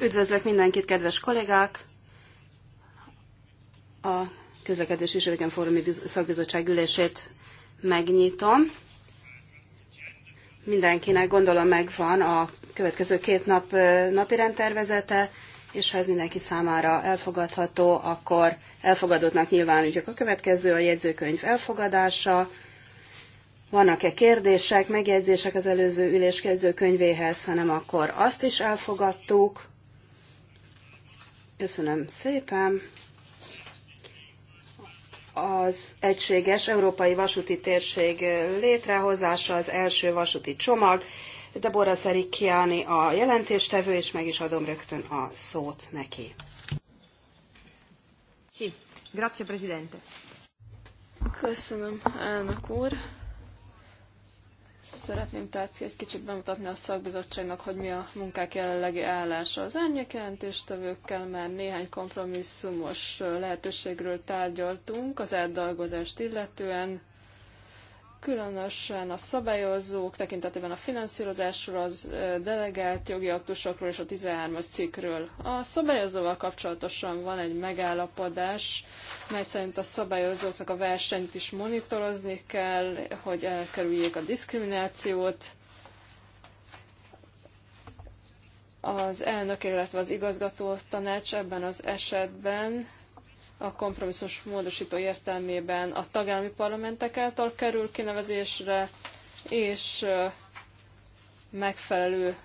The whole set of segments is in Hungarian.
Üdvözlök mindenkit, kedves kollégák! A Közlekedési és Fórumi Szakbizottság ülését megnyitom. Mindenkinek gondolom megvan a következő két nap napi rendtervezete, és ha ez mindenki számára elfogadható, akkor elfogadottnak nyilvánítjuk a következő a jegyzőkönyv elfogadása, vannak-e kérdések, megjegyzések az előző üléskező könyvéhez, hanem akkor azt is elfogadtuk. Köszönöm szépen. Az egységes európai vasúti térség létrehozása az első vasúti csomag. Debora Szerikiáni a jelentéstevő, és meg is adom rögtön a szót neki. Sí. Grazie, Presidente. Köszönöm, elnök úr. Szeretném tehát egy kicsit bemutatni a szakbizottságnak, hogy mi a munkák jelenlegi állása. Az árnyékjelentéstevőkkel már néhány kompromisszumos lehetőségről tárgyaltunk az átdolgozást illetően, különösen a szabályozók tekintetében a finanszírozásról, az delegált jogi aktusokról és a 13-as cikkről. A szabályozóval kapcsolatosan van egy megállapodás, mely szerint a szabályozóknak a versenyt is monitorozni kell, hogy elkerüljék a diszkriminációt. Az elnök, illetve az igazgató tanács ebben az esetben a kompromisszus módosító értelmében a tagállami parlamentek által kerül kinevezésre, és megfelelő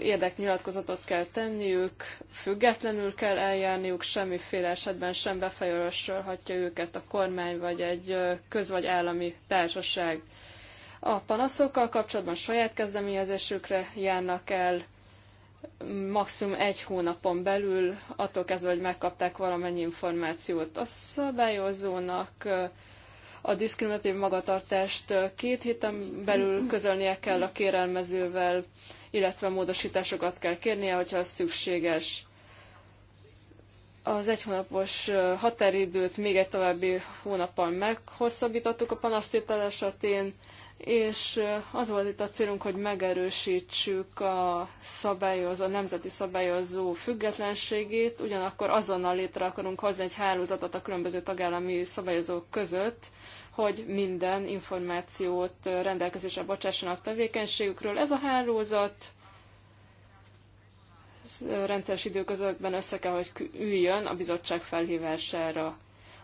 érdeknyilatkozatot kell tenniük, függetlenül kell eljárniuk, semmiféle esetben sem befolyásolhatja őket a kormány vagy egy köz- vagy állami társaság. A panaszokkal kapcsolatban saját kezdeményezésükre járnak el, maximum egy hónapon belül, attól kezdve, hogy megkapták valamennyi információt. A szabályozónak a diszkriminatív magatartást két héten belül közölnie kell a kérelmezővel, illetve módosításokat kell kérnie, hogyha az szükséges. Az egy hónapos határidőt még egy további hónappal meghosszabbítottuk a panasztétel esetén, és eh, az volt itt a célunk, hogy megerősítsük a szabályozó, a nemzeti szabályozó függetlenségét, ugyanakkor azonnal létre akarunk hozni egy hálózatot a különböző tagállami szabályozók között, hogy minden információt eh, rendelkezésre bocsássanak tevékenységükről. Ez a hálózat eh, rendszeres időközökben össze kell, hogy üljön a bizottság felhívására.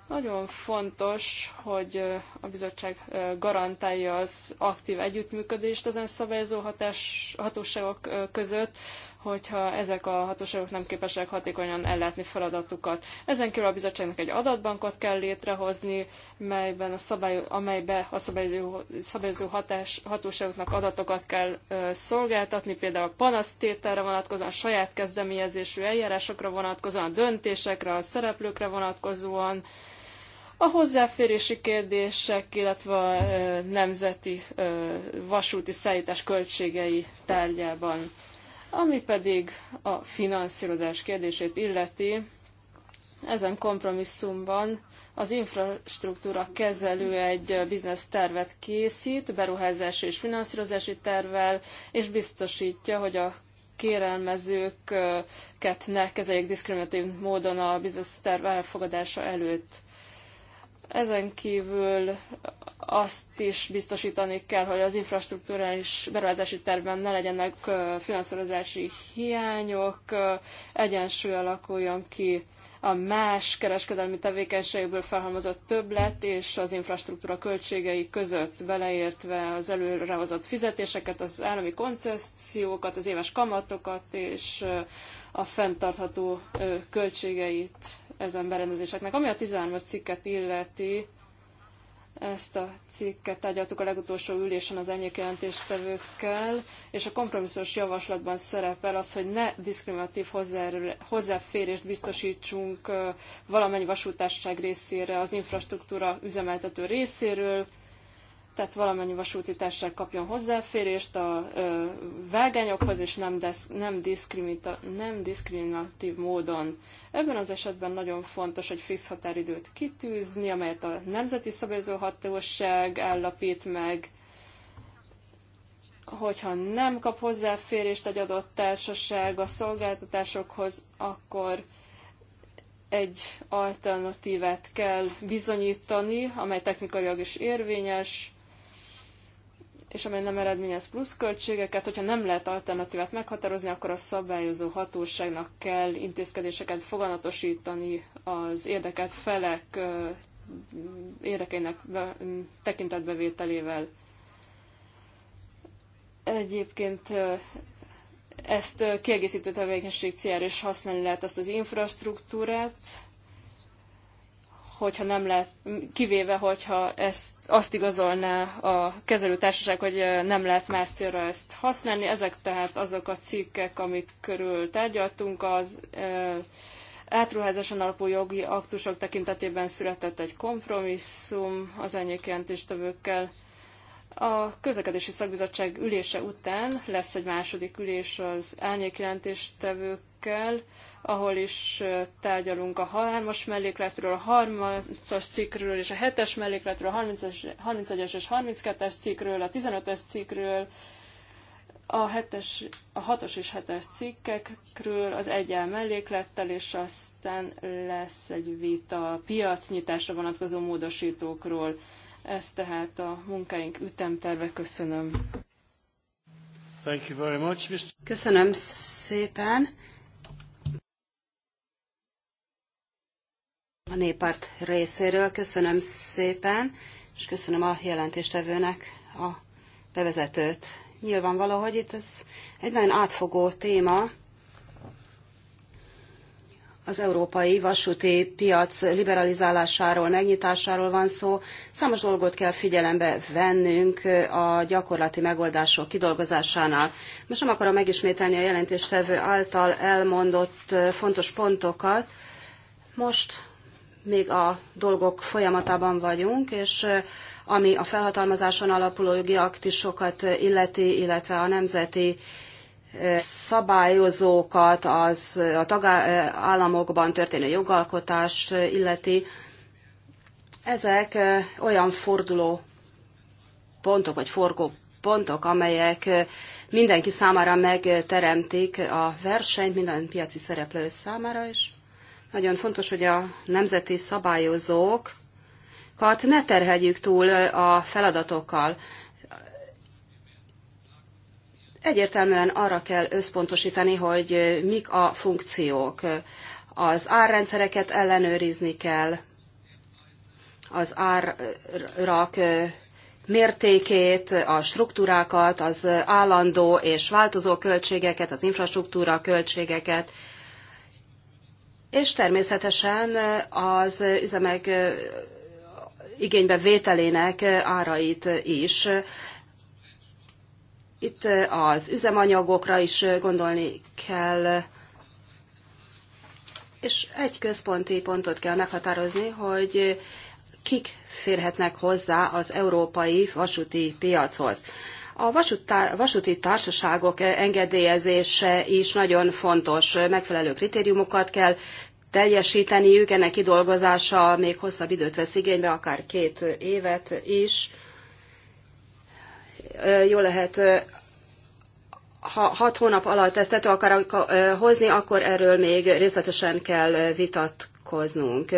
Nagyon fontos, hogy a bizottság garantálja az aktív együttműködést ezen szabályozó hatás, hatóságok között, hogyha ezek a hatóságok nem képesek hatékonyan ellátni feladatukat. Ezen kívül a bizottságnak egy adatbankot kell létrehozni, melyben a szabály, amelybe a szabályozó, szabályozó hatás, hatóságoknak adatokat kell ö, szolgáltatni, például a panasztételre vonatkozóan, a saját kezdeményezésű eljárásokra vonatkozóan, a döntésekre, a szereplőkre vonatkozóan, a hozzáférési kérdések, illetve a nemzeti vasúti szállítás költségei tárgyában. Ami pedig a finanszírozás kérdését illeti, ezen kompromisszumban az infrastruktúra kezelő egy biznisz tervet készít, beruházási és finanszírozási tervvel, és biztosítja, hogy a kérelmezőket ne kezeljék diszkriminatív módon a biznisz terv elfogadása előtt. Ezen kívül azt is biztosítani kell, hogy az infrastruktúrális beruházási tervben ne legyenek finanszírozási hiányok, egyensúly alakuljon ki a más kereskedelmi tevékenységből felhalmozott többlet és az infrastruktúra költségei között beleértve az előrehozott fizetéseket, az állami koncesziókat, az éves kamatokat és a fenntartható költségeit ezen berendezéseknek. Ami a 13-as cikket illeti, ezt a cikket tárgyaltuk a legutolsó ülésen az emlékjelentéstevőkkel, és a kompromisszós javaslatban szerepel az, hogy ne diszkriminatív hozzáférést biztosítsunk valamennyi vasútársaság részére, az infrastruktúra üzemeltető részéről, tehát valamennyi vasúti társaság kapjon hozzáférést a ö, vágányokhoz, és nem, desz, nem, nem diszkriminatív módon. Ebben az esetben nagyon fontos, hogy fix határidőt kitűzni, amelyet a Nemzeti Szabályozó Hatóság állapít meg, hogyha nem kap hozzáférést egy adott társaság a szolgáltatásokhoz, akkor egy alternatívát kell bizonyítani, amely technikailag is érvényes, és amely nem eredményez pluszköltségeket, hogyha nem lehet alternatívát meghatározni, akkor a szabályozó hatóságnak kell intézkedéseket foganatosítani az érdekelt felek érdekeinek tekintetbevételével. Egyébként ezt kiegészítő tevékenység céljára is használni lehet ezt az infrastruktúrát, hogyha nem lehet, kivéve, hogyha ezt, azt igazolná a kezelőtársaság, hogy nem lehet más célra ezt használni. Ezek tehát azok a cikkek, amik körül tárgyaltunk, az e, átruházáson alapú jogi aktusok tekintetében született egy kompromisszum az enyék jelentéstevőkkel. A közlekedési szakbizottság ülése után lesz egy második ülés az árnyékjelentéstevőkkel, ahol is tárgyalunk a 3-as mellékletről, a 30-as cikkről és a 7-es mellékletről, a 31-es és 32-es cikkről, a 15-es cikkről, a, hetes, a 6-os és 7-es cikkekről, az egyel melléklettel, és aztán lesz egy vita a piacnyitásra vonatkozó módosítókról. Ez tehát a munkáink ütemterve. Köszönöm. Thank you very much, Mr. Köszönöm szépen. A népárt részéről köszönöm szépen, és köszönöm a jelentéstevőnek a bevezetőt. Nyilvánvaló, hogy itt ez egy nagyon átfogó téma, az európai vasúti piac liberalizálásáról, megnyitásáról van szó. Számos dolgot kell figyelembe vennünk a gyakorlati megoldások kidolgozásánál. Most nem akarom megismételni a jelentéstevő által elmondott fontos pontokat. Most még a dolgok folyamatában vagyunk, és ami a felhatalmazáson alapuló jogi aktusokat illeti, illetve a nemzeti szabályozókat, az a tagállamokban történő jogalkotás illeti. Ezek olyan forduló pontok, vagy forgó pontok, amelyek mindenki számára megteremtik a versenyt, minden piaci szereplő számára is. Nagyon fontos, hogy a nemzeti szabályozókat ne terheljük túl a feladatokkal egyértelműen arra kell összpontosítani, hogy mik a funkciók. Az árrendszereket ellenőrizni kell, az árak mértékét, a struktúrákat, az állandó és változó költségeket, az infrastruktúra költségeket, és természetesen az üzemek igénybe vételének árait is, itt az üzemanyagokra is gondolni kell, és egy központi pontot kell meghatározni, hogy kik férhetnek hozzá az európai vasúti piachoz. A vasúti társaságok engedélyezése is nagyon fontos, megfelelő kritériumokat kell teljesíteniük, ennek kidolgozása még hosszabb időt vesz igénybe, akár két évet is jó lehet ha hat hónap alatt ezt tető akar hozni, akkor erről még részletesen kell vitatkoznunk.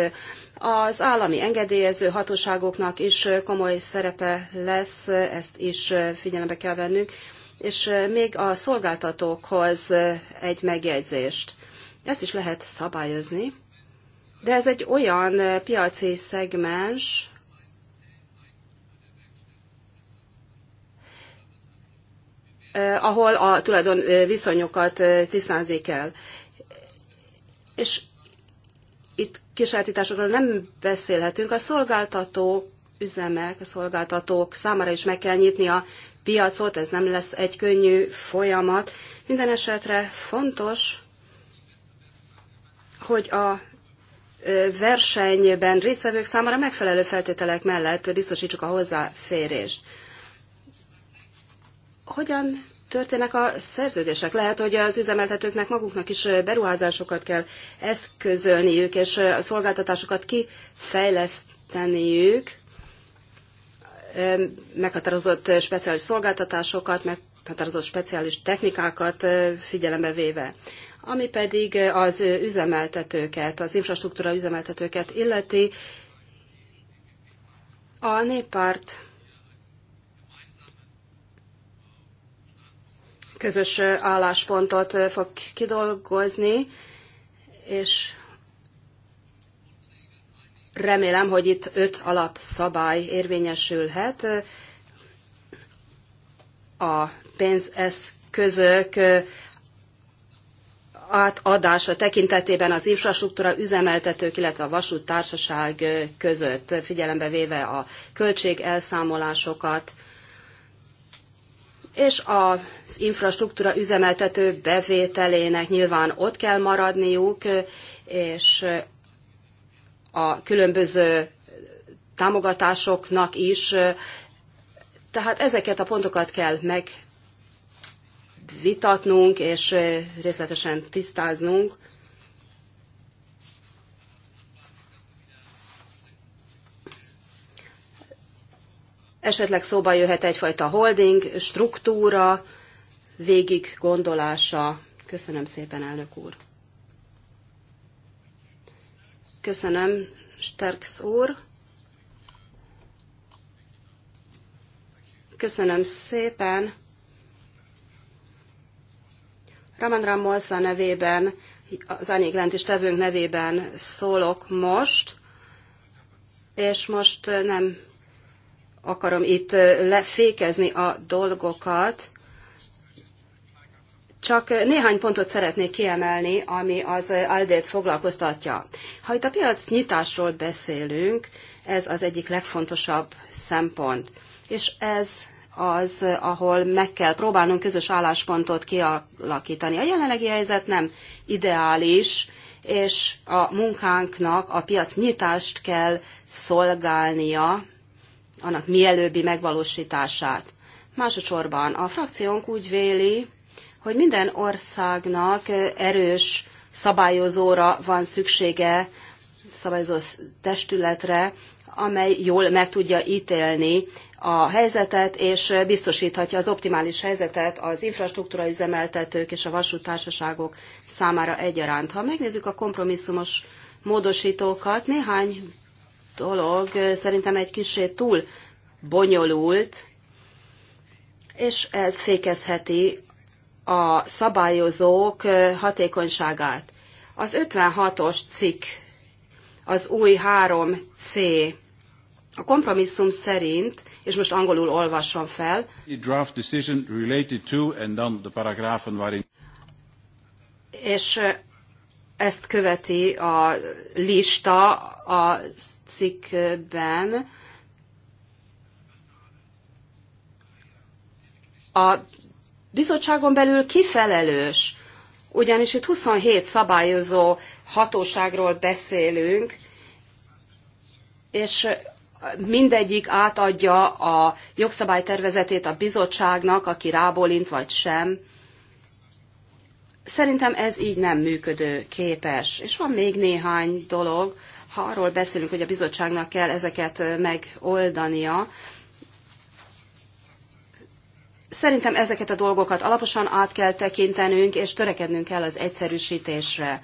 Az állami engedélyező hatóságoknak is komoly szerepe lesz, ezt is figyelembe kell vennünk, és még a szolgáltatókhoz egy megjegyzést. Ezt is lehet szabályozni, de ez egy olyan piaci szegmens, ahol a tulajdon viszonyokat tisztázni kell. És itt kisátításokról nem beszélhetünk. A szolgáltató üzemek, a szolgáltatók számára is meg kell nyitni a piacot, ez nem lesz egy könnyű folyamat. Minden esetre fontos, hogy a versenyben résztvevők számára megfelelő feltételek mellett biztosítsuk a hozzáférést. Hogyan történnek a szerződések? Lehet, hogy az üzemeltetőknek maguknak is beruházásokat kell eszközölniük, és a szolgáltatásokat kifejleszteniük, meghatározott speciális szolgáltatásokat, meghatározott speciális technikákat figyelembe véve. Ami pedig az üzemeltetőket, az infrastruktúra üzemeltetőket illeti, a néppárt közös álláspontot fog kidolgozni, és remélem, hogy itt öt alapszabály érvényesülhet. A pénzeszközök átadása tekintetében az infrastruktúra üzemeltetők, illetve a vasúttársaság között, figyelembe véve a költségelszámolásokat, és az infrastruktúra üzemeltető bevételének nyilván ott kell maradniuk, és a különböző támogatásoknak is. Tehát ezeket a pontokat kell megvitatnunk és részletesen tisztáznunk. Esetleg szóba jöhet egyfajta holding, struktúra, végig gondolása. Köszönöm szépen, elnök úr. Köszönöm, Sterks úr. Köszönöm szépen. raman Ramolsa nevében, az is tevőnk nevében szólok most, és most nem akarom itt lefékezni a dolgokat, csak néhány pontot szeretnék kiemelni, ami az Aldét foglalkoztatja. Ha itt a piac nyitásról beszélünk, ez az egyik legfontosabb szempont. És ez az, ahol meg kell próbálnunk közös álláspontot kialakítani. A jelenlegi helyzet nem ideális, és a munkánknak a piac nyitást kell szolgálnia, annak mielőbbi megvalósítását. Másodszorban a frakciónk úgy véli, hogy minden országnak erős szabályozóra van szüksége, szabályozó testületre, amely jól meg tudja ítélni a helyzetet, és biztosíthatja az optimális helyzetet az infrastruktúra üzemeltetők és a vasútársaságok számára egyaránt. Ha megnézzük a kompromisszumos módosítókat, néhány dolog szerintem egy kicsi túl bonyolult, és ez fékezheti a szabályozók hatékonyságát. Az 56-os cikk, az új 3C, a kompromisszum szerint, és most angolul olvasom fel, és ezt követi a lista az cikkben a bizottságon belül kifelelős, ugyanis itt 27 szabályozó hatóságról beszélünk, és mindegyik átadja a jogszabálytervezetét a bizottságnak, aki rábólint vagy sem. Szerintem ez így nem működő képes. És van még néhány dolog, ha arról beszélünk, hogy a bizottságnak kell ezeket megoldania, szerintem ezeket a dolgokat alaposan át kell tekintenünk, és törekednünk kell az egyszerűsítésre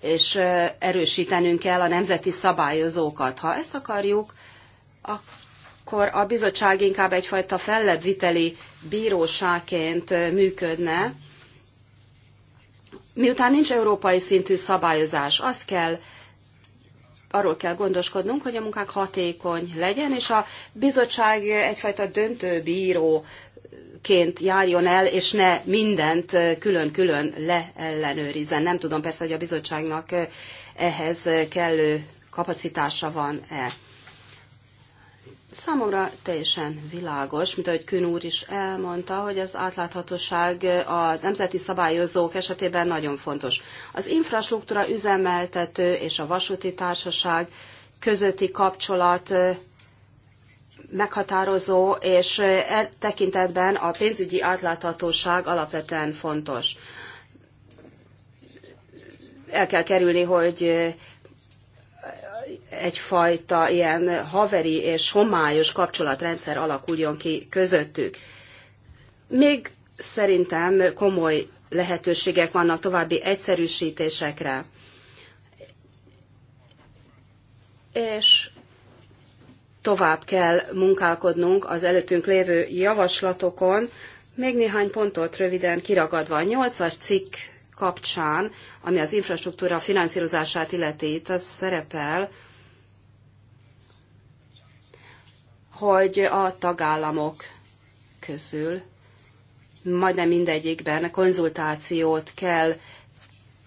és erősítenünk kell a nemzeti szabályozókat. Ha ezt akarjuk, akkor a bizottság inkább egyfajta fellebbviteli bíróságként működne, miután nincs európai szintű szabályozás, azt kell, arról kell gondoskodnunk, hogy a munkánk hatékony legyen, és a bizottság egyfajta döntőbíróként járjon el, és ne mindent külön-külön leellenőrizzen. Nem tudom persze, hogy a bizottságnak ehhez kellő kapacitása van-e. Számomra teljesen világos, mint ahogy Kün úr is elmondta, hogy az átláthatóság a nemzeti szabályozók esetében nagyon fontos. Az infrastruktúra üzemeltető és a vasúti társaság közötti kapcsolat meghatározó, és e tekintetben a pénzügyi átláthatóság alapvetően fontos. El kell kerülni, hogy egyfajta ilyen haveri és homályos kapcsolatrendszer alakuljon ki közöttük. Még szerintem komoly lehetőségek vannak további egyszerűsítésekre. És tovább kell munkálkodnunk az előttünk lévő javaslatokon, még néhány pontot röviden kiragadva. A nyolcas cikk kapcsán, ami az infrastruktúra finanszírozását illeti, itt az szerepel, hogy a tagállamok közül majdnem mindegyikben konzultációt kell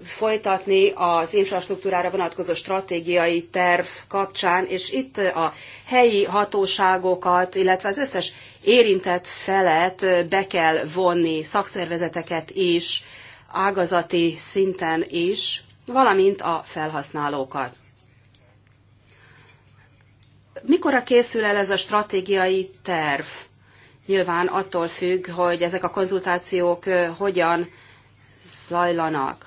folytatni az infrastruktúrára vonatkozó stratégiai terv kapcsán, és itt a helyi hatóságokat, illetve az összes érintett felet be kell vonni, szakszervezeteket is, ágazati szinten is, valamint a felhasználókat. Mikor készül el ez a stratégiai terv? Nyilván attól függ, hogy ezek a konzultációk hogyan zajlanak.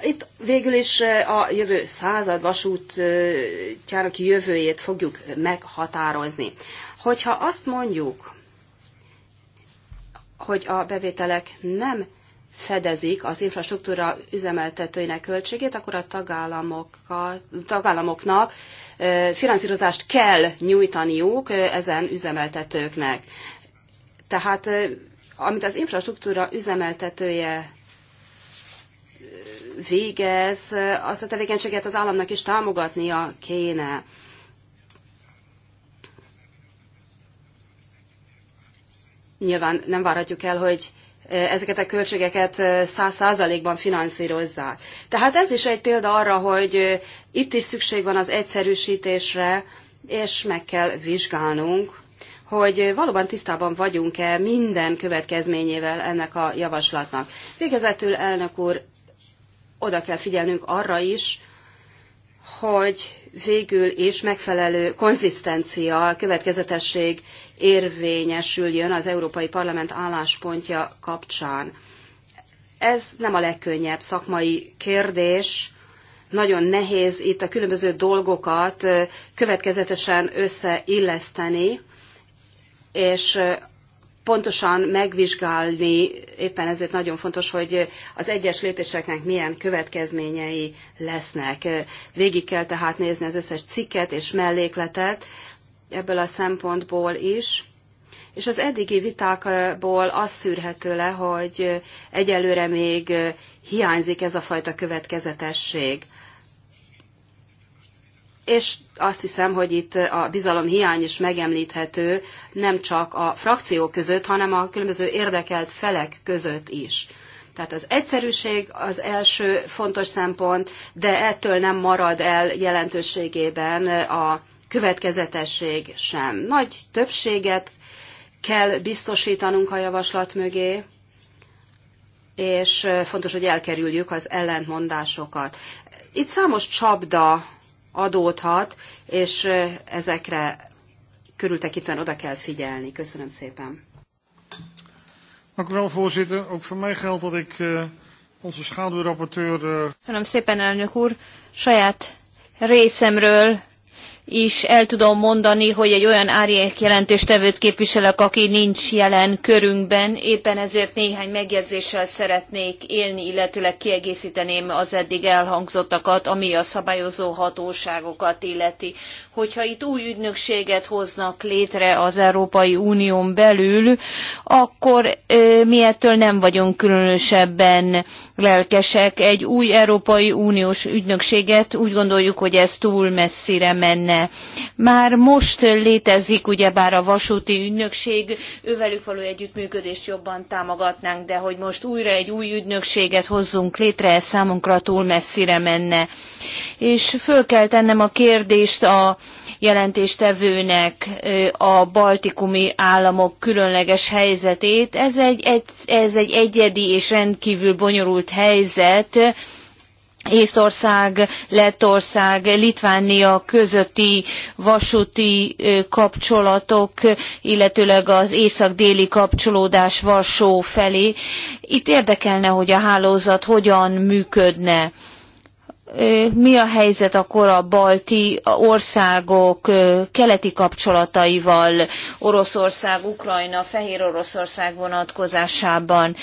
Itt végül is a jövő század vasútjának jövőjét fogjuk meghatározni. Hogyha azt mondjuk, hogy a bevételek nem fedezik az infrastruktúra üzemeltetőinek költségét, akkor a tagállamoknak finanszírozást kell nyújtaniuk ezen üzemeltetőknek. Tehát amit az infrastruktúra üzemeltetője végez, azt a tevékenységet az államnak is támogatnia kéne. Nyilván nem várhatjuk el, hogy ezeket a költségeket száz százalékban finanszírozzák. Tehát ez is egy példa arra, hogy itt is szükség van az egyszerűsítésre, és meg kell vizsgálnunk, hogy valóban tisztában vagyunk-e minden következményével ennek a javaslatnak. Végezetül, elnök úr, oda kell figyelnünk arra is, hogy végül is megfelelő konzisztencia, következetesség érvényesüljön az Európai Parlament álláspontja kapcsán. Ez nem a legkönnyebb szakmai kérdés, nagyon nehéz itt a különböző dolgokat következetesen összeilleszteni, és pontosan megvizsgálni, éppen ezért nagyon fontos, hogy az egyes lépéseknek milyen következményei lesznek. Végig kell tehát nézni az összes cikket és mellékletet ebből a szempontból is. És az eddigi vitákból az szűrhető le, hogy egyelőre még hiányzik ez a fajta következetesség és azt hiszem, hogy itt a bizalom hiány is megemlíthető nem csak a frakciók között, hanem a különböző érdekelt felek között is. Tehát az egyszerűség az első fontos szempont, de ettől nem marad el jelentőségében a következetesség sem. Nagy többséget kell biztosítanunk a javaslat mögé, és fontos, hogy elkerüljük az ellentmondásokat. Itt számos csapda adódhat, és ezekre körültekintően oda kell figyelni. Köszönöm szépen. Dank u wel, voorzitter. Ook mij geldt dat ik eh, onze schaduwrapporteur. Eh, Köszönöm szépen, elnök úr. Saját részemről is el tudom mondani, hogy egy olyan árnyék jelentéstevőt képviselek, aki nincs jelen körünkben, éppen ezért néhány megjegyzéssel szeretnék élni, illetőleg kiegészíteném az eddig elhangzottakat, ami a szabályozó hatóságokat illeti. Hogyha itt új ügynökséget hoznak létre az Európai Unión belül, akkor mi ettől nem vagyunk különösebben lelkesek. Egy új Európai Uniós ügynökséget úgy gondoljuk, hogy ez túl messzire menne lenne. Már most létezik ugyebár a vasúti ügynökség, ővelük való együttműködést jobban támogatnánk, de hogy most újra egy új ügynökséget hozzunk létre, ez számunkra túl messzire menne. És föl kell tennem a kérdést a jelentéstevőnek a baltikumi államok különleges helyzetét. Ez egy, ez egy egyedi és rendkívül bonyolult helyzet, Észtország, Lettország, Litvánia közötti vasúti kapcsolatok, illetőleg az észak-déli kapcsolódás Varsó felé. Itt érdekelne, hogy a hálózat hogyan működne mi a helyzet akkor a balti országok keleti kapcsolataival, Oroszország, Ukrajna, Fehér Oroszország vonatkozásában.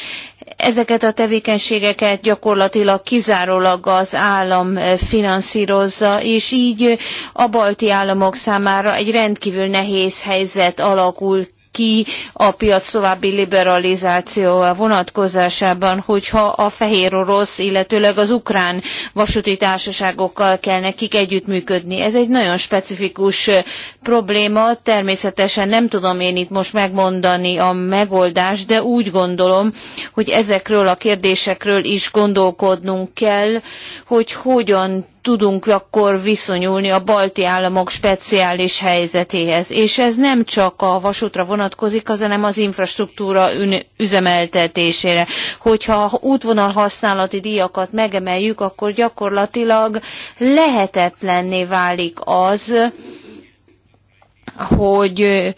Ezeket a tevékenységeket gyakorlatilag kizárólag az állam finanszírozza, és így a balti államok számára egy rendkívül nehéz helyzet alakul ki a piac további liberalizációval vonatkozásában, hogyha a fehér orosz, illetőleg az ukrán vasúti társaságokkal kell nekik együttműködni. Ez egy nagyon specifikus eh, probléma, természetesen nem tudom én itt most megmondani a megoldást, de úgy gondolom, hogy ezekről a kérdésekről is gondolkodnunk kell, hogy hogyan tudunk akkor viszonyulni a balti államok speciális helyzetéhez. És ez nem csak a vasútra vonatkozik, hanem az infrastruktúra üzemeltetésére. Hogyha útvonal használati díjakat megemeljük, akkor gyakorlatilag lehetetlenné válik az, hogy,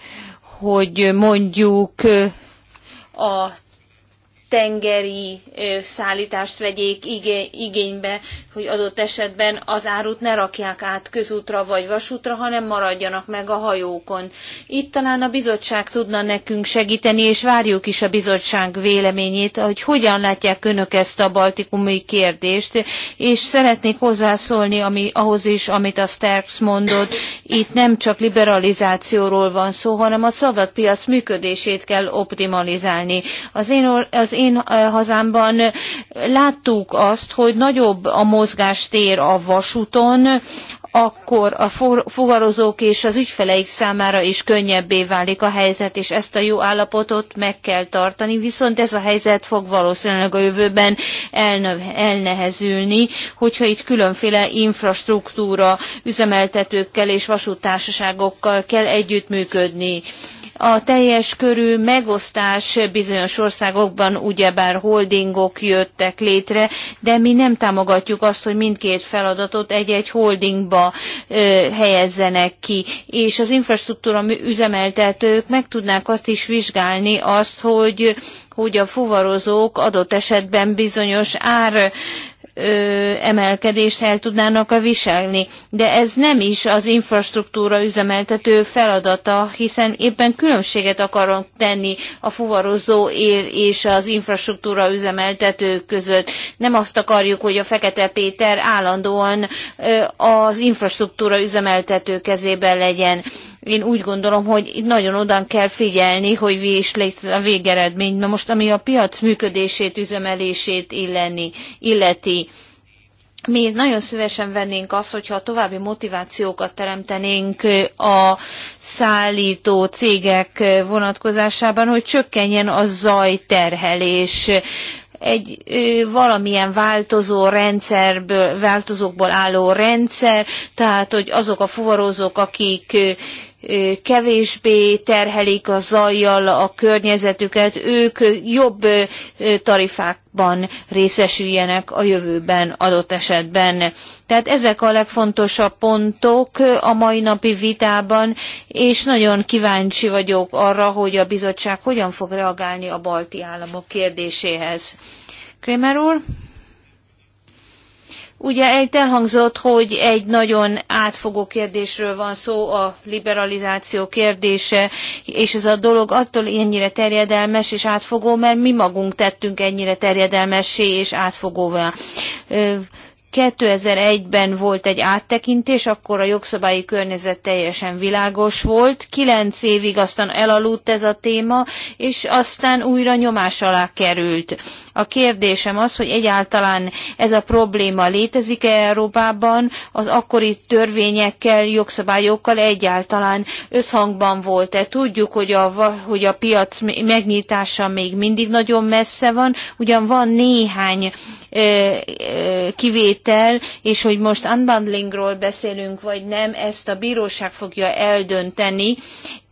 hogy mondjuk a tengeri szállítást vegyék igénybe, hogy adott esetben az árut ne rakják át közútra vagy vasútra, hanem maradjanak meg a hajókon. Itt talán a bizottság tudna nekünk segíteni, és várjuk is a bizottság véleményét, hogy hogyan látják önök ezt a baltikumi kérdést, és szeretnék hozzászólni ami, ahhoz is, amit a Sterks mondott, itt nem csak liberalizációról van szó, hanem a szabad piac működését kell optimalizálni. Az én, az én én hazámban láttuk azt, hogy nagyobb a mozgástér a vasúton, akkor a fuvarozók és az ügyfeleik számára is könnyebbé válik a helyzet, és ezt a jó állapotot meg kell tartani, viszont ez a helyzet fog valószínűleg a jövőben elnehezülni, hogyha itt különféle infrastruktúra üzemeltetőkkel és vasútársaságokkal kell együttműködni. A teljes körű megosztás bizonyos országokban ugyebár holdingok jöttek létre, de mi nem támogatjuk azt, hogy mindkét feladatot egy-egy holdingba ö, helyezzenek ki, és az infrastruktúra üzemeltetők meg tudnák azt is vizsgálni azt, hogy hogy a fuvarozók adott esetben bizonyos ár emelkedést el tudnának a viselni. De ez nem is az infrastruktúra üzemeltető feladata, hiszen éppen különbséget akarunk tenni a fuvarozó él és az infrastruktúra üzemeltető között. Nem azt akarjuk, hogy a Fekete Péter állandóan az infrastruktúra üzemeltető kezében legyen. Én úgy gondolom, hogy nagyon odan kell figyelni, hogy mi is lesz a végeredmény. Na most, ami a piac működését, üzemelését illeni, illeti, mi nagyon szívesen vennénk azt, hogyha további motivációkat teremtenénk a szállító cégek vonatkozásában, hogy csökkenjen a zajterhelés, egy ö, valamilyen változó rendszerből, változókból álló rendszer, tehát hogy azok a fuvarozók, akik ö, kevésbé terhelik a zajjal a környezetüket, ők jobb tarifákban részesüljenek a jövőben adott esetben. Tehát ezek a legfontosabb pontok a mai napi vitában, és nagyon kíváncsi vagyok arra, hogy a bizottság hogyan fog reagálni a balti államok kérdéséhez. Kramer úr? Ugye itt elhangzott, hogy egy nagyon átfogó kérdésről van szó, a liberalizáció kérdése, és ez a dolog attól ennyire terjedelmes és átfogó, mert mi magunk tettünk ennyire terjedelmessé és átfogóvá. 2001-ben volt egy áttekintés, akkor a jogszabályi környezet teljesen világos volt. Kilenc évig aztán elaludt ez a téma, és aztán újra nyomás alá került. A kérdésem az, hogy egyáltalán ez a probléma létezik-e Európában, az akkori törvényekkel, jogszabályokkal egyáltalán összhangban volt-e. Tudjuk, hogy a, hogy a piac megnyitása még mindig nagyon messze van, ugyan van néhány kivétel, és hogy most unbundlingról beszélünk, vagy nem, ezt a bíróság fogja eldönteni,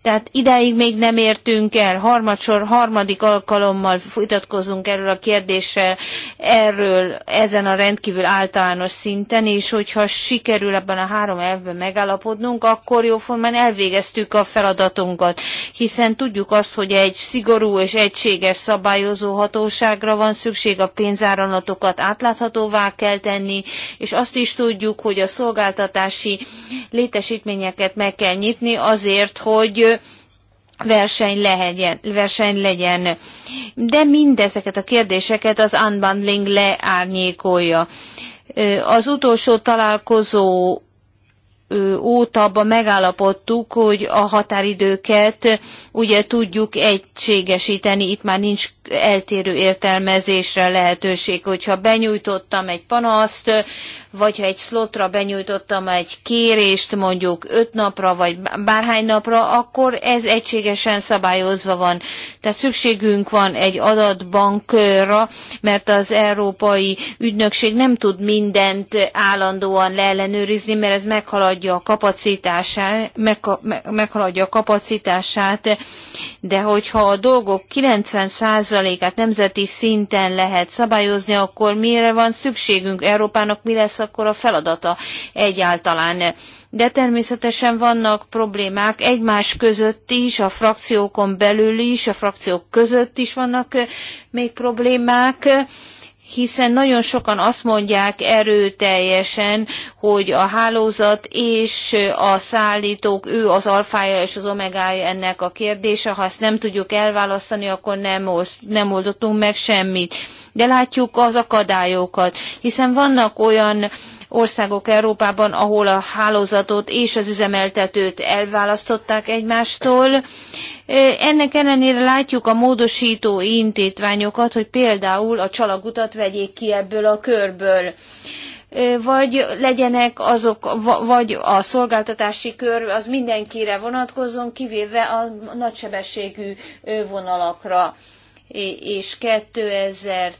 tehát idáig még nem értünk el, harmadsor, harmadik alkalommal futatkozunk erről a kérdésre, erről ezen a rendkívül általános szinten, és hogyha sikerül ebben a három elvben megállapodnunk, akkor jóformán elvégeztük a feladatunkat, hiszen tudjuk azt, hogy egy szigorú és egységes szabályozó hatóságra van szükség, a pénzáramlatokat átláthatóvá kell tenni, és azt is tudjuk, hogy a szolgáltatási létesítményeket meg kell nyitni azért, hogy verseny, lehegy, verseny legyen. De mindezeket a kérdéseket az unbundling leárnyékolja. Az utolsó találkozó óta abban megállapodtuk, hogy a határidőket ugye tudjuk egységesíteni, itt már nincs eltérő értelmezésre lehetőség, hogyha benyújtottam egy panaszt, vagy ha egy szlotra benyújtottam egy kérést mondjuk öt napra, vagy bárhány napra, akkor ez egységesen szabályozva van. Tehát szükségünk van egy adatbankra, mert az Európai Ügynökség nem tud mindent állandóan leellenőrizni, mert ez meghalad meghaladja a kapacitását, meg, meghaladja a kapacitását, de hogyha a dolgok 90%-át nemzeti szinten lehet szabályozni, akkor mire van szükségünk Európának, mi lesz akkor a feladata egyáltalán? de természetesen vannak problémák egymás között is, a frakciókon belül is, a frakciók között is vannak még problémák hiszen nagyon sokan azt mondják erőteljesen, hogy a hálózat és a szállítók, ő az alfája és az omegája ennek a kérdése, ha ezt nem tudjuk elválasztani, akkor nem, nem oldottunk meg semmit. De látjuk az akadályokat, hiszen vannak olyan országok Európában, ahol a hálózatot és az üzemeltetőt elválasztották egymástól. Ennek ellenére látjuk a módosító intétványokat, hogy például a csalagutat vegyék ki ebből a körből vagy legyenek azok, vagy a szolgáltatási kör az mindenkire vonatkozzon, kivéve a nagysebességű vonalakra és 2000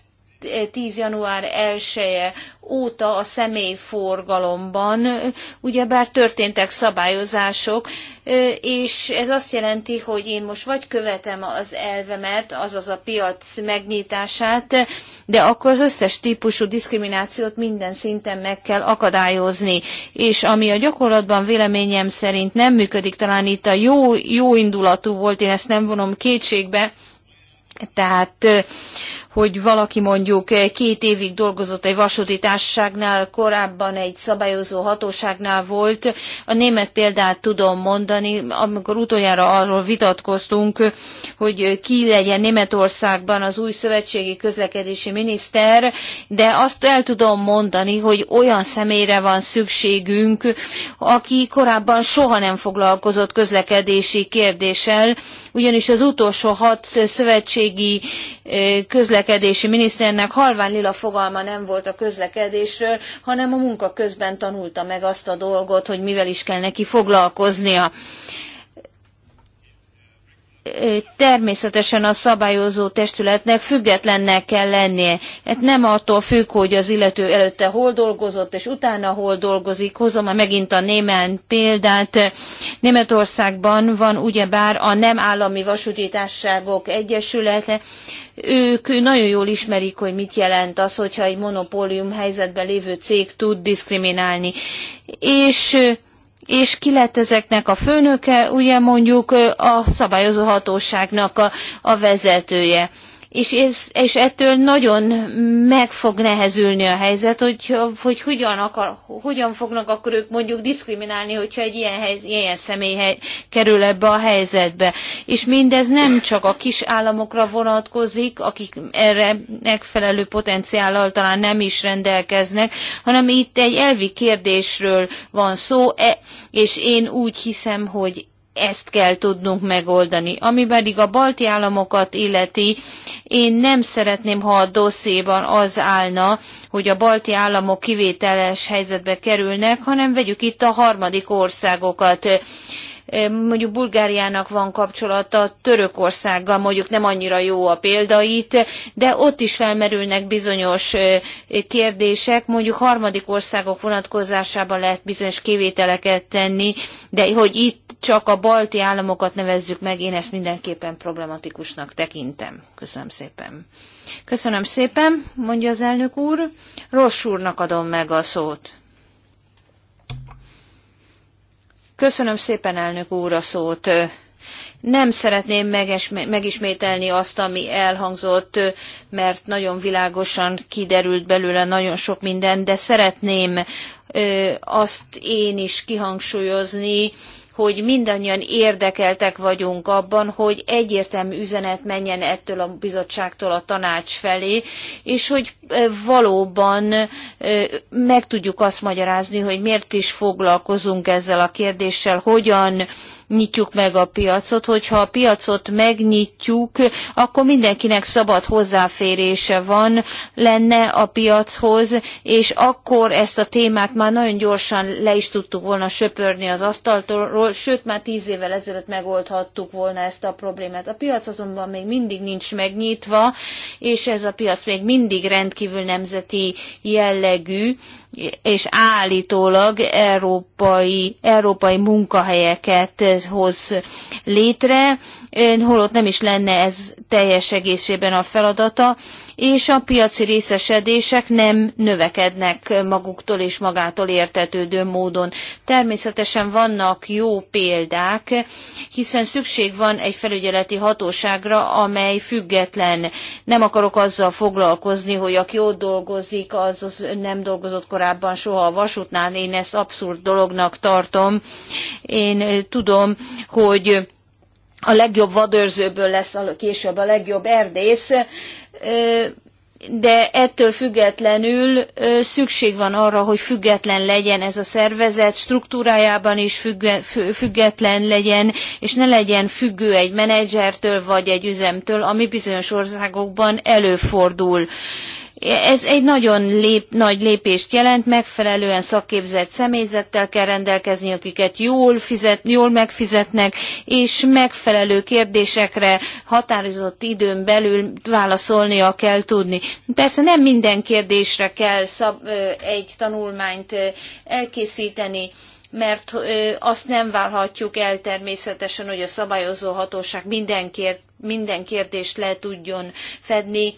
10. január 1 -e óta a személyforgalomban, ugyebár történtek szabályozások, és ez azt jelenti, hogy én most vagy követem az elvemet, azaz a piac megnyitását, de akkor az összes típusú diszkriminációt minden szinten meg kell akadályozni. És ami a gyakorlatban véleményem szerint nem működik, talán itt a jó, jó indulatú volt, én ezt nem vonom kétségbe, tehát hogy valaki mondjuk eh, két évig dolgozott egy vasúti társaságnál, korábban egy szabályozó hatóságnál volt. A német példát tudom mondani, amikor utoljára arról vitatkoztunk, hogy ki legyen Németországban az új szövetségi közlekedési miniszter, de azt el tudom mondani, hogy olyan személyre van szükségünk, aki korábban soha nem foglalkozott közlekedési kérdéssel, ugyanis az utolsó hat szövetségi eh, közlekedési közlekedési miniszternek halvány lila fogalma nem volt a közlekedésről, hanem a munka közben tanulta meg azt a dolgot, hogy mivel is kell neki foglalkoznia természetesen a szabályozó testületnek függetlennek kell lennie. Hát nem attól függ, hogy az illető előtte hol dolgozott, és utána hol dolgozik. Hozom már megint a német példát. Németországban van ugyebár a nem állami vasúti társaságok egyesülete, ők nagyon jól ismerik, hogy mit jelent az, hogyha egy monopólium helyzetben lévő cég tud diszkriminálni. És és ki lett ezeknek a főnöke, ugye mondjuk a szabályozó hatóságnak a, a vezetője és, ez, és ettől nagyon meg fog nehezülni a helyzet, hogy, hogy hogyan, akar, hogyan fognak akkor ők mondjuk diszkriminálni, hogyha egy ilyen, hely, ilyen személy hely, kerül ebbe a helyzetbe. És mindez nem csak a kis államokra vonatkozik, akik erre megfelelő potenciállal talán nem is rendelkeznek, hanem itt egy elvi kérdésről van szó, e, és én úgy hiszem, hogy ezt kell tudnunk megoldani. Ami pedig a balti államokat illeti, én nem szeretném, ha a dosszéban az állna, hogy a balti államok kivételes helyzetbe kerülnek, hanem vegyük itt a harmadik országokat mondjuk Bulgáriának van kapcsolata Törökországgal, mondjuk nem annyira jó a példait, de ott is felmerülnek bizonyos kérdések, mondjuk harmadik országok vonatkozásában lehet bizonyos kivételeket tenni, de hogy itt csak a balti államokat nevezzük meg, én ezt mindenképpen problematikusnak tekintem. Köszönöm szépen. Köszönöm szépen, mondja az elnök úr. Ross úrnak adom meg a szót. Köszönöm szépen, elnök úr, a szót. Nem szeretném megismételni azt, ami elhangzott, mert nagyon világosan kiderült belőle nagyon sok minden, de szeretném azt én is kihangsúlyozni, hogy mindannyian érdekeltek vagyunk abban, hogy egyértelmű üzenet menjen ettől a bizottságtól a tanács felé, és hogy e, valóban e, meg tudjuk azt magyarázni, hogy miért is foglalkozunk ezzel a kérdéssel, hogyan nyitjuk meg a piacot. Hogyha a piacot megnyitjuk, akkor mindenkinek szabad hozzáférése van, lenne a piachoz, és akkor ezt a témát már nagyon gyorsan le is tudtuk volna söpörni az asztaltól, sőt már tíz évvel ezelőtt megoldhattuk volna ezt a problémát. A piac azonban még mindig nincs megnyitva, és ez a piac még mindig rendkívül nemzeti jellegű, és állítólag európai, európai munkahelyeket hoz létre, holott nem is lenne ez teljes egészében a feladata, és a piaci részesedések nem növekednek maguktól és magától értetődő módon. Természetesen vannak jó példák, hiszen szükség van egy felügyeleti hatóságra, amely független. Nem akarok azzal foglalkozni, hogy aki ott dolgozik, az, az nem dolgozott korábban, korábban soha a vasútnál, én ezt abszurd dolognak tartom. Én tudom, hogy a legjobb vadőrzőből lesz a, később a legjobb erdész, de ettől függetlenül szükség van arra, hogy független legyen ez a szervezet, struktúrájában is független legyen, és ne legyen függő egy menedzsertől vagy egy üzemtől, ami bizonyos országokban előfordul ez egy nagyon lép, nagy lépést jelent, megfelelően szakképzett személyzettel kell rendelkezni, akiket jól, fizet, jól megfizetnek, és megfelelő kérdésekre határozott időn belül válaszolnia kell tudni. Persze nem minden kérdésre kell szab, egy tanulmányt elkészíteni, mert azt nem várhatjuk el természetesen, hogy a szabályozó hatóság minden, kér, minden kérdést le tudjon fedni,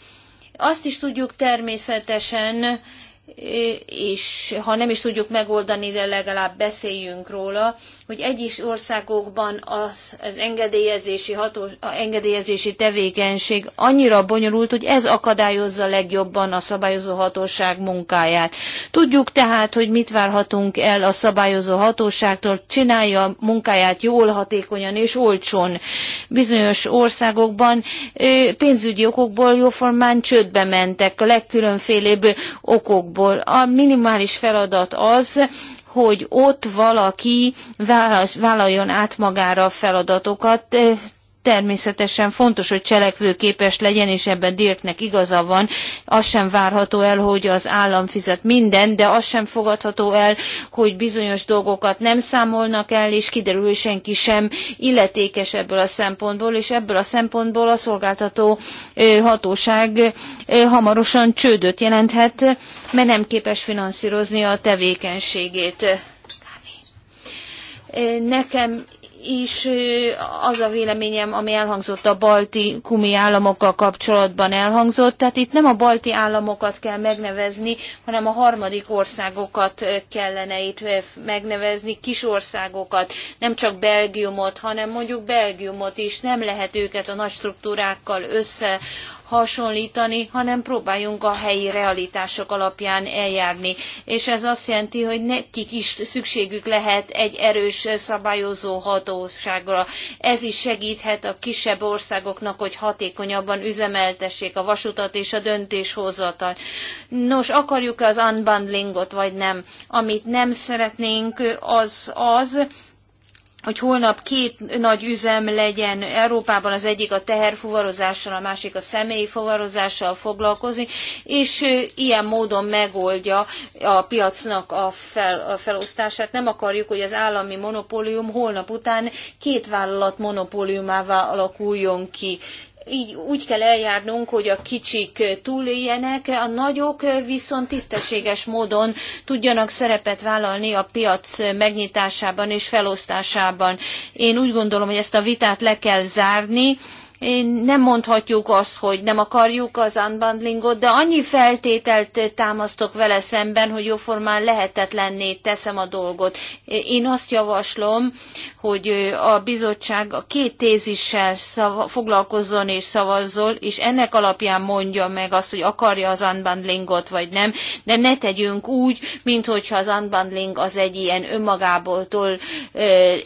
azt is tudjuk természetesen, és ha nem is tudjuk megoldani, de legalább beszéljünk róla, hogy egyes országokban az, az engedélyezési, hatós, a engedélyezési tevékenység annyira bonyolult, hogy ez akadályozza legjobban a szabályozó hatóság munkáját. Tudjuk tehát, hogy mit várhatunk el a szabályozó hatóságtól, csinálja a munkáját jól, hatékonyan és olcsón. Bizonyos országokban pénzügyi okokból jóformán csődbe mentek, a legkülönfélébb okokból Igazából a minimális feladat az, hogy ott valaki vállaljon át magára a feladatokat, természetesen fontos, hogy cselekvőképes legyen, és ebben Dirknek igaza van. Az sem várható el, hogy az állam fizet minden, de az sem fogadható el, hogy bizonyos dolgokat nem számolnak el, és kiderül, hogy senki sem illetékes ebből a szempontból, és ebből a szempontból a szolgáltató hatóság hamarosan csődöt jelenthet, mert nem képes finanszírozni a tevékenységét. Nekem is az a véleményem, ami elhangzott a balti kumi államokkal kapcsolatban elhangzott. Tehát itt nem a balti államokat kell megnevezni, hanem a harmadik országokat kellene itt megnevezni, kis országokat, nem csak Belgiumot, hanem mondjuk Belgiumot is, nem lehet őket a nagy struktúrákkal össze hasonlítani, hanem próbáljunk a helyi realitások alapján eljárni. És ez azt jelenti, hogy nekik is szükségük lehet egy erős szabályozó hatóságra. Ez is segíthet a kisebb országoknak, hogy hatékonyabban üzemeltessék a vasutat és a döntéshozatal. Nos, akarjuk-e az unbundlingot, vagy nem? Amit nem szeretnénk, az az, hogy holnap két nagy üzem legyen Európában, az egyik a teherfuvarozással, a másik a személyi fuvarozással foglalkozni, és ilyen módon megoldja a piacnak a, fel, a felosztását. Nem akarjuk, hogy az állami monopólium holnap után két vállalat monopóliumává alakuljon ki így úgy kell eljárnunk, hogy a kicsik túléljenek, a nagyok viszont tisztességes módon tudjanak szerepet vállalni a piac megnyitásában és felosztásában. Én úgy gondolom, hogy ezt a vitát le kell zárni, nem mondhatjuk azt, hogy nem akarjuk az unbundlingot, de annyi feltételt támasztok vele szemben, hogy jóformán lehetetlenné teszem a dolgot. Én azt javaslom, hogy a bizottság a két tézissel szava, foglalkozzon és szavazzol, és ennek alapján mondja meg azt, hogy akarja az unbundlingot vagy nem, de ne tegyünk úgy, minthogyha az unbundling az egy ilyen önmagából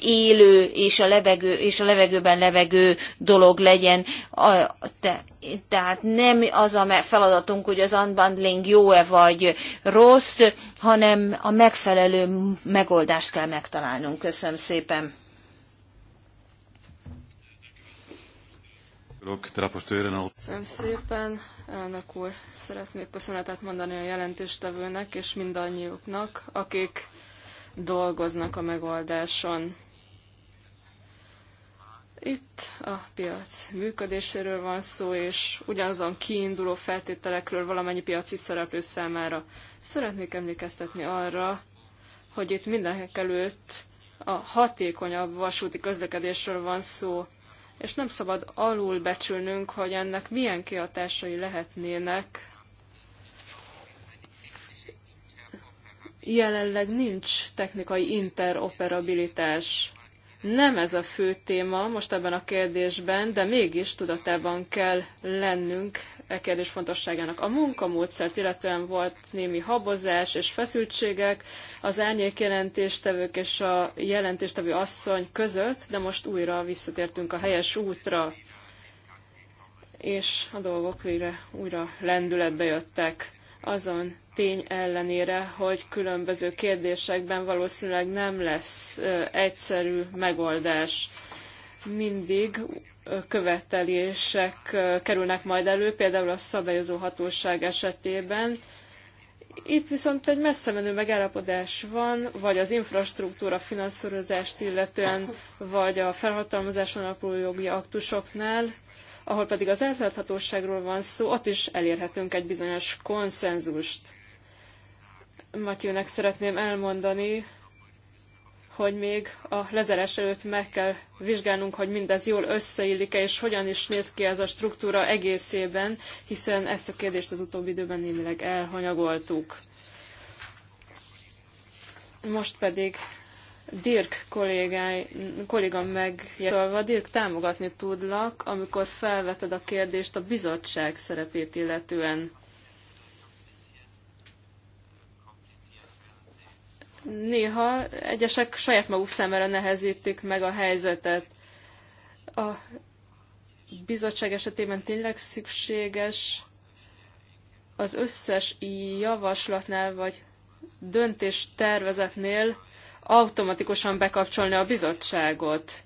élő és a, levegő, és a levegőben levegő dolog legyen legyen, a, te, tehát nem az a feladatunk, hogy az unbundling jó-e vagy rossz, hanem a megfelelő megoldást kell megtalálnunk. Köszönöm szépen. Köszönöm szépen, elnök úr. Szeretnék köszönetet mondani a jelentéstevőnek és mindannyiuknak, akik dolgoznak a megoldáson. Itt a piac működéséről van szó, és ugyanazon kiinduló feltételekről valamennyi piaci szereplő számára. Szeretnék emlékeztetni arra, hogy itt mindenek előtt a hatékonyabb vasúti közlekedésről van szó, és nem szabad alulbecsülnünk, hogy ennek milyen kihatásai lehetnének. Jelenleg nincs technikai interoperabilitás nem ez a fő téma most ebben a kérdésben, de mégis tudatában kell lennünk e kérdés fontosságának. A munkamódszert illetően volt némi habozás és feszültségek az árnyék jelentéstevők és a jelentéstevő asszony között, de most újra visszatértünk a helyes útra, és a dolgok végre újra lendületbe jöttek azon tény ellenére, hogy különböző kérdésekben valószínűleg nem lesz egyszerű megoldás. Mindig követelések kerülnek majd elő, például a szabályozó hatóság esetében. Itt viszont egy messze menő megállapodás van, vagy az infrastruktúra finanszírozást illetően, vagy a felhatalmazáson alapuló jogi aktusoknál, ahol pedig az elfeladhatóságról van szó, ott is elérhetünk egy bizonyos konszenzust. Matyőnek szeretném elmondani, hogy még a lezárás előtt meg kell vizsgálnunk, hogy mindez jól összeillik-e, és hogyan is néz ki ez a struktúra egészében, hiszen ezt a kérdést az utóbbi időben némileg elhanyagoltuk. Most pedig Dirk kollégáj, kolléga megjelölve, Dirk, támogatni tudlak, amikor felveted a kérdést a bizottság szerepét illetően. Néha egyesek saját maguk szemére nehezítik meg a helyzetet. A bizottság esetében tényleg szükséges az összes javaslatnál vagy döntés tervezetnél automatikusan bekapcsolni a bizottságot.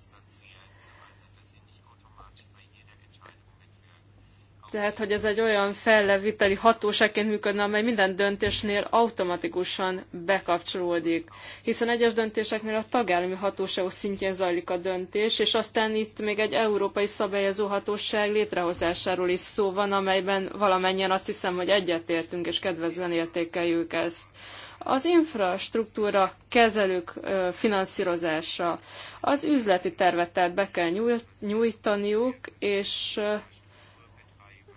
Tehát, hogy ez egy olyan felleviteli hatóságként működne, amely minden döntésnél automatikusan bekapcsolódik. Hiszen egyes döntéseknél a tagállami hatóságok szintjén zajlik a döntés, és aztán itt még egy európai szabályozó hatóság létrehozásáról is szó van, amelyben valamennyien azt hiszem, hogy egyetértünk, és kedvezően értékeljük ezt. Az infrastruktúra kezelők finanszírozása, az üzleti tervet tehát be kell nyújtaniuk, és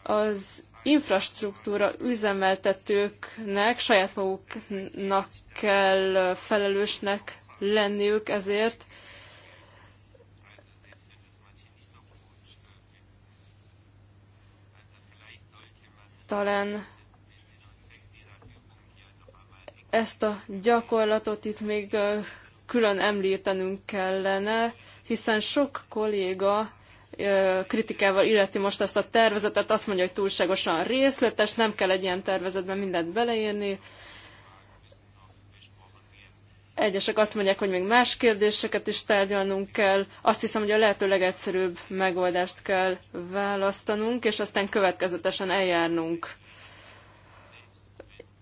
az infrastruktúra üzemeltetőknek saját maguknak kell felelősnek lenniük ezért, talán ezt a gyakorlatot itt még külön említenünk kellene, hiszen sok kolléga kritikával illeti most ezt a tervezetet, azt mondja, hogy túlságosan részletes, nem kell egy ilyen tervezetben mindent beleírni. Egyesek azt mondják, hogy még más kérdéseket is tárgyalnunk kell. Azt hiszem, hogy a lehető legegyszerűbb megoldást kell választanunk, és aztán következetesen eljárnunk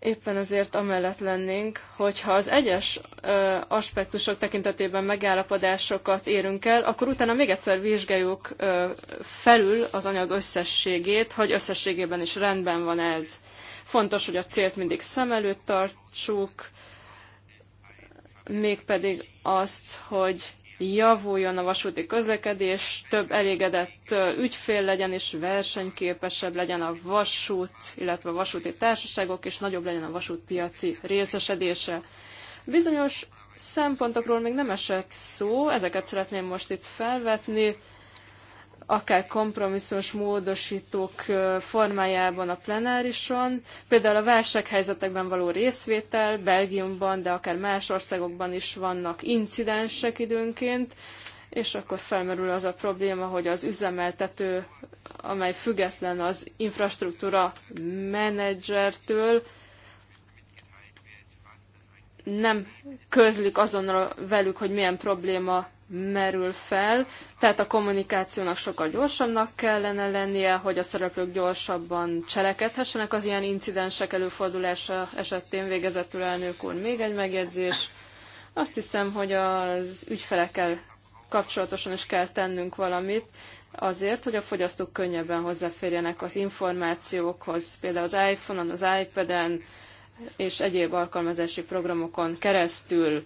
éppen ezért amellett lennénk, hogyha az egyes ö, aspektusok tekintetében megállapodásokat érünk el, akkor utána még egyszer vizsgáljuk ö, felül az anyag összességét, hogy összességében is rendben van ez. Fontos, hogy a célt mindig szem előtt tartsuk, mégpedig azt, hogy javuljon a vasúti közlekedés, több elégedett ügyfél legyen, és versenyképesebb legyen a vasút, illetve a vasúti társaságok, és nagyobb legyen a vasútpiaci részesedése. Bizonyos szempontokról még nem esett szó, ezeket szeretném most itt felvetni akár kompromisszós módosítók formájában a plenárison, például a válsághelyzetekben való részvétel, Belgiumban, de akár más országokban is vannak incidensek időnként, és akkor felmerül az a probléma, hogy az üzemeltető, amely független az infrastruktúra menedzsertől, nem közlik azonnal velük, hogy milyen probléma merül fel, tehát a kommunikációnak sokkal gyorsabbnak kellene lennie, hogy a szereplők gyorsabban cselekedhessenek az ilyen incidensek előfordulása esetén végezetül elnök úr. Még egy megjegyzés. Azt hiszem, hogy az ügyfelekkel kapcsolatosan is kell tennünk valamit, azért, hogy a fogyasztók könnyebben hozzáférjenek az információkhoz, például az iPhone-on, az iPad-en és egyéb alkalmazási programokon keresztül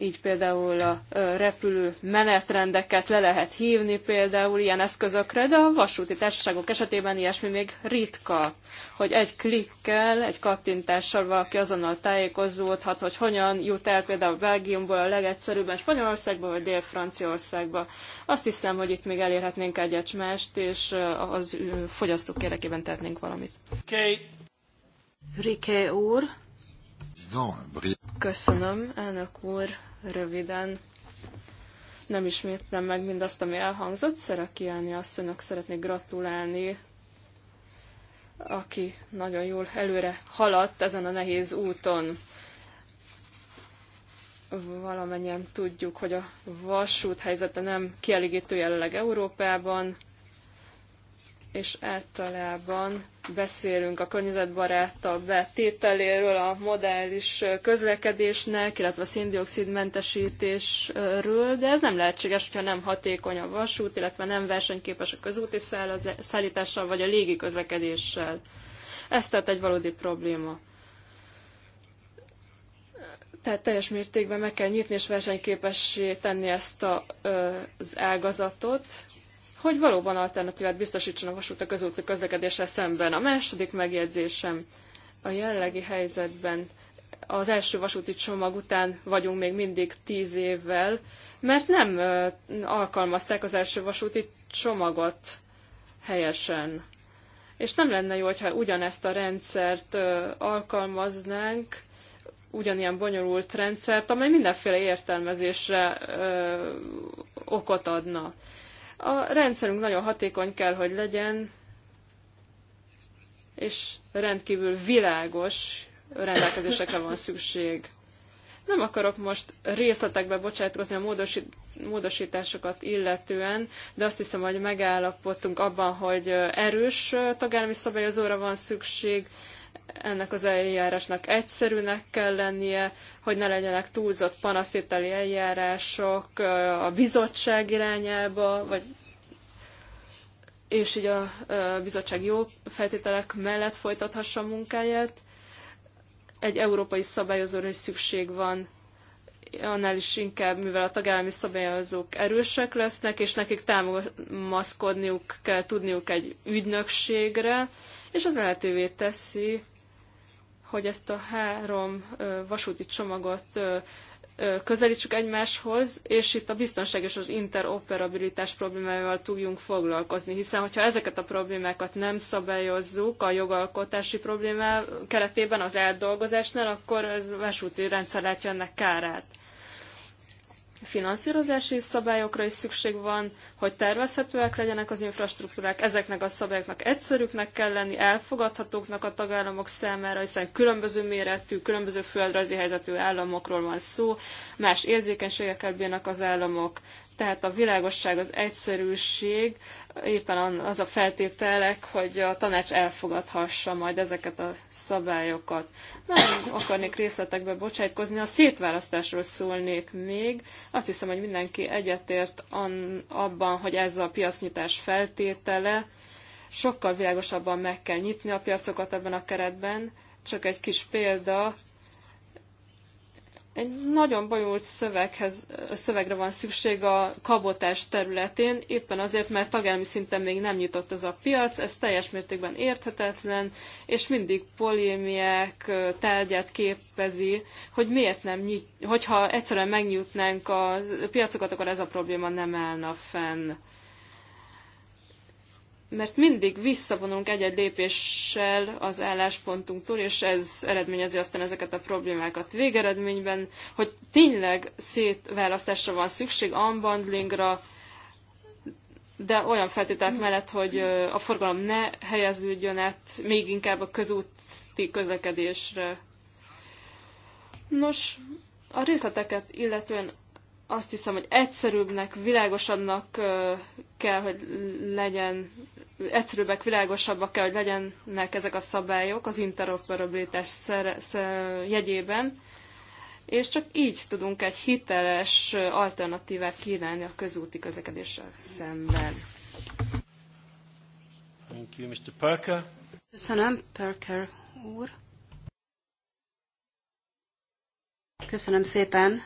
így például a repülő menetrendeket le lehet hívni például ilyen eszközökre, de a vasúti társaságok esetében ilyesmi még ritka, hogy egy klikkel, egy kattintással valaki azonnal tájékozódhat, hogy hogyan jut el például Belgiumból a legegyszerűbben Spanyolországba vagy Dél-Franciaországba. Azt hiszem, hogy itt még elérhetnénk egyecsmást, és az fogyasztók érdekében tehetnénk valamit. Okay. Rike úr. Köszönöm, elnök úr, röviden. Nem ismétlem meg mindazt, ami elhangzott. Szereki Elni asszonynak szeretnék gratulálni, aki nagyon jól előre haladt ezen a nehéz úton valamennyien tudjuk, hogy a vasút helyzete nem kielégítő jelenleg Európában és általában beszélünk a környezetbarátabb tételéről, a modális közlekedésnek, illetve a széndiokszidmentesítésről, de ez nem lehetséges, hogyha nem hatékony a vasút, illetve nem versenyképes a közúti szállítással vagy a légi közlekedéssel. Ez tehát egy valódi probléma. Tehát teljes mértékben meg kell nyitni és versenyképessé tenni ezt a, az ágazatot, hogy valóban alternatívát a vasút a közúti közlekedéssel szemben. A második megjegyzésem a jelenlegi helyzetben az első vasúti csomag után vagyunk még mindig tíz évvel, mert nem alkalmazták az első vasúti csomagot helyesen. És nem lenne jó, hogyha ugyanezt a rendszert alkalmaznánk, ugyanilyen bonyolult rendszert, amely mindenféle értelmezésre ö, okot adna. A rendszerünk nagyon hatékony kell, hogy legyen, és rendkívül világos rendelkezésekre van szükség. Nem akarok most részletekbe bocsátkozni a módosításokat illetően, de azt hiszem, hogy megállapodtunk abban, hogy erős tagállami szabályozóra van szükség, ennek az eljárásnak egyszerűnek kell lennie, hogy ne legyenek túlzott panaszételi eljárások a bizottság irányába, vagy és így a bizottság jó feltételek mellett folytathassa a munkáját. Egy európai szabályozóra is szükség van, annál is inkább, mivel a tagállami szabályozók erősek lesznek, és nekik támaszkodniuk kell tudniuk egy ügynökségre, és az lehetővé teszi, hogy ezt a három vasúti csomagot közelítsük egymáshoz, és itt a biztonság és az interoperabilitás problémával tudjunk foglalkozni, hiszen hogyha ezeket a problémákat nem szabályozzuk a jogalkotási problémá keretében az átdolgozásnál, akkor az vasúti rendszer látja ennek kárát finanszírozási szabályokra is szükség van, hogy tervezhetőek legyenek az infrastruktúrák, ezeknek a szabályoknak egyszerűknek kell lenni, elfogadhatóknak a tagállamok számára, hiszen különböző méretű, különböző földrajzi helyzetű államokról van szó, más érzékenységekkel bírnak az államok. Tehát a világosság, az egyszerűség, éppen az a feltételek, hogy a tanács elfogadhassa majd ezeket a szabályokat. Nem akarnék részletekbe bocsájtkozni, a szétválasztásról szólnék még. Azt hiszem, hogy mindenki egyetért an, abban, hogy ez a piacnyitás feltétele. Sokkal világosabban meg kell nyitni a piacokat ebben a keretben. Csak egy kis példa, egy nagyon bonyolult szöveghez, szövegre van szükség a kabotás területén, éppen azért, mert tagállami szinten még nem nyitott ez a piac, ez teljes mértékben érthetetlen, és mindig polémiák tárgyát képezi, hogy miért nem nyit, hogyha egyszerűen megnyitnánk a piacokat, akkor ez a probléma nem állna fenn mert mindig visszavonunk egy-egy lépéssel az álláspontunktól, és ez eredményezi aztán ezeket a problémákat végeredményben, hogy tényleg szétválasztásra van szükség, unbundlingra, de olyan feltételek mellett, hogy a forgalom ne helyeződjön át még inkább a közúti közlekedésre. Nos, a részleteket illetően azt hiszem, hogy egyszerűbbnek, világosabbnak kell, hogy legyen, egyszerűbbek, világosabbak kell, hogy legyenek ezek a szabályok az interoperabilitás jegyében, és csak így tudunk egy hiteles alternatívát kínálni a közúti közlekedéssel szemben. Thank you, Mr. Parker. Köszönöm, Parker úr. Köszönöm szépen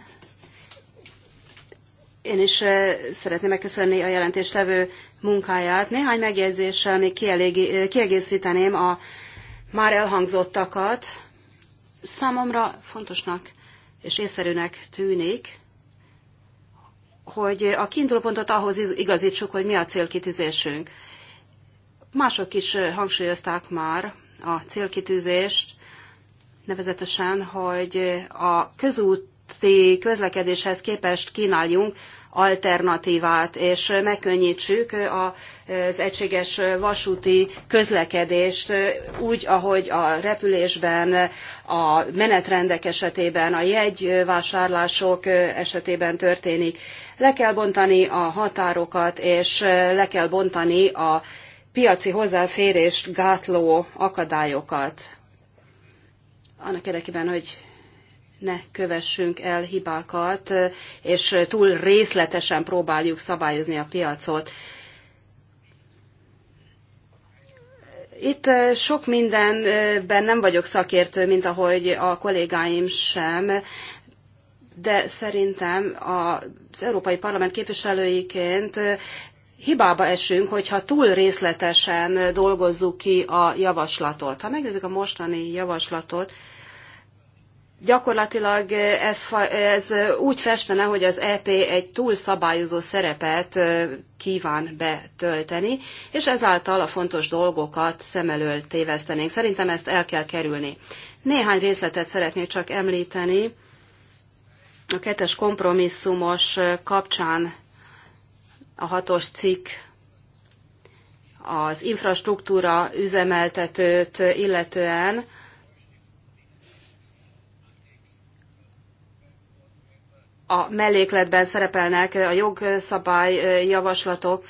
én is eh, szeretném megköszönni a jelentéstevő munkáját. Néhány megjegyzéssel még kielégi, kiegészíteném a már elhangzottakat. Számomra fontosnak és észszerűnek tűnik, hogy a kiindulópontot ahhoz igazítsuk, hogy mi a célkitűzésünk. Mások is eh, hangsúlyozták már a célkitűzést, nevezetesen, hogy a közúti közlekedéshez képest kínáljunk alternatívát, és megkönnyítsük az egységes vasúti közlekedést úgy, ahogy a repülésben, a menetrendek esetében, a jegyvásárlások esetében történik. Le kell bontani a határokat, és le kell bontani a piaci hozzáférést gátló akadályokat. Annak érdekében, hogy ne kövessünk el hibákat, és túl részletesen próbáljuk szabályozni a piacot. Itt sok mindenben nem vagyok szakértő, mint ahogy a kollégáim sem, de szerintem az Európai Parlament képviselőiként hibába esünk, hogyha túl részletesen dolgozzuk ki a javaslatot. Ha megnézzük a mostani javaslatot, gyakorlatilag ez, ez úgy festene, hogy az EP egy túlszabályozó szerepet kíván betölteni, és ezáltal a fontos dolgokat szem elől tévesztenénk. Szerintem ezt el kell kerülni. Néhány részletet szeretnék csak említeni. A kettes kompromisszumos kapcsán a hatos cikk az infrastruktúra üzemeltetőt illetően, a mellékletben szerepelnek eh, a jogszabály eh, javaslatok,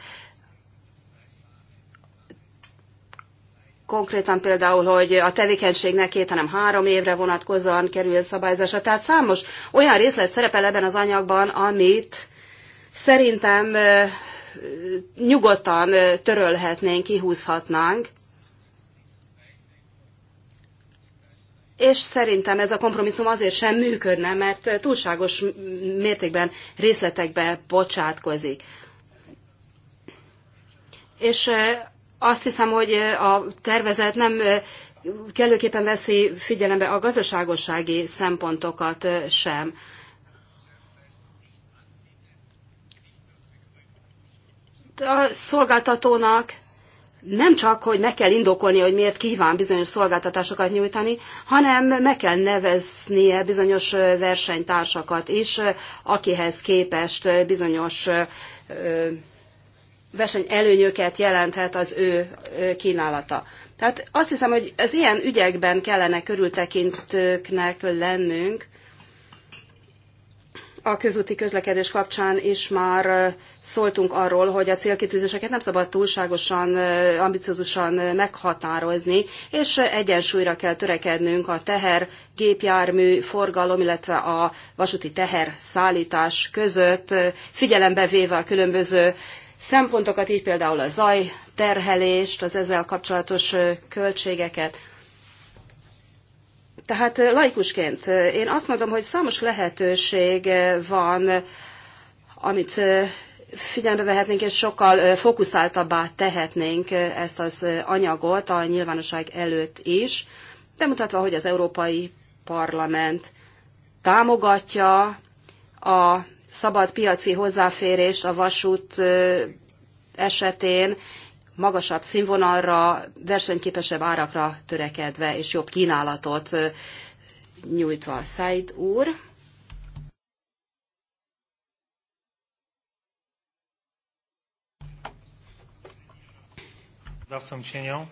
konkrétan például, hogy a tevékenység ne két, hanem három évre vonatkozóan kerül szabályzásra. Tehát számos olyan részlet szerepel ebben az anyagban, amit szerintem eh, nyugodtan törölhetnénk, kihúzhatnánk, és szerintem ez a kompromisszum azért sem működne, mert túlságos mértékben részletekbe bocsátkozik. És azt hiszem, hogy a tervezet nem kellőképpen veszi figyelembe a gazdaságossági szempontokat sem. A szolgáltatónak nem csak, hogy meg kell indokolni, hogy miért kíván bizonyos szolgáltatásokat nyújtani, hanem meg kell neveznie bizonyos versenytársakat is, akihez képest bizonyos versenyelőnyöket jelenthet az ő kínálata. Tehát azt hiszem, hogy az ilyen ügyekben kellene körültekintőknek lennünk, a közúti közlekedés kapcsán is már szóltunk arról, hogy a célkitűzéseket nem szabad túlságosan, ambiciózusan meghatározni, és egyensúlyra kell törekednünk a teher, gépjármű, forgalom, illetve a vasúti teher szállítás között, figyelembe véve a különböző szempontokat, így például a zaj, terhelést, az ezzel kapcsolatos költségeket. Tehát eh, laikusként eh, én azt mondom, hogy számos lehetőség eh, van, amit figyelembe vehetnénk, és sokkal fókuszáltabbá tehetnénk ezt az anyagot a nyilvánosság előtt is, bemutatva, hogy az Európai Parlament támogatja a szabad piaci hozzáférést a vasút esetén, magasabb színvonalra, versenyképesebb árakra törekedve és jobb kínálatot nyújtva. Said úr. Dawcą cienią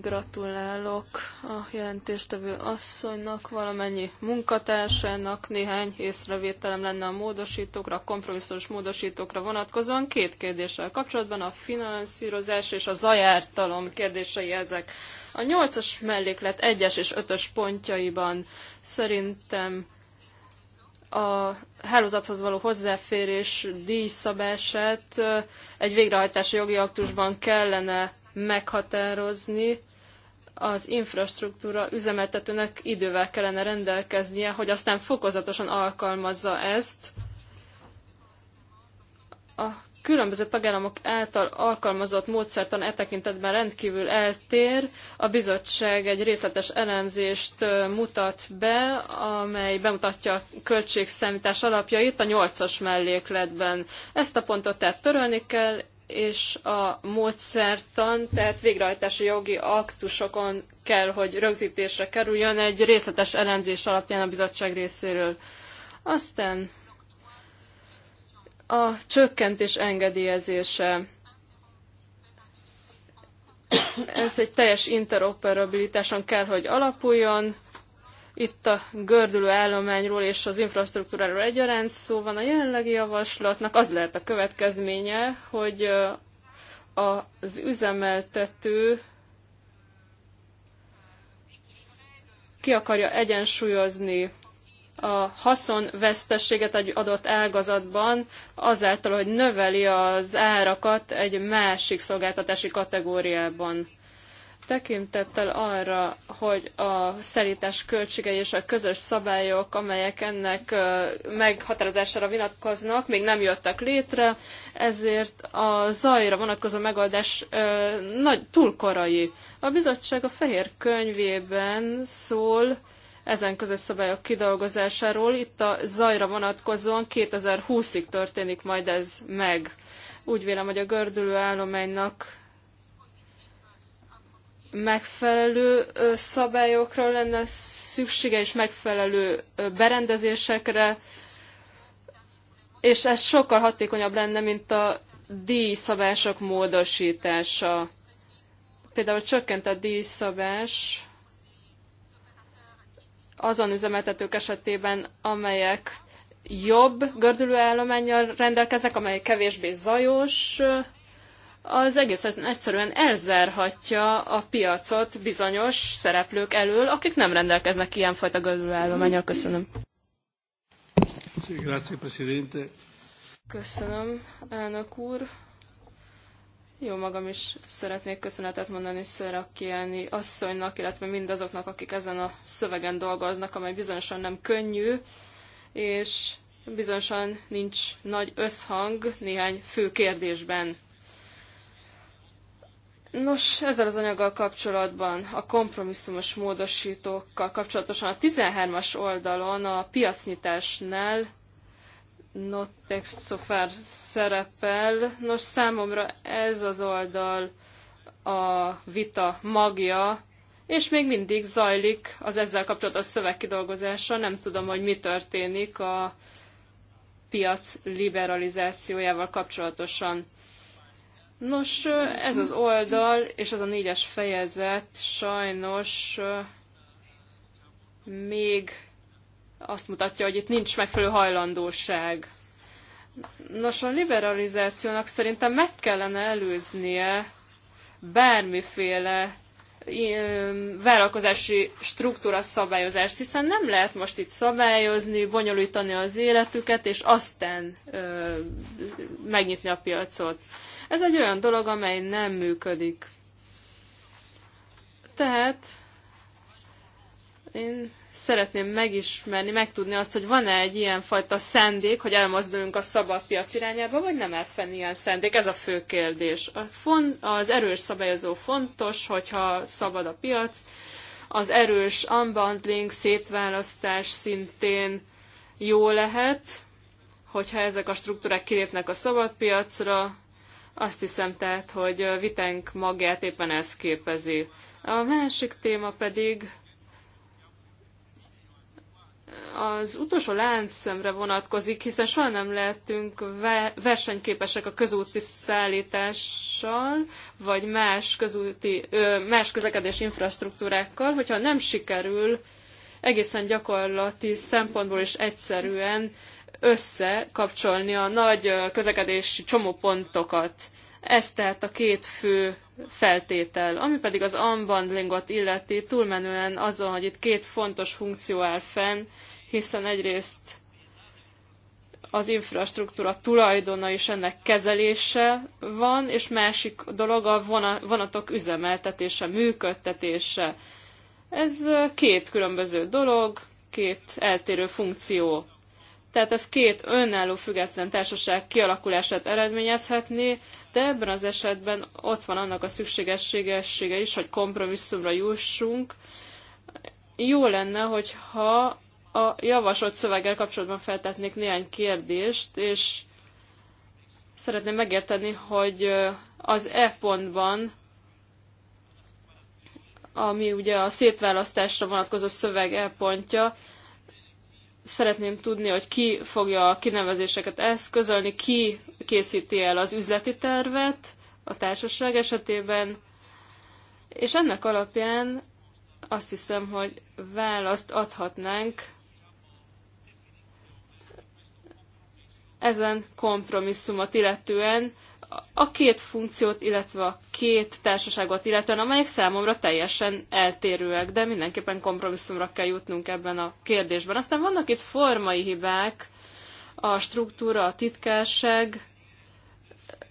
Gratulálok a jelentéstevő asszonynak, valamennyi munkatársának, néhány észrevételem lenne a módosítókra, a kompromisszós módosítókra vonatkozóan. Két kérdéssel kapcsolatban a finanszírozás és a zajártalom kérdései ezek. A nyolcas melléklet egyes és ötös pontjaiban szerintem a hálózathoz való hozzáférés díjszabását egy végrehajtási jogi aktusban kellene meghatározni, az infrastruktúra üzemeltetőnek idővel kellene rendelkeznie, hogy aztán fokozatosan alkalmazza ezt. A különböző tagállamok által alkalmazott módszertan e tekintetben rendkívül eltér. A bizottság egy részletes elemzést mutat be, amely bemutatja a költségszámítás alapjait a nyolcas mellékletben. Ezt a pontot tehát törölni kell, és a módszertan, tehát végrehajtási jogi aktusokon kell, hogy rögzítésre kerüljön egy részletes elemzés alapján a bizottság részéről. Aztán a csökkentés engedélyezése. Ez egy teljes interoperabilitáson kell, hogy alapuljon, itt a gördülő állományról és az infrastruktúráról egyaránt szó van. A jelenlegi javaslatnak az lehet a következménye, hogy az üzemeltető ki akarja egyensúlyozni a haszonvesztességet egy adott ágazatban azáltal, hogy növeli az árakat egy másik szolgáltatási kategóriában tekintettel arra, hogy a szerítés költségei és a közös szabályok, amelyek ennek meghatározására vonatkoznak, még nem jöttek létre, ezért a zajra vonatkozó megoldás nagy túl korai. A bizottság a fehér könyvében szól ezen közös szabályok kidolgozásáról. Itt a zajra vonatkozóan 2020-ig történik majd ez meg. Úgy vélem, hogy a gördülő állománynak megfelelő szabályokra lenne szüksége, és megfelelő berendezésekre, és ez sokkal hatékonyabb lenne, mint a díjszabások módosítása. Például csökkent a díjszabás azon üzemeltetők esetében, amelyek jobb gördülőállományjal rendelkeznek, amely kevésbé zajos, az egészet egyszerűen elzárhatja a piacot bizonyos szereplők elől, akik nem rendelkeznek ilyenfajta gazdálkodóállományjal. Köszönöm. Köszönöm, elnök úr. Jó magam is szeretnék köszönetet mondani Szerakiáni asszonynak, illetve mindazoknak, akik ezen a szövegen dolgoznak, amely bizonyosan nem könnyű, és bizonyosan nincs nagy összhang néhány fő kérdésben. Nos, ezzel az anyaggal kapcsolatban, a kompromisszumos módosítókkal kapcsolatosan a 13-as oldalon a piacnyitásnál not text so far szerepel. Nos, számomra ez az oldal a vita magja, és még mindig zajlik az ezzel kapcsolatos szöveg kidolgozása. Nem tudom, hogy mi történik a piac liberalizációjával kapcsolatosan. Nos, ez az oldal és az a négyes fejezet sajnos még azt mutatja, hogy itt nincs megfelelő hajlandóság. Nos, a liberalizációnak szerintem meg kellene előznie bármiféle vállalkozási struktúra szabályozást, hiszen nem lehet most itt szabályozni, bonyolítani az életüket, és aztán ö, megnyitni a piacot. Ez egy olyan dolog, amely nem működik. Tehát én szeretném megismerni, megtudni azt, hogy van-e egy ilyen fajta szándék, hogy elmozduljunk a szabad piac irányába, vagy nem elfenn ilyen szendék. Ez a fő kérdés. A font, az erős szabályozó fontos, hogyha szabad a piac, az erős unbundling, szétválasztás szintén jó lehet, hogyha ezek a struktúrák kilépnek a szabad piacra, azt hiszem tehát, hogy a vitánk magát éppen ez képezi. A másik téma pedig az utolsó láncszemre vonatkozik, hiszen soha nem lehetünk versenyképesek a közúti szállítással, vagy más, közúti, más közlekedés infrastruktúrákkal, hogyha nem sikerül egészen gyakorlati szempontból is egyszerűen összekapcsolni a nagy közlekedési csomópontokat. Ez tehát a két fő feltétel. Ami pedig az unbundlingot illeti, túlmenően azon, hogy itt két fontos funkció áll fenn, hiszen egyrészt az infrastruktúra tulajdona és ennek kezelése van, és másik dolog a vonatok üzemeltetése, működtetése. Ez két különböző dolog, két eltérő funkció. Tehát ez két önálló független társaság kialakulását eredményezhetné, de ebben az esetben ott van annak a szükségessége, is, hogy kompromisszumra jussunk. Jó lenne, hogyha a javasolt szöveggel kapcsolatban feltetnék néhány kérdést, és szeretném megérteni, hogy az E pontban, ami ugye a szétválasztásra vonatkozó szöveg E pontja, szeretném tudni, hogy ki fogja a kinevezéseket eszközölni, ki készíti el az üzleti tervet a társaság esetében, és ennek alapján azt hiszem, hogy választ adhatnánk ezen kompromisszumot illetően, a két funkciót, illetve a két társaságot illetően, amelyek számomra teljesen eltérőek, de mindenképpen kompromisszumra kell jutnunk ebben a kérdésben. Aztán vannak itt formai hibák, a struktúra, a titkárság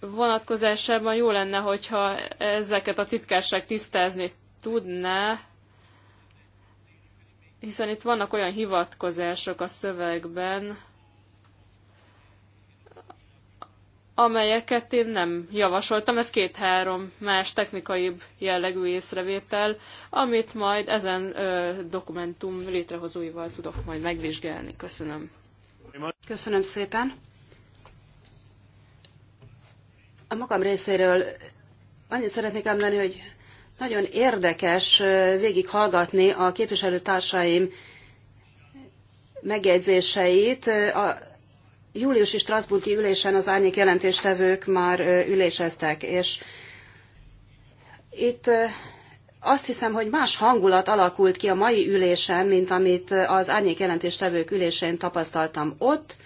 vonatkozásában jó lenne, hogyha ezeket a titkárság tisztázni tudná, hiszen itt vannak olyan hivatkozások a szövegben, amelyeket én nem javasoltam. Ez két-három más technikai jellegű észrevétel, amit majd ezen ö, dokumentum létrehozóival tudok majd megvizsgálni. Köszönöm. Köszönöm szépen. A magam részéről annyit szeretnék említeni, hogy nagyon érdekes végighallgatni a képviselőtársaim megjegyzéseit, júliusi Strasbourgi ülésen az árnyék jelentéstevők már üléseztek, és itt azt hiszem, hogy más hangulat alakult ki a mai ülésen, mint amit az árnyék jelentéstevők ülésén tapasztaltam ott.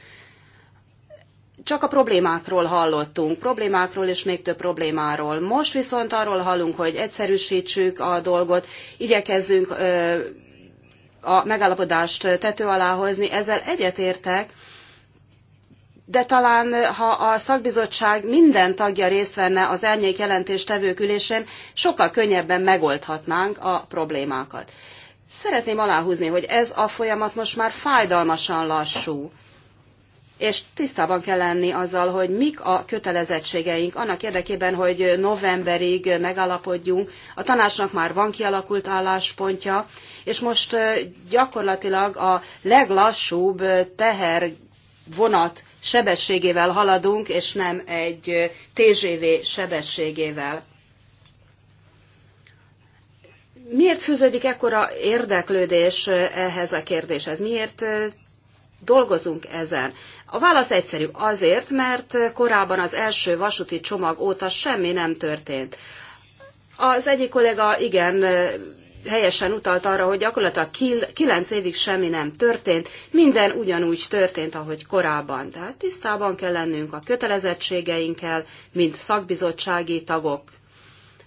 Csak a problémákról hallottunk, problémákról és még több problémáról. Most viszont arról hallunk, hogy egyszerűsítsük a dolgot, igyekezzünk a megállapodást tető alá hozni. Ezzel egyetértek, de talán ha a szakbizottság minden tagja részt venne az elnyék jelentéstevők ülésén, sokkal könnyebben megoldhatnánk a problémákat. Szeretném aláhúzni, hogy ez a folyamat most már fájdalmasan lassú, és tisztában kell lenni azzal, hogy mik a kötelezettségeink annak érdekében, hogy novemberig megállapodjunk. A tanácsnak már van kialakult álláspontja, és most gyakorlatilag a leglassúbb teher vonat sebességével haladunk, és nem egy TGV sebességével. Miért fűződik ekkora érdeklődés ehhez a kérdéshez? Miért dolgozunk ezen? A válasz egyszerű. Azért, mert korábban az első vasúti csomag óta semmi nem történt. Az egyik kollega igen helyesen utalt arra, hogy gyakorlatilag kilenc évig semmi nem történt, minden ugyanúgy történt, ahogy korábban. Tehát tisztában kell lennünk a kötelezettségeinkkel, mint szakbizottsági tagok.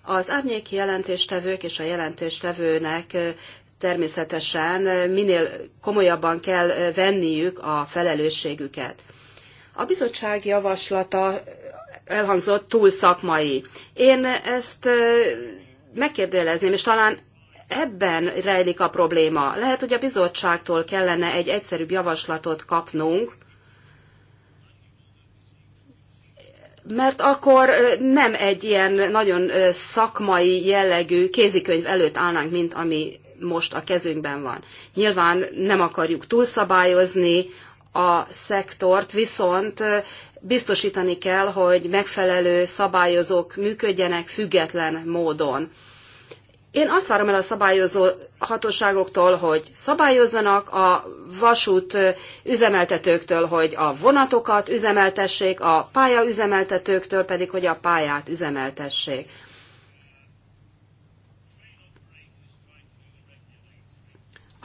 Az árnyéki jelentéstevők és a jelentéstevőnek természetesen minél komolyabban kell venniük a felelősségüket. A bizottság javaslata elhangzott túl szakmai. Én ezt megkérdőjelezném, és talán ebben rejlik a probléma. Lehet, hogy a bizottságtól kellene egy egyszerűbb javaslatot kapnunk, mert akkor nem egy ilyen nagyon szakmai jellegű kézikönyv előtt állnánk, mint ami most a kezünkben van. Nyilván nem akarjuk túlszabályozni a szektort, viszont biztosítani kell, hogy megfelelő szabályozók működjenek független módon. Én azt várom el a szabályozó hatóságoktól, hogy szabályozzanak, a vasút üzemeltetőktől, hogy a vonatokat üzemeltessék, a pálya üzemeltetőktől pedig, hogy a pályát üzemeltessék.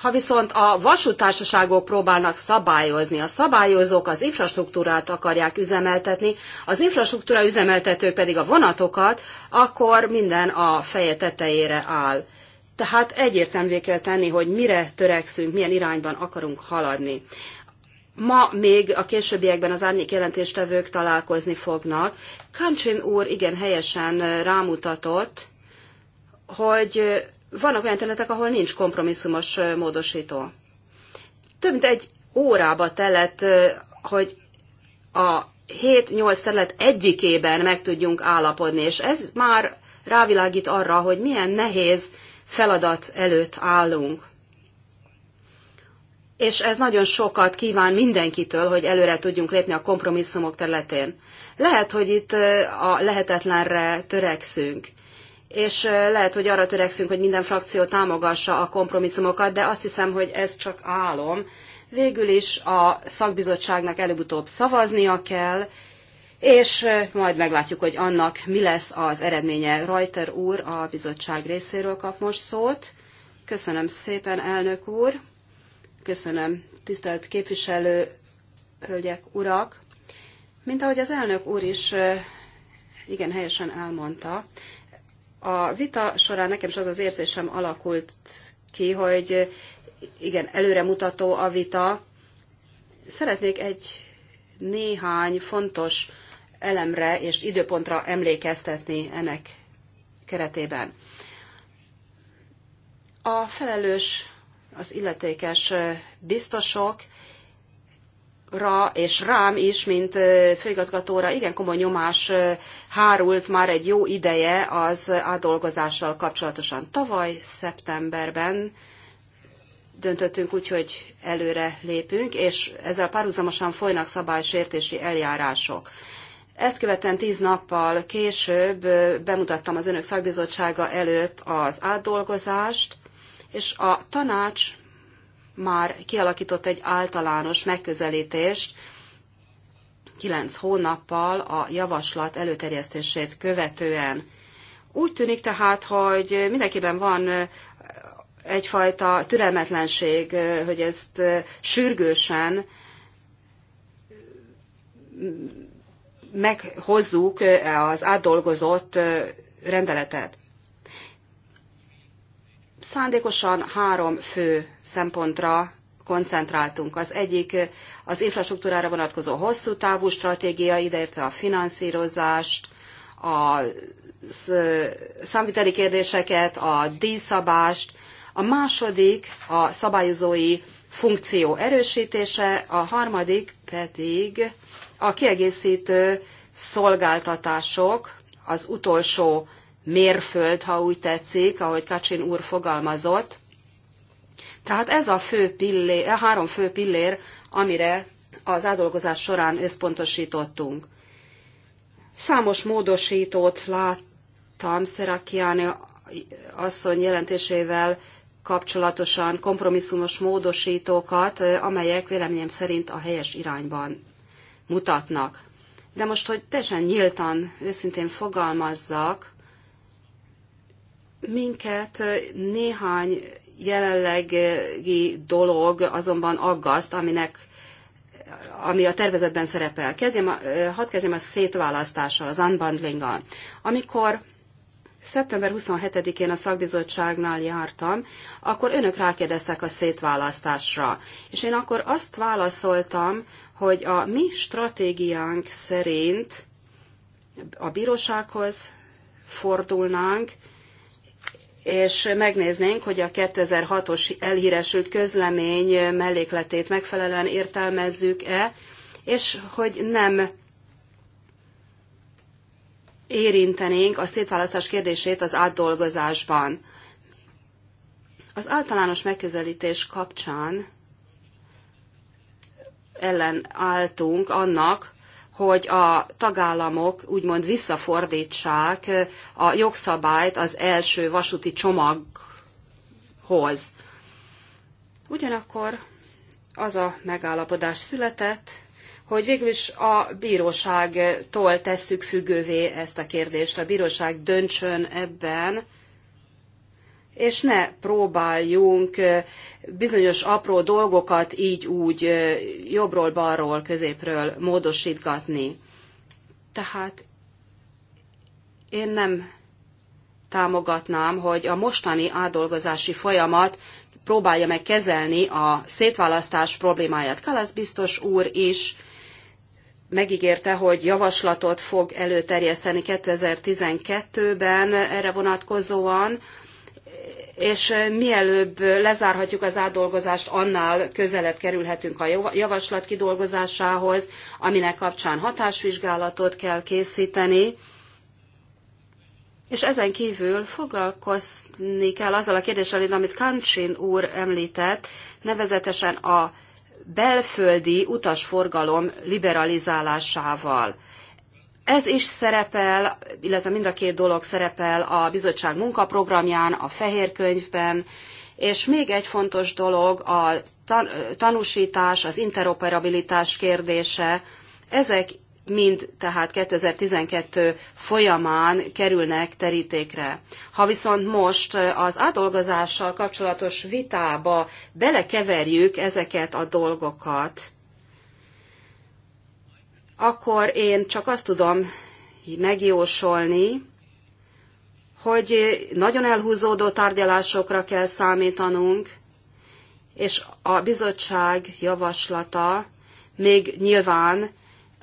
Ha viszont a vasútársaságok próbálnak szabályozni, a szabályozók az infrastruktúrát akarják üzemeltetni, az infrastruktúra üzemeltetők pedig a vonatokat, akkor minden a feje tetejére áll. Tehát egyértelművé kell tenni, hogy mire törekszünk, milyen irányban akarunk haladni. Ma még a későbbiekben az árnyék jelentéstevők találkozni fognak. Kancsin úr igen helyesen rámutatott, hogy vannak olyan területek, ahol nincs kompromisszumos módosító. Több mint egy órába telett, hogy a 7-8 terület egyikében meg tudjunk állapodni, és ez már rávilágít arra, hogy milyen nehéz feladat előtt állunk. És ez nagyon sokat kíván mindenkitől, hogy előre tudjunk lépni a kompromisszumok területén. Lehet, hogy itt a lehetetlenre törekszünk és lehet, hogy arra törekszünk, hogy minden frakció támogassa a kompromisszumokat, de azt hiszem, hogy ez csak álom. Végül is a szakbizottságnak előbb-utóbb szavaznia kell, és majd meglátjuk, hogy annak mi lesz az eredménye. Reuter úr a bizottság részéről kap most szót. Köszönöm szépen, elnök úr. Köszönöm, tisztelt képviselő, hölgyek, urak. Mint ahogy az elnök úr is igen helyesen elmondta, a vita során nekem is az az érzésem alakult ki, hogy igen, előremutató a vita. Szeretnék egy néhány fontos elemre és időpontra emlékeztetni ennek keretében. A felelős, az illetékes biztosok ra és rám is, mint főigazgatóra igen komoly nyomás hárult már egy jó ideje az átdolgozással kapcsolatosan. Tavaly szeptemberben döntöttünk úgy, hogy előre lépünk, és ezzel párhuzamosan folynak szabálysértési eljárások. Ezt követően tíz nappal később bemutattam az önök szakbizottsága előtt az átdolgozást, és a tanács már kialakított egy általános megközelítést, kilenc hónappal a javaslat előterjesztését követően. Úgy tűnik tehát, hogy mindenkiben van egyfajta türelmetlenség, hogy ezt sürgősen meghozzuk az átdolgozott rendeletet. Szándékosan három fő szempontra koncentráltunk. Az egyik az infrastruktúrára vonatkozó hosszú távú stratégia, ideértve a finanszírozást, a számviteli kérdéseket, a díjszabást. A második a szabályozói funkció erősítése, a harmadik pedig a kiegészítő szolgáltatások, az utolsó mérföld, ha úgy tetszik, ahogy Kacsin úr fogalmazott. Tehát ez a fő pillér, a e három fő pillér, amire az átdolgozás során összpontosítottunk. Számos módosítót láttam Szerakiáni asszony jelentésével kapcsolatosan kompromisszumos módosítókat, amelyek véleményem szerint a helyes irányban mutatnak. De most, hogy teljesen nyíltan, őszintén fogalmazzak, Minket néhány jelenlegi dolog azonban aggaszt, aminek ami a tervezetben szerepel. Kezdjem a, hadd kezdjem a szétválasztással, az unbundling -al. Amikor szeptember 27-én a szakbizottságnál jártam, akkor önök rákérdeztek a szétválasztásra. És én akkor azt válaszoltam, hogy a mi stratégiánk szerint a bírósághoz fordulnánk, és megnéznénk, hogy a 2006-os elhíresült közlemény mellékletét megfelelően értelmezzük-e, és hogy nem érintenénk a szétválasztás kérdését az átdolgozásban. Az általános megközelítés kapcsán ellen álltunk annak, hogy a tagállamok úgymond visszafordítsák a jogszabályt az első vasúti csomaghoz. Ugyanakkor az a megállapodás született, hogy végül is a bíróságtól tesszük függővé ezt a kérdést. A bíróság döntsön ebben, és ne próbáljunk bizonyos apró dolgokat így úgy jobbról, balról, középről módosítgatni. Tehát én nem támogatnám, hogy a mostani átdolgozási folyamat próbálja meg kezelni a szétválasztás problémáját. Kalasz biztos úr is megígérte, hogy javaslatot fog előterjeszteni 2012-ben erre vonatkozóan, és mielőbb lezárhatjuk az átdolgozást, annál közelebb kerülhetünk a javaslat kidolgozásához, aminek kapcsán hatásvizsgálatot kell készíteni, és ezen kívül foglalkozni kell azzal a kérdéssel, amit Kancsin úr említett, nevezetesen a belföldi utasforgalom liberalizálásával. Ez is szerepel, illetve mind a két dolog szerepel a bizottság munkaprogramján, a fehér könyvben, és még egy fontos dolog a tanúsítás, az interoperabilitás kérdése. Ezek mind tehát 2012 folyamán kerülnek terítékre. Ha viszont most az átdolgozással kapcsolatos vitába belekeverjük ezeket a dolgokat, akkor én csak azt tudom megjósolni, hogy nagyon elhúzódó tárgyalásokra kell számítanunk, és a bizottság javaslata még nyilván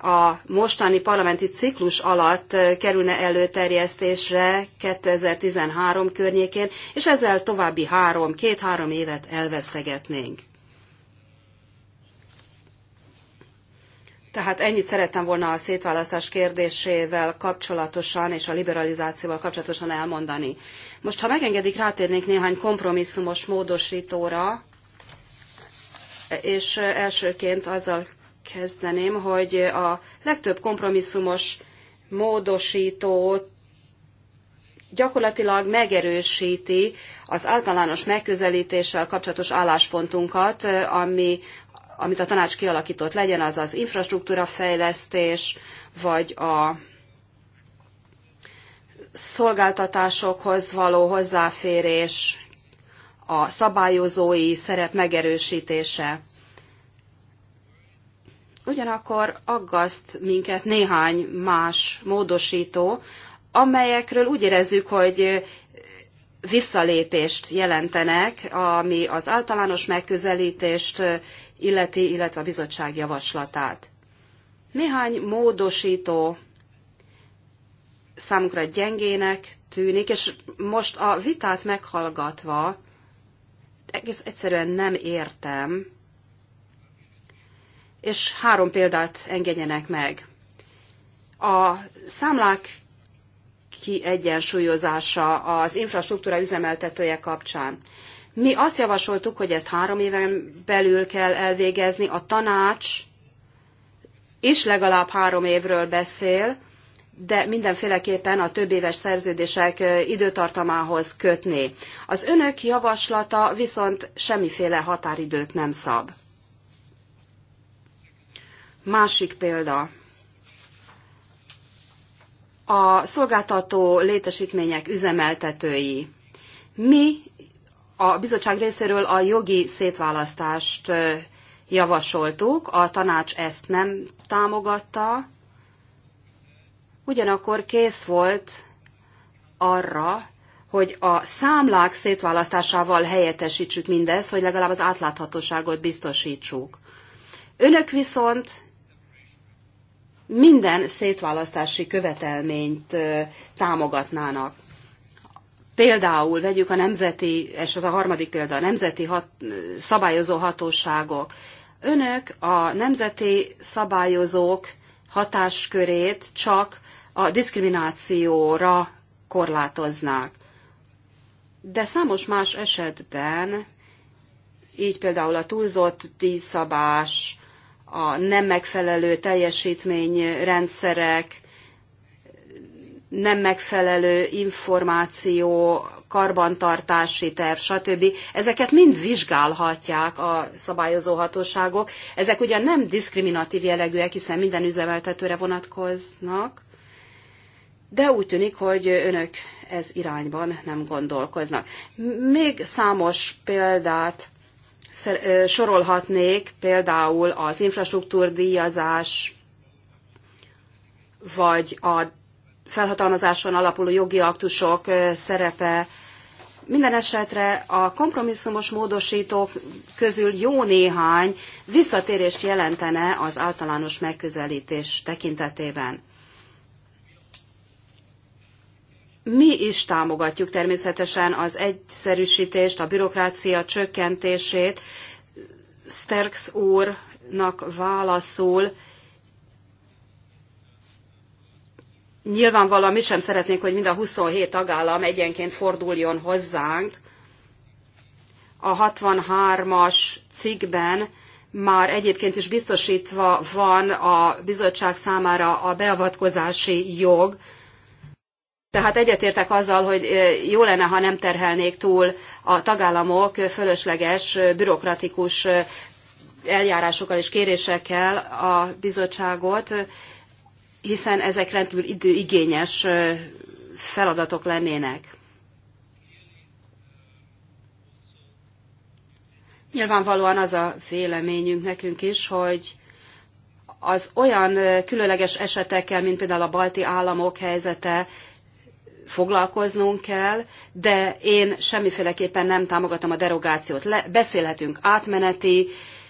a mostani parlamenti ciklus alatt kerülne előterjesztésre 2013 környékén, és ezzel további három, két-három évet elvesztegetnénk. Tehát ennyit szerettem volna a szétválasztás kérdésével kapcsolatosan és a liberalizációval kapcsolatosan elmondani. Most, ha megengedik, rátérnék néhány kompromisszumos módosítóra, és elsőként azzal kezdeném, hogy a legtöbb kompromisszumos módosítót gyakorlatilag megerősíti az általános megközelítéssel kapcsolatos álláspontunkat, ami amit a tanács kialakított legyen, az az infrastruktúra fejlesztés, vagy a szolgáltatásokhoz való hozzáférés, a szabályozói szerep megerősítése. Ugyanakkor aggaszt minket néhány más módosító, amelyekről úgy érezzük, hogy visszalépést jelentenek, ami az általános megközelítést illeti, illetve a bizottság javaslatát. Néhány módosító számunkra gyengének tűnik, és most a vitát meghallgatva egész egyszerűen nem értem, és három példát engedjenek meg. A számlák kiegyensúlyozása az infrastruktúra üzemeltetője kapcsán. Mi azt javasoltuk, hogy ezt három éven belül kell elvégezni, a tanács is legalább három évről beszél, de mindenféleképpen a éves szerződések időtartamához kötni. Az önök javaslata viszont semmiféle határidőt nem szab. Másik példa. A szolgáltató létesítmények üzemeltetői. Mi a bizottság részéről a jogi szétválasztást javasoltuk, a tanács ezt nem támogatta, ugyanakkor kész volt arra, hogy a számlák szétválasztásával helyettesítsük mindezt, hogy legalább az átláthatóságot biztosítsuk. Önök viszont minden szétválasztási követelményt támogatnának. Például vegyük a nemzeti, és az a harmadik példa, a nemzeti hat, szabályozó hatóságok. Önök a nemzeti szabályozók hatáskörét csak a diszkriminációra korlátoznák. De számos más esetben, így például a túlzott díjszabás, a nem megfelelő teljesítményrendszerek, nem megfelelő információ, karbantartási terv, stb. Ezeket mind vizsgálhatják a szabályozó hatóságok. Ezek ugyan nem diszkriminatív jellegűek, hiszen minden üzemeltetőre vonatkoznak, de úgy tűnik, hogy önök ez irányban nem gondolkoznak. Még számos példát sorolhatnék, például az infrastruktúrdíjazás, vagy a felhatalmazáson alapuló jogi aktusok szerepe. Minden esetre a kompromisszumos módosítók közül jó néhány visszatérést jelentene az általános megközelítés tekintetében. Mi is támogatjuk természetesen az egyszerűsítést, a bürokrácia csökkentését. Sterks úrnak válaszul, nyilvánvalóan mi sem szeretnénk, hogy mind a 27 tagállam egyenként forduljon hozzánk. A 63-as cikkben már egyébként is biztosítva van a bizottság számára a beavatkozási jog, tehát egyetértek azzal, hogy jó lenne, ha nem terhelnék túl a tagállamok fölösleges, bürokratikus eljárásokkal és kérésekkel a bizottságot, hiszen ezek rendkívül időigényes feladatok lennének. Nyilvánvalóan az a véleményünk nekünk is, hogy az olyan különleges esetekkel, mint például a balti államok helyzete, foglalkoznunk kell, de én semmiféleképpen nem támogatom a derogációt. Le, beszélhetünk átmeneti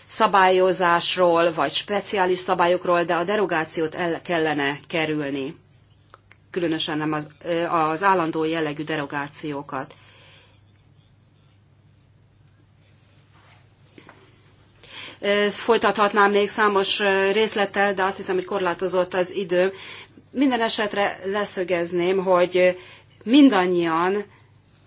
szabályozásról, vagy speciális szabályokról, de a derogációt el kellene kerülni. Különösen nem az, az állandó jellegű derogációkat. Folytathatnám még számos részlettel, de azt hiszem, hogy korlátozott az időm. Minden esetre leszögezném, hogy mindannyian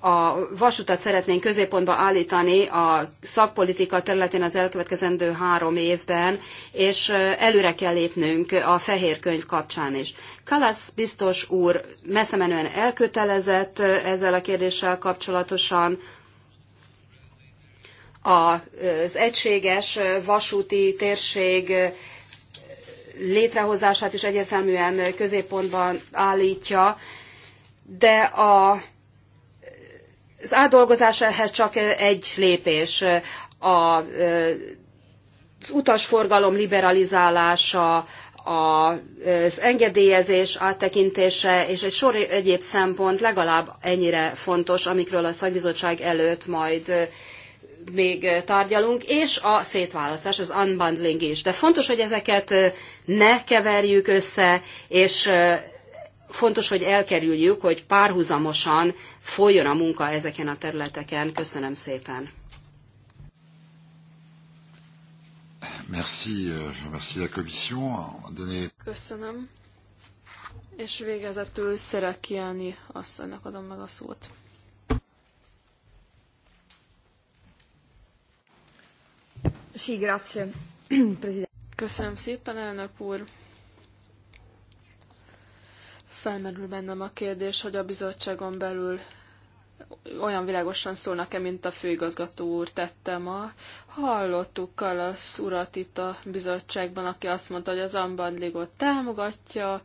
a vasutat szeretnénk középpontba állítani a szakpolitika területén az elkövetkezendő három évben, és előre kell lépnünk a fehér könyv kapcsán is. Kalasz biztos úr messze menően elkötelezett ezzel a kérdéssel kapcsolatosan, az egységes vasúti térség létrehozását is egyértelműen középpontban állítja, de a az átdolgozás ehhez csak egy lépés. A az utasforgalom liberalizálása, az engedélyezés áttekintése és egy sor egyéb szempont legalább ennyire fontos, amikről a szakbizottság előtt majd még tárgyalunk, és a szétválasztás, az unbundling is. De fontos, hogy ezeket ne keverjük össze, és fontos, hogy elkerüljük, hogy párhuzamosan folyjon a munka ezeken a területeken. Köszönöm szépen. Merci, euh, merci la commission. Donné... Köszönöm. És végezetül Szerekiáni asszonynak adom meg a szót. Sí, grazie. Köszönöm szépen, elnök úr. Felmerül bennem a kérdés, hogy a bizottságon belül olyan világosan szólnak-e, mint a főigazgató úr tette ma. Hallottuk az urat itt a bizottságban, aki azt mondta, hogy az unbundlingot támogatja,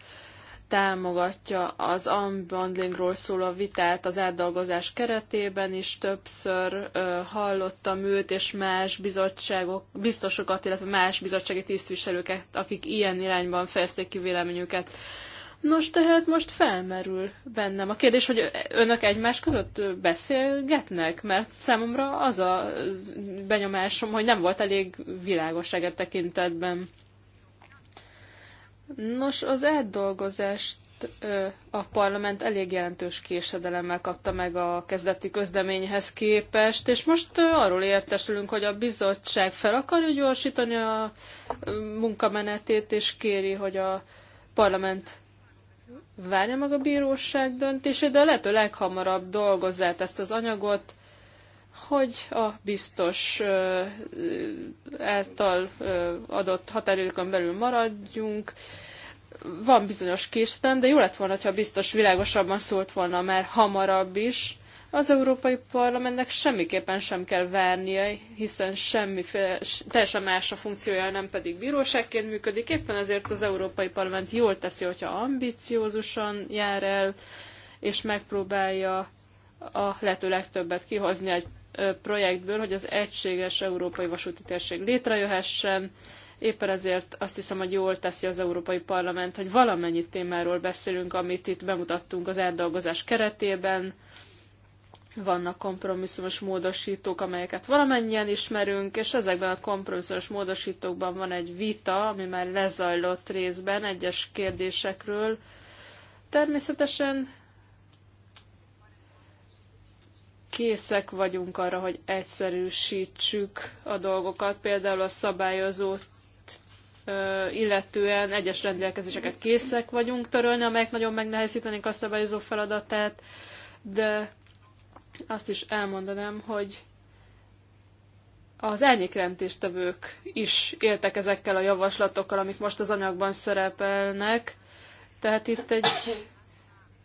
támogatja az unbundlingról szóló vitát az átdolgozás keretében is. Többször ö, hallottam őt és más bizottságok, biztosokat, illetve más bizottsági tisztviselőket, akik ilyen irányban fejezték ki véleményüket. Nos, tehát most felmerül bennem a kérdés, hogy önök egymás között beszélgetnek, mert számomra az a benyomásom, hogy nem volt elég világosság a e tekintetben. Nos, az átdolgozást a parlament elég jelentős késedelemmel kapta meg a kezdeti közleményhez képest, és most arról értesülünk, hogy a bizottság fel akarja gyorsítani a munkamenetét, és kéri, hogy a parlament várja meg a bíróság döntését, de lehető leghamarabb dolgozzát ezt az anyagot, hogy a biztos által adott határidőkön belül maradjunk. Van bizonyos késlem, de jó lett volna, ha biztos világosabban szólt volna már hamarabb is, az Európai Parlamentnek semmiképpen sem kell várnia, hiszen semmiféle, teljesen más a funkciója, nem pedig bíróságként működik. Éppen ezért az Európai Parlament jól teszi, hogyha ambiciózusan jár el, és megpróbálja a lehető legtöbbet kihozni egy projektből, hogy az egységes európai vasúti térség létrejöhessen. Éppen ezért azt hiszem, hogy jól teszi az Európai Parlament, hogy valamennyi témáról beszélünk, amit itt bemutattunk az átdolgozás keretében, vannak kompromisszumos módosítók, amelyeket valamennyien ismerünk, és ezekben a kompromisszumos módosítókban van egy vita, ami már lezajlott részben egyes kérdésekről. Természetesen készek vagyunk arra, hogy egyszerűsítsük a dolgokat, például a szabályozót illetően egyes rendelkezéseket készek vagyunk törölni, amelyek nagyon megnehezítenénk a szabályozó feladatát, de azt is elmondanám, hogy az árnyékrendtéstevők is éltek ezekkel a javaslatokkal, amik most az anyagban szerepelnek. Tehát itt egy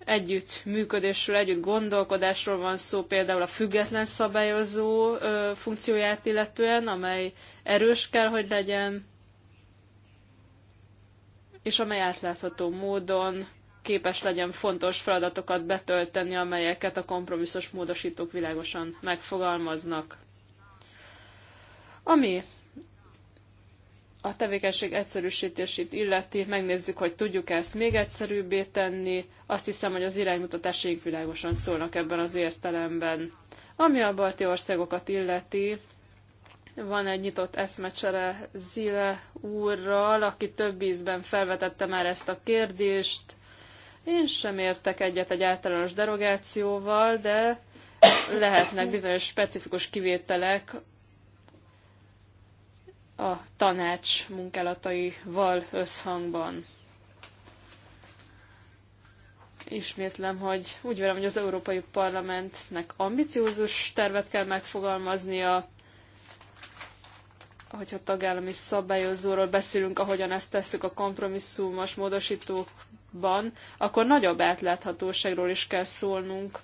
együtt működésről, együtt gondolkodásról van szó, például a független szabályozó ö, funkcióját illetően, amely erős kell, hogy legyen, és amely átlátható módon képes legyen fontos feladatokat betölteni, amelyeket a kompromisszos módosítók világosan megfogalmaznak. Ami a tevékenység egyszerűsítését illeti, megnézzük, hogy tudjuk -e ezt még egyszerűbbé tenni. Azt hiszem, hogy az iránymutatásaink világosan szólnak ebben az értelemben. Ami a balti országokat illeti, van egy nyitott eszmecsere Zile úrral, aki több ízben felvetette már ezt a kérdést. Én sem értek egyet egy általános derogációval, de lehetnek bizonyos specifikus kivételek a tanács munkálataival összhangban. Ismétlem, hogy úgy vélem, hogy az Európai Parlamentnek ambiciózus tervet kell megfogalmaznia, hogyha tagállami szabályozóról beszélünk, ahogyan ezt tesszük a kompromisszumos módosítók ban, akkor nagyobb átláthatóságról is kell szólnunk.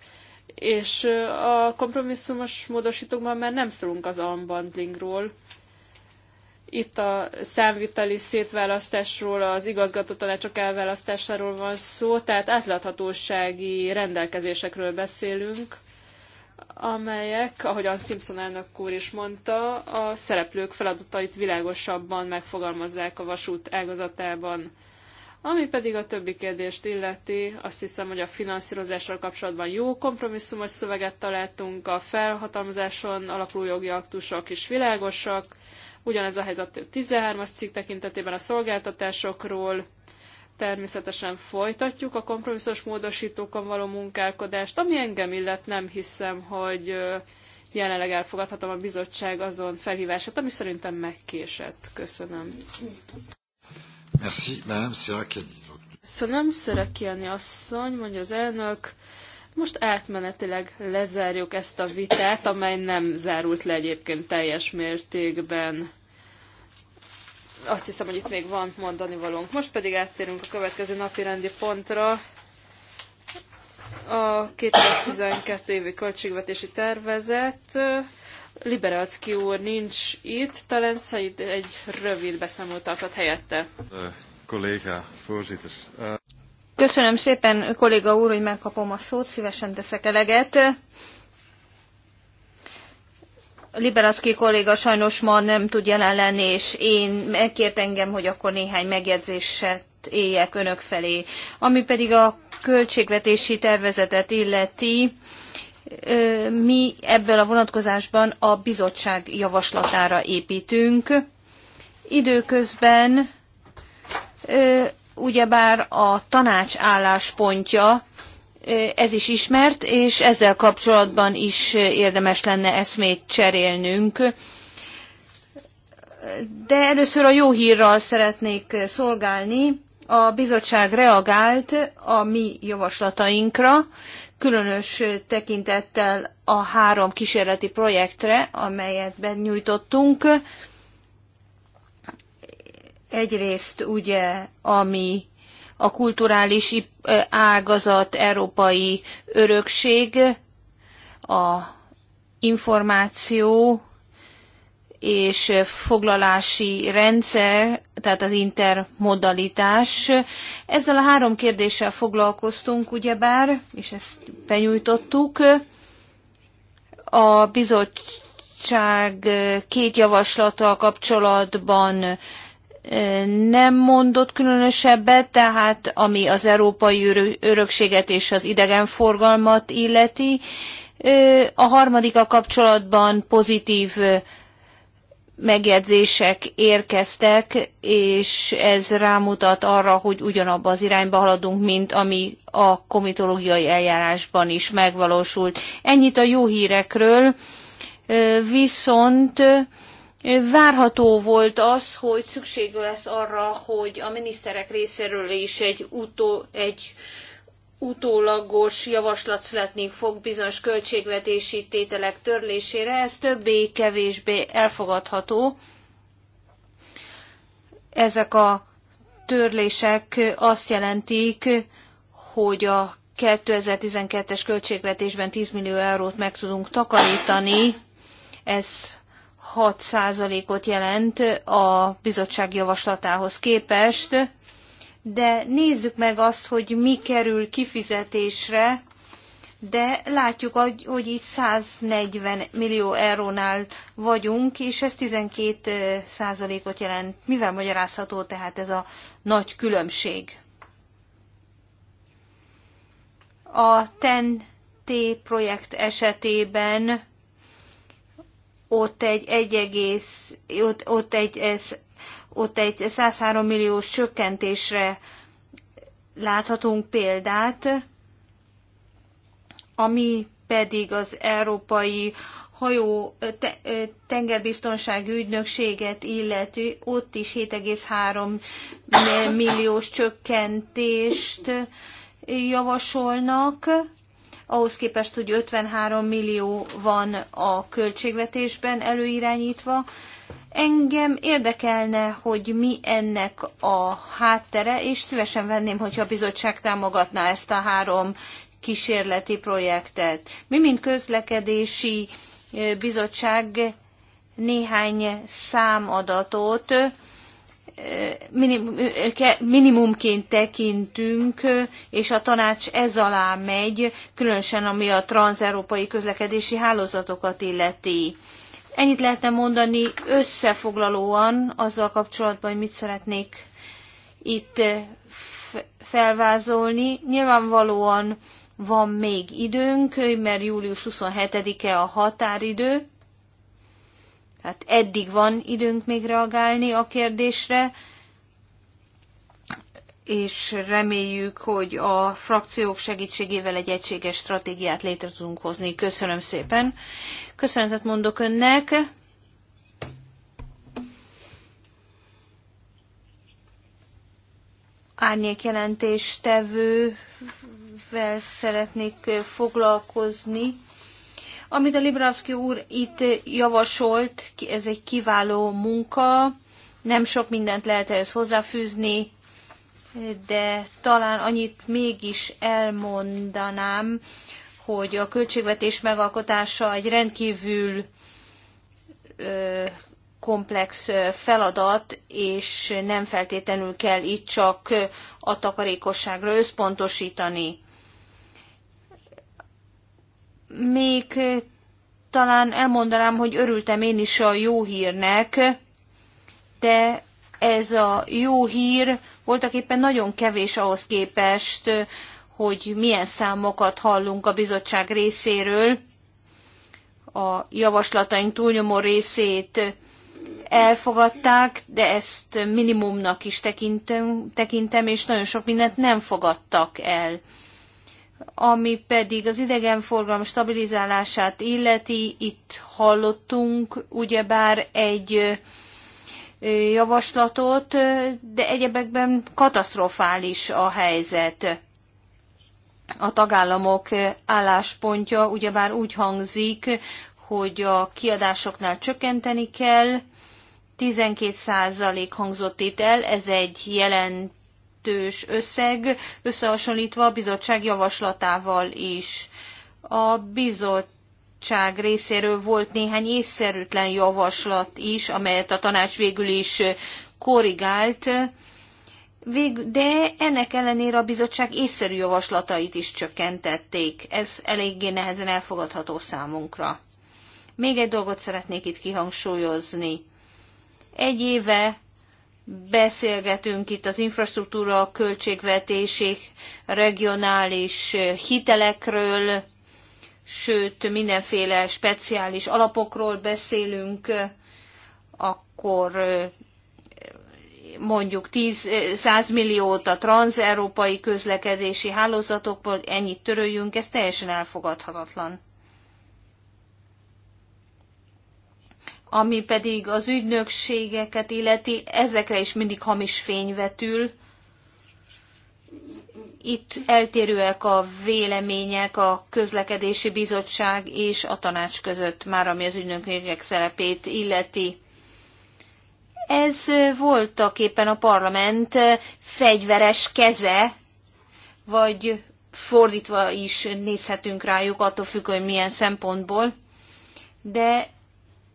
És a kompromisszumos módosítókban már nem szólunk az unbundlingról. Itt a számviteli szétválasztásról, az tanácsok elválasztásáról van szó, tehát átláthatósági rendelkezésekről beszélünk, amelyek, ahogyan Simpson elnök úr is mondta, a szereplők feladatait világosabban megfogalmazzák a vasút ágazatában ami pedig a többi kérdést illeti, azt hiszem, hogy a finanszírozással kapcsolatban jó kompromisszumos szöveget találtunk, a felhatalmazáson alapuló jogi aktusok is világosak, ugyanez a helyzet 13-as cikk tekintetében a szolgáltatásokról, természetesen folytatjuk a kompromisszos módosítókon való munkálkodást, ami engem illet nem hiszem, hogy jelenleg elfogadhatom a bizottság azon felhívását, ami szerintem megkésett. Köszönöm. Merci, Madame Szerakiani. Köszönöm, Szerakiani asszony, mondja az elnök. Most átmenetileg lezárjuk ezt a vitát, amely nem zárult le egyébként teljes mértékben. Azt hiszem, hogy itt még van mondani valónk. Most pedig áttérünk a következő napi rendi pontra. A 2012 évi költségvetési tervezet. Liberalcki úr nincs itt, talán Szaid egy rövid beszámolót tartott helyette. Eh, kolléga, eh, Köszönöm szépen, kolléga úr, hogy megkapom a szót, szívesen teszek eleget. Liberacki kolléga sajnos ma nem tud jelen lenni, és én megkért engem, hogy akkor néhány megjegyzéset éljek önök felé. Ami pedig a költségvetési tervezetet illeti, mi ebből a vonatkozásban a bizottság javaslatára építünk. Időközben ugyebár a tanács álláspontja ez is ismert, és ezzel kapcsolatban is érdemes lenne eszmét cserélnünk. De először a jó hírral szeretnék szolgálni. A bizottság reagált a mi javaslatainkra, különös tekintettel a három kísérleti projektre, amelyet benyújtottunk. Egyrészt ugye, ami a kulturális ágazat európai örökség, a információ, és foglalási rendszer, tehát az intermodalitás. Ezzel a három kérdéssel foglalkoztunk, ugyebár, és ezt benyújtottuk. A bizottság két javaslattal kapcsolatban nem mondott különösebbet, tehát ami az európai örökséget és az idegenforgalmat illeti. A harmadik a kapcsolatban pozitív megjegyzések érkeztek, és ez rámutat arra, hogy ugyanabba az irányba haladunk, mint ami a komitológiai eljárásban is megvalósult. Ennyit a jó hírekről, viszont Várható volt az, hogy szükség lesz arra, hogy a miniszterek részéről is egy, utó, egy utólagos javaslat születni fog bizonyos költségvetési tételek törlésére, ez többé-kevésbé elfogadható. Ezek a törlések azt jelentik, hogy a 2012-es költségvetésben 10 millió eurót meg tudunk takarítani, ez 6 ot jelent a bizottság javaslatához képest de nézzük meg azt, hogy mi kerül kifizetésre, de látjuk, hogy, hogy itt 140 millió eurónál vagyunk, és ez 12 százalékot jelent. Mivel magyarázható tehát ez a nagy különbség? A TEN-T projekt esetében ott egy 1, ott, ott egy ez ott egy 103 milliós csökkentésre láthatunk példát, ami pedig az Európai Hajó te, Tengerbiztonsági Ügynökséget illeti, ott is 7,3 milliós csökkentést javasolnak ahhoz képest, hogy 53 millió van a költségvetésben előirányítva, Engem érdekelne, hogy mi ennek a háttere, és szívesen venném, hogyha a bizottság támogatná ezt a három kísérleti projektet. Mi, mint közlekedési bizottság néhány számadatot minimumként tekintünk, és a tanács ez alá megy, különösen ami a transzeurópai közlekedési hálózatokat illeti. Ennyit lehetne mondani összefoglalóan azzal kapcsolatban, hogy mit szeretnék itt eh, felvázolni. Nyilvánvalóan van még időnk, mert július 27-e a határidő, tehát eddig van időnk még reagálni a kérdésre, és reméljük, hogy a frakciók segítségével egy egységes stratégiát létre tudunk hozni. Köszönöm szépen. Köszönetet mondok önnek. Árnyékjelentéstevővel szeretnék foglalkozni. Amit a Librawski úr itt javasolt, ez egy kiváló munka, nem sok mindent lehet ehhez hozzáfűzni, de talán annyit mégis elmondanám, hogy a költségvetés megalkotása egy rendkívül komplex feladat, és nem feltétlenül kell itt csak a takarékosságra összpontosítani. Még talán elmondanám, hogy örültem én is a jó hírnek, de ez a jó hír voltak éppen nagyon kevés ahhoz képest, hogy milyen számokat hallunk a bizottság részéről. A javaslataink túlnyomó részét elfogadták, de ezt minimumnak is tekintem, tekintem, és nagyon sok mindent nem fogadtak el. Ami pedig az idegenforgalom stabilizálását illeti, itt hallottunk ugyebár egy javaslatot, de egyebekben katasztrofális a helyzet. A tagállamok álláspontja ugyebár úgy hangzik, hogy a kiadásoknál csökkenteni kell, 12% hangzott itt el, ez egy jelentős összeg, összehasonlítva a bizottság javaslatával is. A bizottság bizottság részéről volt néhány észszerűtlen javaslat is, amelyet a tanács végül is korrigált, de ennek ellenére a bizottság észszerű javaslatait is csökkentették. Ez eléggé nehezen elfogadható számunkra. Még egy dolgot szeretnék itt kihangsúlyozni. Egy éve beszélgetünk itt az infrastruktúra költségvetésig, regionális hitelekről, sőt mindenféle speciális alapokról beszélünk, akkor mondjuk 10, 100 milliót a transeurópai közlekedési hálózatokból, ennyit töröljünk, ez teljesen elfogadhatatlan. Ami pedig az ügynökségeket illeti, ezekre is mindig hamis fény vetül, itt eltérőek a vélemények a közlekedési bizottság és a tanács között, már ami az ügynökségek szerepét illeti. Ez voltak éppen a parlament fegyveres keze, vagy fordítva is nézhetünk rájuk, attól függ, hogy milyen szempontból. De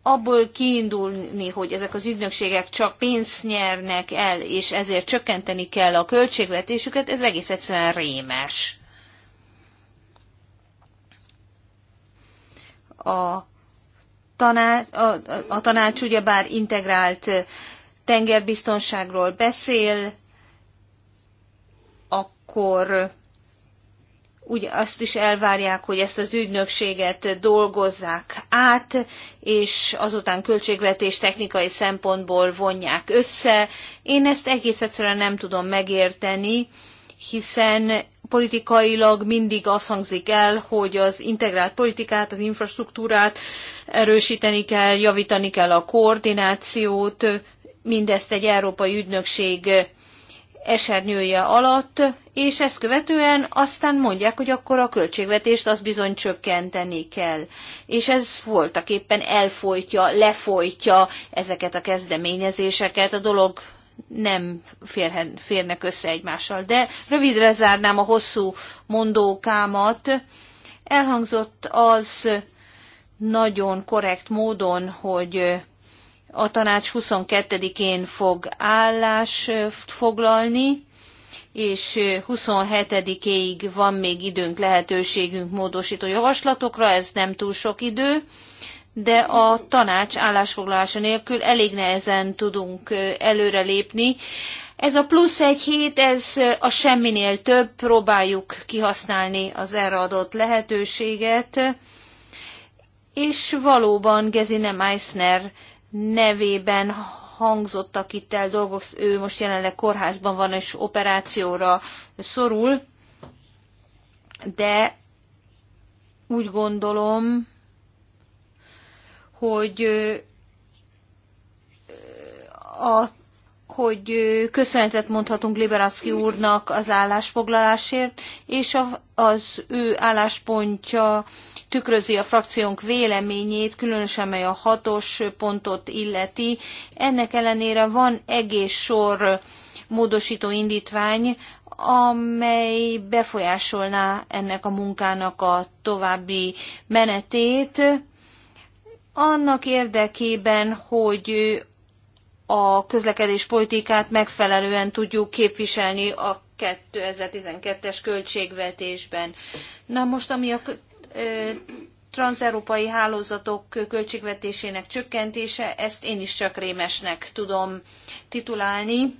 abból kiindulni, hogy ezek az ügynökségek csak pénzt nyernek el, és ezért csökkenteni kell a költségvetésüket, ez egész egyszerűen rémes. A tanács, a, a tanács ugyebár integrált tengerbiztonságról beszél, akkor úgy azt is elvárják, hogy ezt az ügynökséget dolgozzák át, és azután költségvetés technikai szempontból vonják össze. Én ezt egész egyszerűen nem tudom megérteni, hiszen politikailag mindig azt hangzik el, hogy az integrált politikát, az infrastruktúrát erősíteni kell, javítani kell a koordinációt, mindezt egy európai ügynökség esernyője alatt, és ezt követően aztán mondják, hogy akkor a költségvetést az bizony csökkenteni kell. És ez voltak éppen elfolytja, lefolytja ezeket a kezdeményezéseket, a dolog nem férhen, férnek össze egymással. De rövidre zárnám a hosszú mondókámat. Elhangzott az nagyon korrekt módon, hogy a tanács 22-én fog állást foglalni, és 27-éig van még időnk, lehetőségünk módosító javaslatokra, ez nem túl sok idő, de a tanács állásfoglalása nélkül elég nehezen tudunk előrelépni. Ez a plusz egy hét, ez a semminél több, próbáljuk kihasználni az erre adott lehetőséget, és valóban Gezine Meissner nevében hangzottak itt el dolgok, ő most jelenleg kórházban van és operációra szorul, de úgy gondolom, hogy a hogy köszönetet mondhatunk Liberacki úrnak az állásfoglalásért, és az ő álláspontja tükrözi a frakciónk véleményét, különösen mely a hatos pontot illeti. Ennek ellenére van egész sor módosító indítvány, amely befolyásolná ennek a munkának a további menetét, annak érdekében, hogy a közlekedés politikát megfelelően tudjuk képviselni a 2012-es költségvetésben. Na most, ami a transzeurópai hálózatok költségvetésének csökkentése, ezt én is csak rémesnek tudom titulálni.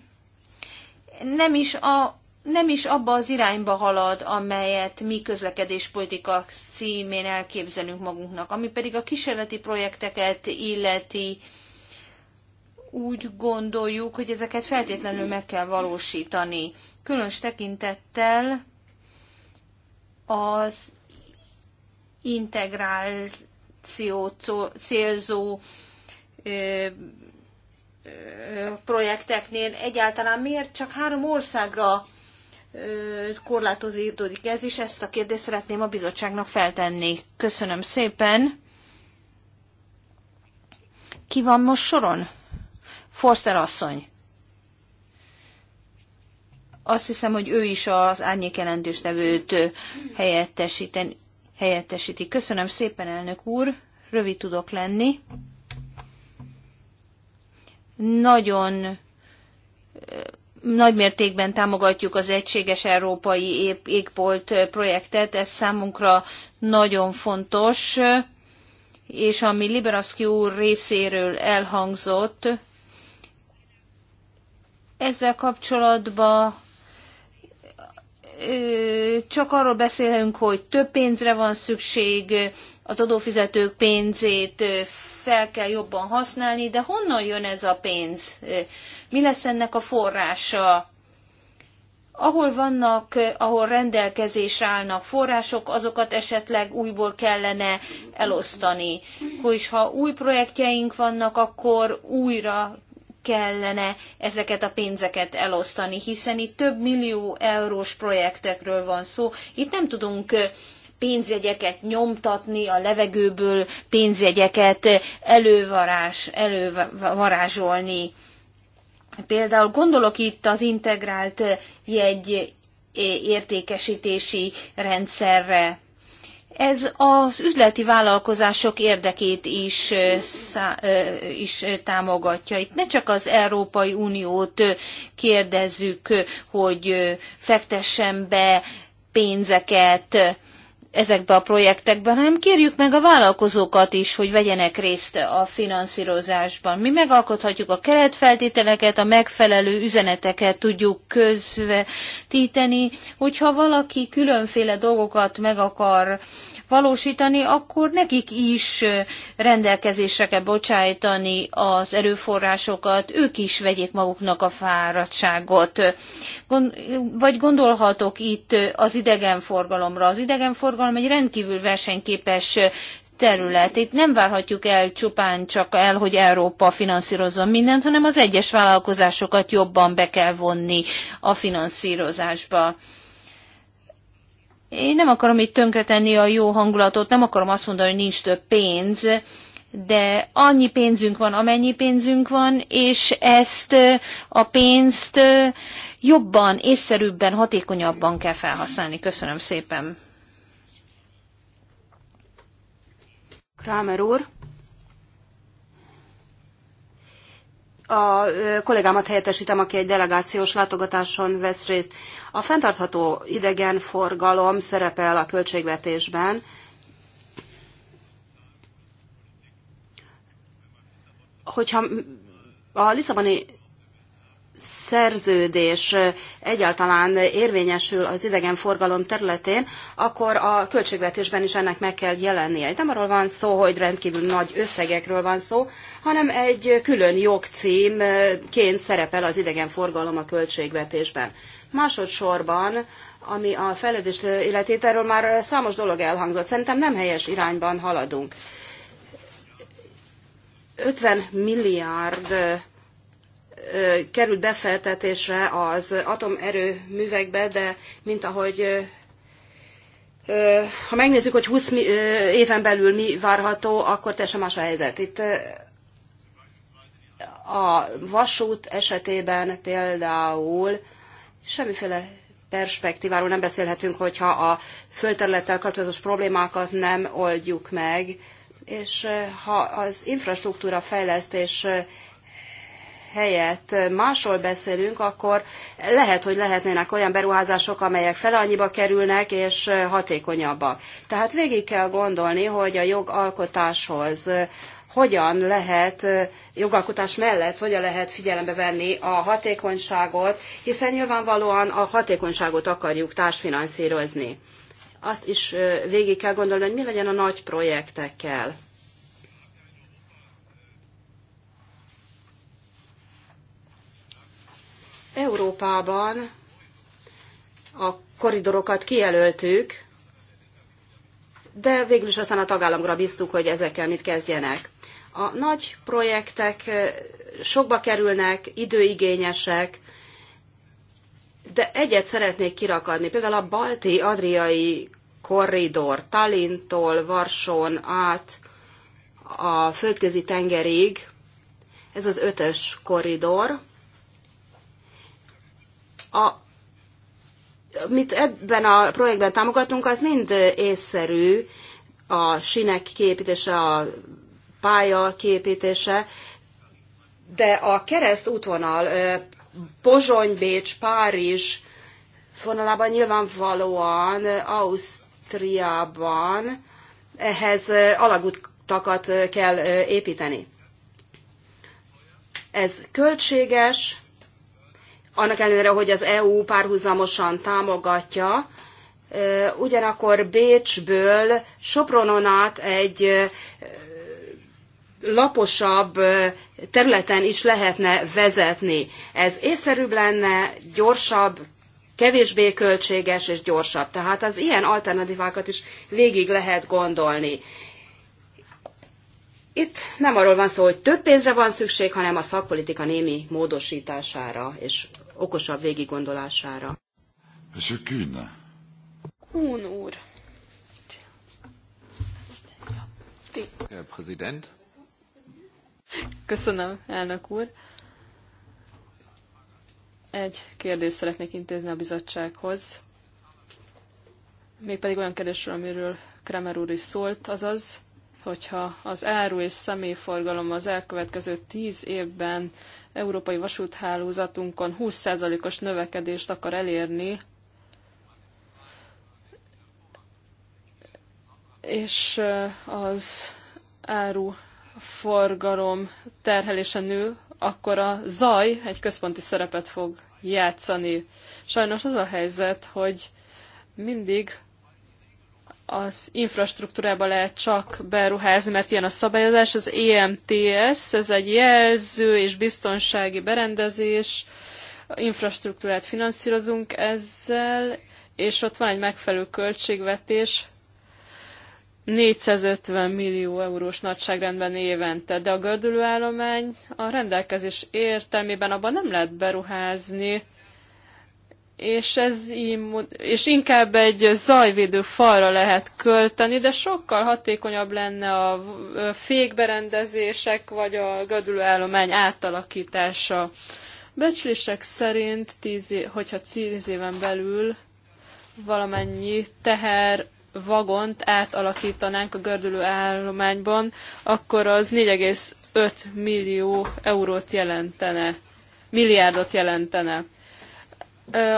Nem is, a, nem is abba az irányba halad, amelyet mi közlekedéspolitika címén elképzelünk magunknak. Ami pedig a kísérleti projekteket illeti, úgy gondoljuk, hogy ezeket feltétlenül meg kell valósítani. Különös tekintettel az integrációt célzó projekteknél egyáltalán miért csak három országra korlátozódik ez, és ezt a kérdést szeretném a bizottságnak feltenni. Köszönöm szépen. Ki van most soron? Forster asszony. Azt hiszem, hogy ő is az árnyék nevőt helyettesíten, helyettesíti. Köszönöm szépen, elnök úr, rövid tudok lenni. Nagyon nagy mértékben támogatjuk az Egységes Európai Égbolt projektet, ez számunkra nagyon fontos, és ami Liberaszki úr részéről elhangzott, ezzel kapcsolatban csak arról beszélünk, hogy több pénzre van szükség, az adófizetők pénzét fel kell jobban használni, de honnan jön ez a pénz? Mi lesz ennek a forrása? Ahol vannak, ahol rendelkezésre állnak források, azokat esetleg újból kellene elosztani. Hogy ha új projektjeink vannak, akkor újra kellene ezeket a pénzeket elosztani, hiszen itt több millió eurós projektekről van szó. Itt nem tudunk pénzjegyeket nyomtatni, a levegőből pénzjegyeket elővarázs, elővarázsolni. Például gondolok itt az integrált jegy értékesítési rendszerre. Ez az üzleti vállalkozások érdekét is, szá, is támogatja. Itt ne csak az Európai Uniót kérdezzük, hogy fektessen be pénzeket, ezekbe a projektekbe, hanem kérjük meg a vállalkozókat is, hogy vegyenek részt a finanszírozásban. Mi megalkothatjuk a keretfeltételeket, a megfelelő üzeneteket tudjuk közvetíteni, hogyha valaki különféle dolgokat meg akar valósítani, akkor nekik is rendelkezésre kell bocsájtani az erőforrásokat, ők is vegyék maguknak a fáradtságot. Vagy gondolhatok itt az idegenforgalomra. Az idegenforgalom egy rendkívül versenyképes terület. Itt nem várhatjuk el csupán csak el, hogy Európa finanszírozzon mindent, hanem az egyes vállalkozásokat jobban be kell vonni a finanszírozásba. Én nem akarom itt tönkretenni a jó hangulatot, nem akarom azt mondani, hogy nincs több pénz, de annyi pénzünk van, amennyi pénzünk van, és ezt a pénzt jobban, észszerűbben, hatékonyabban kell felhasználni. Köszönöm szépen. Kramer úr. a kollégámat helyettesítem, aki egy delegációs látogatáson vesz részt. A fenntartható idegenforgalom szerepel a költségvetésben. Hogyha a Lisszaboni szerződés egyáltalán érvényesül az idegenforgalom területén, akkor a költségvetésben is ennek meg kell jelennie. Nem arról van szó, hogy rendkívül nagy összegekről van szó, hanem egy külön jogcímként szerepel az idegenforgalom a költségvetésben. Másodszorban ami a fejlődést illeti, erről már számos dolog elhangzott. Szerintem nem helyes irányban haladunk. 50 milliárd került befeltetésre az atomerőművekbe, de mint ahogy ha megnézzük, hogy 20 éven belül mi várható, akkor teljesen más a helyzet. Itt a vasút esetében például semmiféle perspektíváról nem beszélhetünk, hogyha a földterülettel kapcsolatos problémákat nem oldjuk meg, és ha az infrastruktúra fejlesztés helyett másról beszélünk, akkor lehet, hogy lehetnének olyan beruházások, amelyek fele annyiba kerülnek, és hatékonyabbak. Tehát végig kell gondolni, hogy a jogalkotáshoz hogyan lehet jogalkotás mellett, hogyan lehet figyelembe venni a hatékonyságot, hiszen nyilvánvalóan a hatékonyságot akarjuk társfinanszírozni. Azt is végig kell gondolni, hogy mi legyen a nagy projektekkel. Európában a koridorokat kijelöltük, de végül is aztán a tagállamra bíztuk, hogy ezekkel mit kezdjenek. A nagy projektek eh, sokba kerülnek, időigényesek, de egyet szeretnék kirakadni, például a balti-adriai korridor Talintól, Varsón át a földközi tengerig, ez az ötös korridor, amit ebben a projektben támogatunk, az mind észszerű, a sinek kiépítése, a pálya kiépítése, de a kereszt útvonal Pozsony, Bécs, Párizs vonalában nyilvánvalóan Ausztriában ehhez alagutakat kell építeni. Ez költséges, annak ellenére, hogy az EU párhuzamosan támogatja, ugyanakkor Bécsből Sopronon át egy laposabb területen is lehetne vezetni. Ez észszerűbb lenne, gyorsabb, kevésbé költséges és gyorsabb. Tehát az ilyen alternatívákat is végig lehet gondolni. Itt nem arról van szó, hogy több pénzre van szükség, hanem a szakpolitika némi módosítására és okosabb végiggondolására. Monsieur Kühn. Kún úr. Ti. Präsident. Köszönöm, elnök úr. Egy kérdést szeretnék intézni a bizottsághoz. Mégpedig olyan kérdésről, amiről Kremer úr is szólt, azaz, hogyha az áru és személyforgalom az elkövetkező tíz évben európai vasúthálózatunkon 20%-os növekedést akar elérni, és az áru forgalom terhelése nő, akkor a zaj egy központi szerepet fog játszani. Sajnos az a helyzet, hogy mindig az infrastruktúrába lehet csak beruházni, mert ilyen a szabályozás. Az EMTS, ez egy jelző és biztonsági berendezés, infrastruktúrát finanszírozunk ezzel, és ott van egy megfelelő költségvetés, 450 millió eurós nagyságrendben évente, de a gördülőállomány a rendelkezés értelmében abban nem lehet beruházni, és, ez így, és inkább egy zajvédő falra lehet költeni, de sokkal hatékonyabb lenne a fékberendezések vagy a gödülőállomány átalakítása. Becslések szerint, tíz, hogyha tíz éven belül valamennyi teher vagont átalakítanánk a gördülő állományban, akkor az 4,5 millió eurót jelentene, milliárdot jelentene.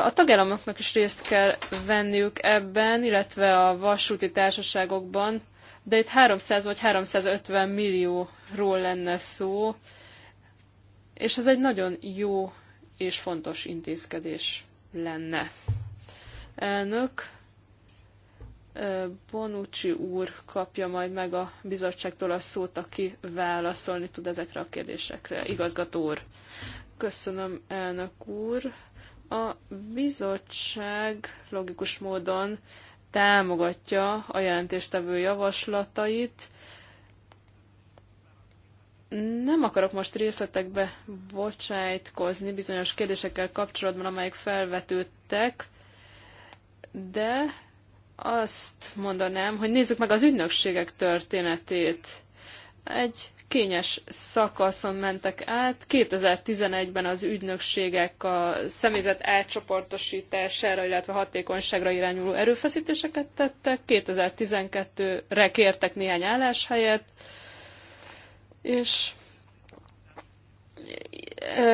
A tagállamoknak is részt kell venniük ebben, illetve a vasúti társaságokban, de itt 300 vagy 350 millióról lenne szó, és ez egy nagyon jó és fontos intézkedés lenne. Elnök Bonucci úr kapja majd meg a bizottságtól a szót, aki válaszolni tud ezekre a kérdésekre. Igazgató úr. Köszönöm, elnök úr. A bizottság logikus módon támogatja a jelentéstevő javaslatait. Nem akarok most részletekbe bocsájtkozni bizonyos kérdésekkel kapcsolatban, amelyek felvetődtek, de azt mondanám, hogy nézzük meg az ügynökségek történetét. Egy kényes szakaszon mentek át. 2011-ben az ügynökségek a személyzet elcsoportosítására, illetve hatékonyságra irányuló erőfeszítéseket tettek. 2012-re kértek néhány álláshelyet, és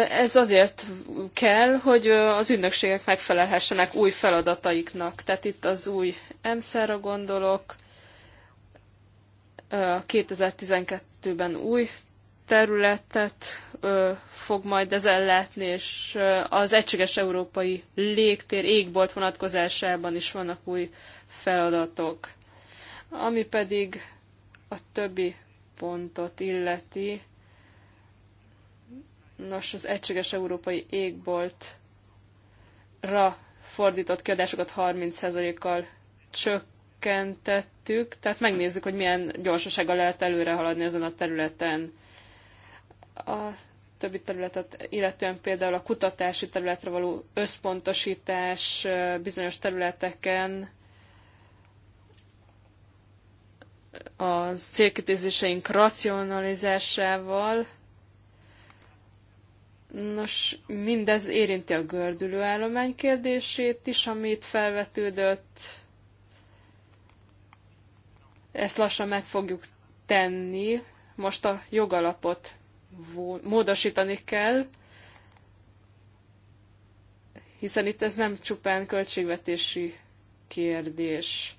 ez azért kell, hogy az ügynökségek megfelelhessenek új feladataiknak. Tehát itt az új emsz gondolok, 2012 2022-ben új területet ö, fog majd ez ellátni, és ö, az egységes európai légtér égbolt vonatkozásában is vannak új feladatok. Ami pedig a többi pontot illeti, nos, az egységes európai égboltra fordított kiadásokat 30%-kal csökkent, csökkentettük, tehát megnézzük, hogy milyen gyorsasággal lehet előre haladni ezen a területen. A többi területet, illetően például a kutatási területre való összpontosítás bizonyos területeken a célkitézéseink racionalizásával. Nos, mindez érinti a gördülő állomány kérdését is, amit felvetődött ezt lassan meg fogjuk tenni. Most a jogalapot módosítani kell, hiszen itt ez nem csupán költségvetési kérdés.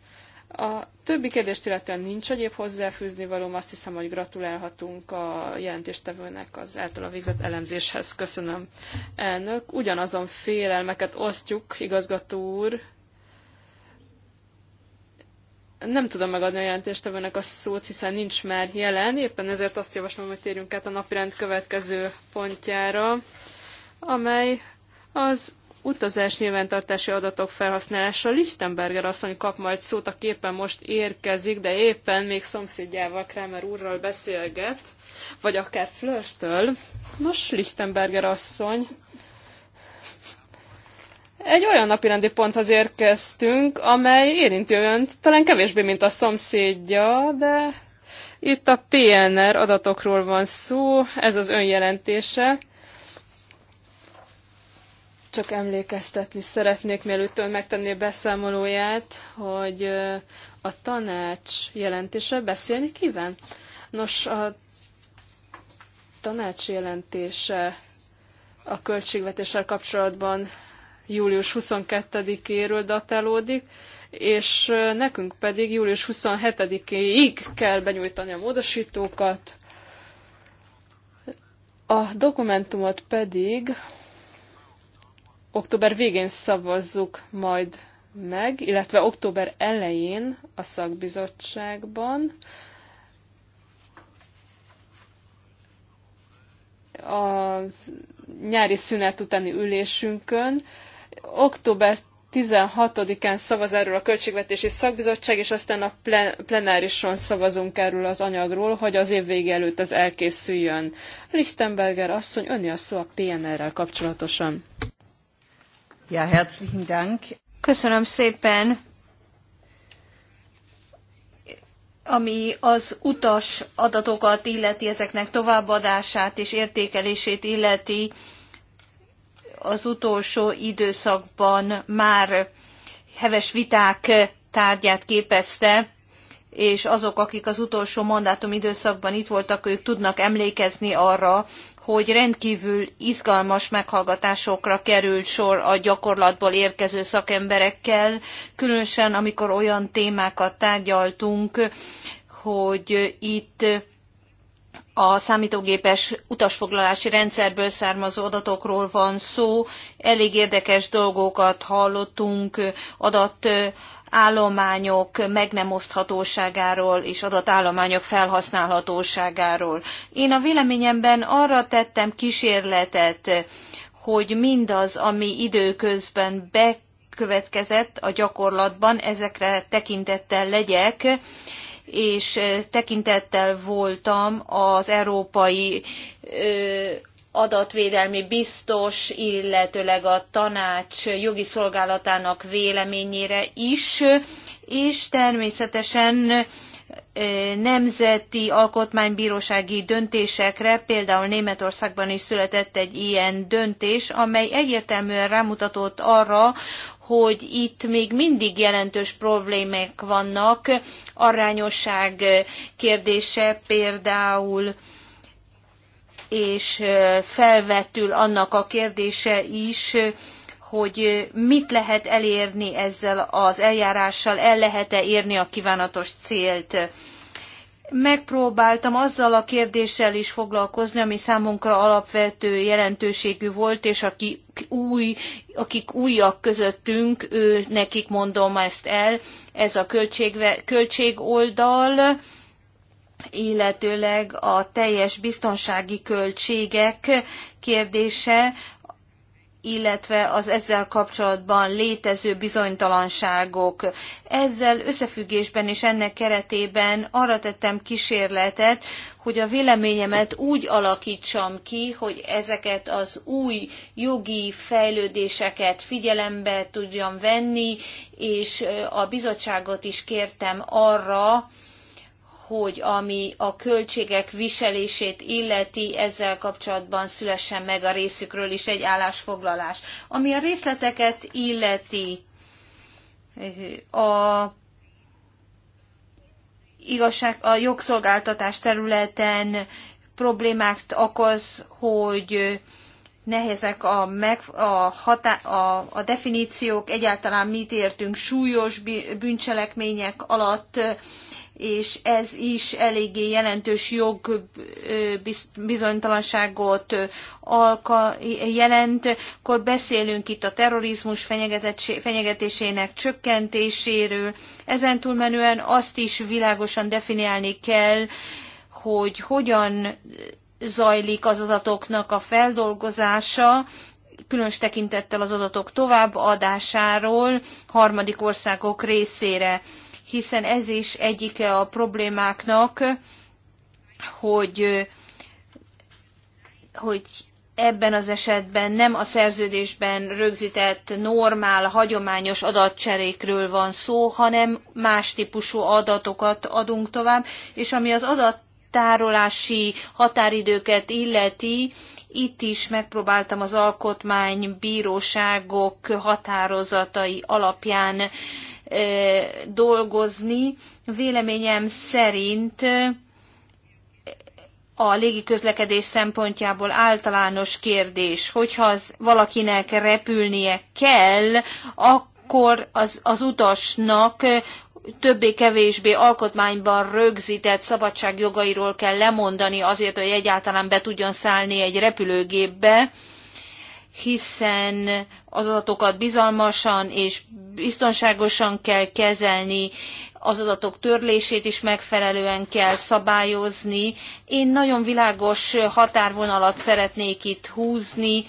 A többi kérdést illetően nincs egyéb hozzáfűzni való. azt hiszem, hogy gratulálhatunk a jelentéstevőnek az általa végzett elemzéshez. Köszönöm, elnök. Ugyanazon félelmeket osztjuk, igazgató úr, nem tudom megadni a jelentéstevőnek a szót, hiszen nincs már jelen, éppen ezért azt javaslom, hogy térjünk át a napirend következő pontjára, amely az utazás nyilvántartási adatok felhasználása. Lichtenberger asszony kap majd szót, aki éppen most érkezik, de éppen még szomszédjával, Kramer úrral beszélget, vagy akár flörtöl. Nos, Lichtenberger asszony, egy olyan napirendi ponthoz érkeztünk, amely érinti önt talán kevésbé, mint a szomszédja, de itt a PNR adatokról van szó, ez az önjelentése. Csak emlékeztetni szeretnék, mielőtt ön megtenné beszámolóját, hogy a tanács jelentése beszélni kíván. Nos, a tanács jelentése a költségvetéssel kapcsolatban július 22-éről datálódik, és nekünk pedig július 27 éig kell benyújtani a módosítókat. A dokumentumot pedig október végén szavazzuk majd meg, illetve október elején a szakbizottságban. A nyári szünet utáni ülésünkön, október 16-án szavaz erről a Költségvetési Szakbizottság, és aztán a plenárison szavazunk erről az anyagról, hogy az év vége előtt ez elkészüljön. Lichtenberger asszony, önni a szó a PNR-rel kapcsolatosan. Ja, herzlichen Dank. Köszönöm szépen. Ami az utas adatokat illeti, ezeknek továbbadását és értékelését illeti, az utolsó időszakban már heves viták tárgyát képezte, és azok, akik az utolsó mandátum időszakban itt voltak, ők tudnak emlékezni arra, hogy rendkívül izgalmas meghallgatásokra került sor a gyakorlatból érkező szakemberekkel, különösen amikor olyan témákat tárgyaltunk, hogy itt a számítógépes utasfoglalási rendszerből származó adatokról van szó. Elég érdekes dolgokat hallottunk, adat állományok meg nem oszthatóságáról és adatállományok felhasználhatóságáról. Én a véleményemben arra tettem kísérletet, hogy mindaz, ami időközben bekövetkezett a gyakorlatban, ezekre tekintettel legyek, és tekintettel voltam az európai adatvédelmi biztos, illetőleg a tanács jogi szolgálatának véleményére is, és természetesen nemzeti alkotmánybírósági döntésekre, például Németországban is született egy ilyen döntés, amely egyértelműen rámutatott arra, hogy itt még mindig jelentős problémák vannak, arányosság kérdése például, és felvetül annak a kérdése is, hogy mit lehet elérni ezzel az eljárással, el lehet-e érni a kívánatos célt megpróbáltam azzal a kérdéssel is foglalkozni, ami számunkra alapvető jelentőségű volt, és aki új, akik újak közöttünk, ő, nekik mondom ezt el, ez a költségoldal, illetőleg a teljes biztonsági költségek kérdése, illetve az ezzel kapcsolatban létező bizonytalanságok. Ezzel összefüggésben és ennek keretében arra tettem kísérletet, hogy a véleményemet úgy alakítsam ki, hogy ezeket az új jogi fejlődéseket figyelembe tudjam venni, és a bizottságot is kértem arra, hogy ami a költségek viselését illeti, ezzel kapcsolatban szülessen meg a részükről is egy állásfoglalás. Ami a részleteket illeti, a igazság, a jogszolgáltatás területen problémákt okoz, hogy nehezek a, meg, a, hatá, a, a definíciók, egyáltalán mit értünk súlyos bűncselekmények alatt, és ez is eléggé jelentős jogbizonytalanságot jelent, akkor beszélünk itt a terrorizmus fenyegetésének csökkentéséről. Ezen túlmenően azt is világosan definiálni kell, hogy hogyan zajlik az adatoknak a feldolgozása, különös tekintettel az adatok továbbadásáról harmadik országok részére hiszen ez is egyike a problémáknak, hogy, hogy ebben az esetben nem a szerződésben rögzített normál, hagyományos adatcserékről van szó, hanem más típusú adatokat adunk tovább, és ami az adat tárolási határidőket illeti, itt is megpróbáltam az alkotmánybíróságok határozatai alapján e, dolgozni. Véleményem szerint a légiközlekedés szempontjából általános kérdés, hogyha az valakinek repülnie kell, akkor az, az utasnak többé-kevésbé alkotmányban rögzített szabadságjogairól kell lemondani azért, hogy egyáltalán be tudjon szállni egy repülőgépbe, hiszen az adatokat bizalmasan és biztonságosan kell kezelni, az adatok törlését is megfelelően kell szabályozni. Én nagyon világos határvonalat szeretnék itt húzni,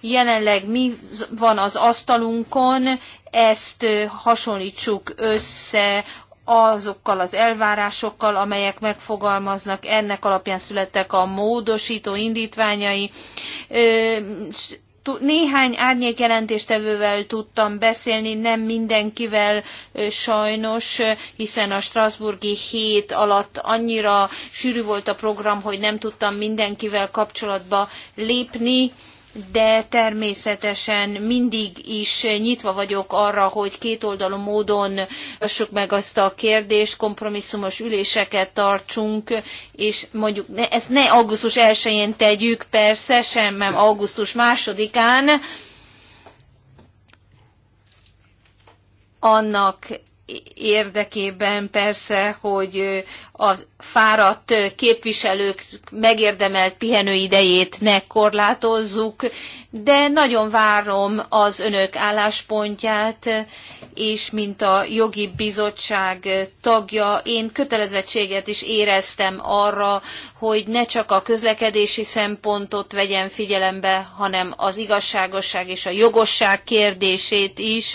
jelenleg mi van az asztalunkon, ezt hasonlítsuk össze azokkal az elvárásokkal, amelyek megfogalmaznak, ennek alapján születtek a módosító indítványai. Néhány árnyék jelentéstevővel tudtam beszélni, nem mindenkivel sajnos, hiszen a Strasburgi hét alatt annyira sűrű volt a program, hogy nem tudtam mindenkivel kapcsolatba lépni de természetesen mindig is nyitva vagyok arra, hogy kétoldalú módon össük meg azt a kérdést, kompromisszumos üléseket tartsunk, és mondjuk ne, ezt ne augusztus 1-én tegyük, persze, sem, nem augusztus 2-án, annak érdekében persze, hogy a fáradt képviselők megérdemelt pihenőidejét ne korlátozzuk, de nagyon várom az önök álláspontját, és mint a jogi bizottság tagja, én kötelezettséget is éreztem arra, hogy ne csak a közlekedési szempontot vegyem figyelembe, hanem az igazságosság és a jogosság kérdését is,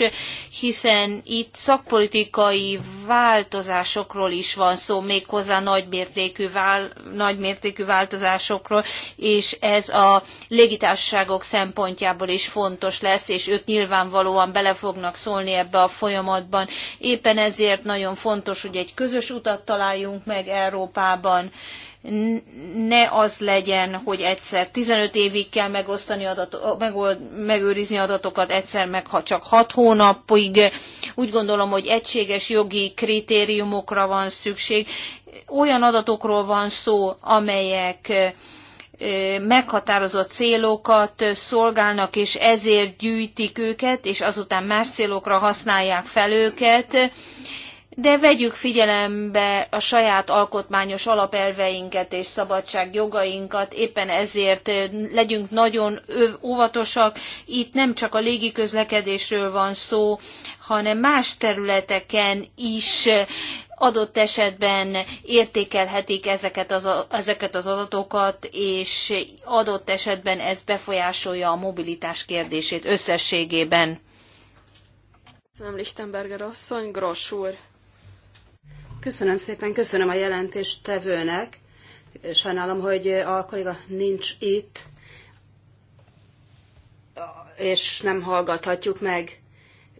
hiszen itt szakpolitikai politikai változásokról is van szó, méghozzá nagymértékű, vál, nagymértékű változásokról, és ez a légitársaságok szempontjából is fontos lesz, és ők nyilvánvalóan bele fognak szólni ebbe a folyamatban. Éppen ezért nagyon fontos, hogy egy közös utat találjunk meg Európában, ne az legyen, hogy egyszer 15 évig kell megosztani adatok, megold, megőrizni adatokat, egyszer meg ha csak 6 hónapig. Úgy gondolom, hogy egységes jogi kritériumokra van szükség. Olyan adatokról van szó, amelyek meghatározott célokat szolgálnak, és ezért gyűjtik őket, és azután más célokra használják fel őket de vegyük figyelembe a saját alkotmányos alapelveinket és szabadságjogainkat, éppen ezért legyünk nagyon óvatosak. Itt nem csak a légiközlekedésről van szó, hanem más területeken is adott esetben értékelhetik ezeket az, ezeket az adatokat, és adott esetben ez befolyásolja a mobilitás kérdését összességében. Köszönöm Lichtenberger asszony, Gross úr. Köszönöm szépen, köszönöm a jelentést tevőnek. Sajnálom, hogy a kolléga nincs itt, és nem hallgathatjuk meg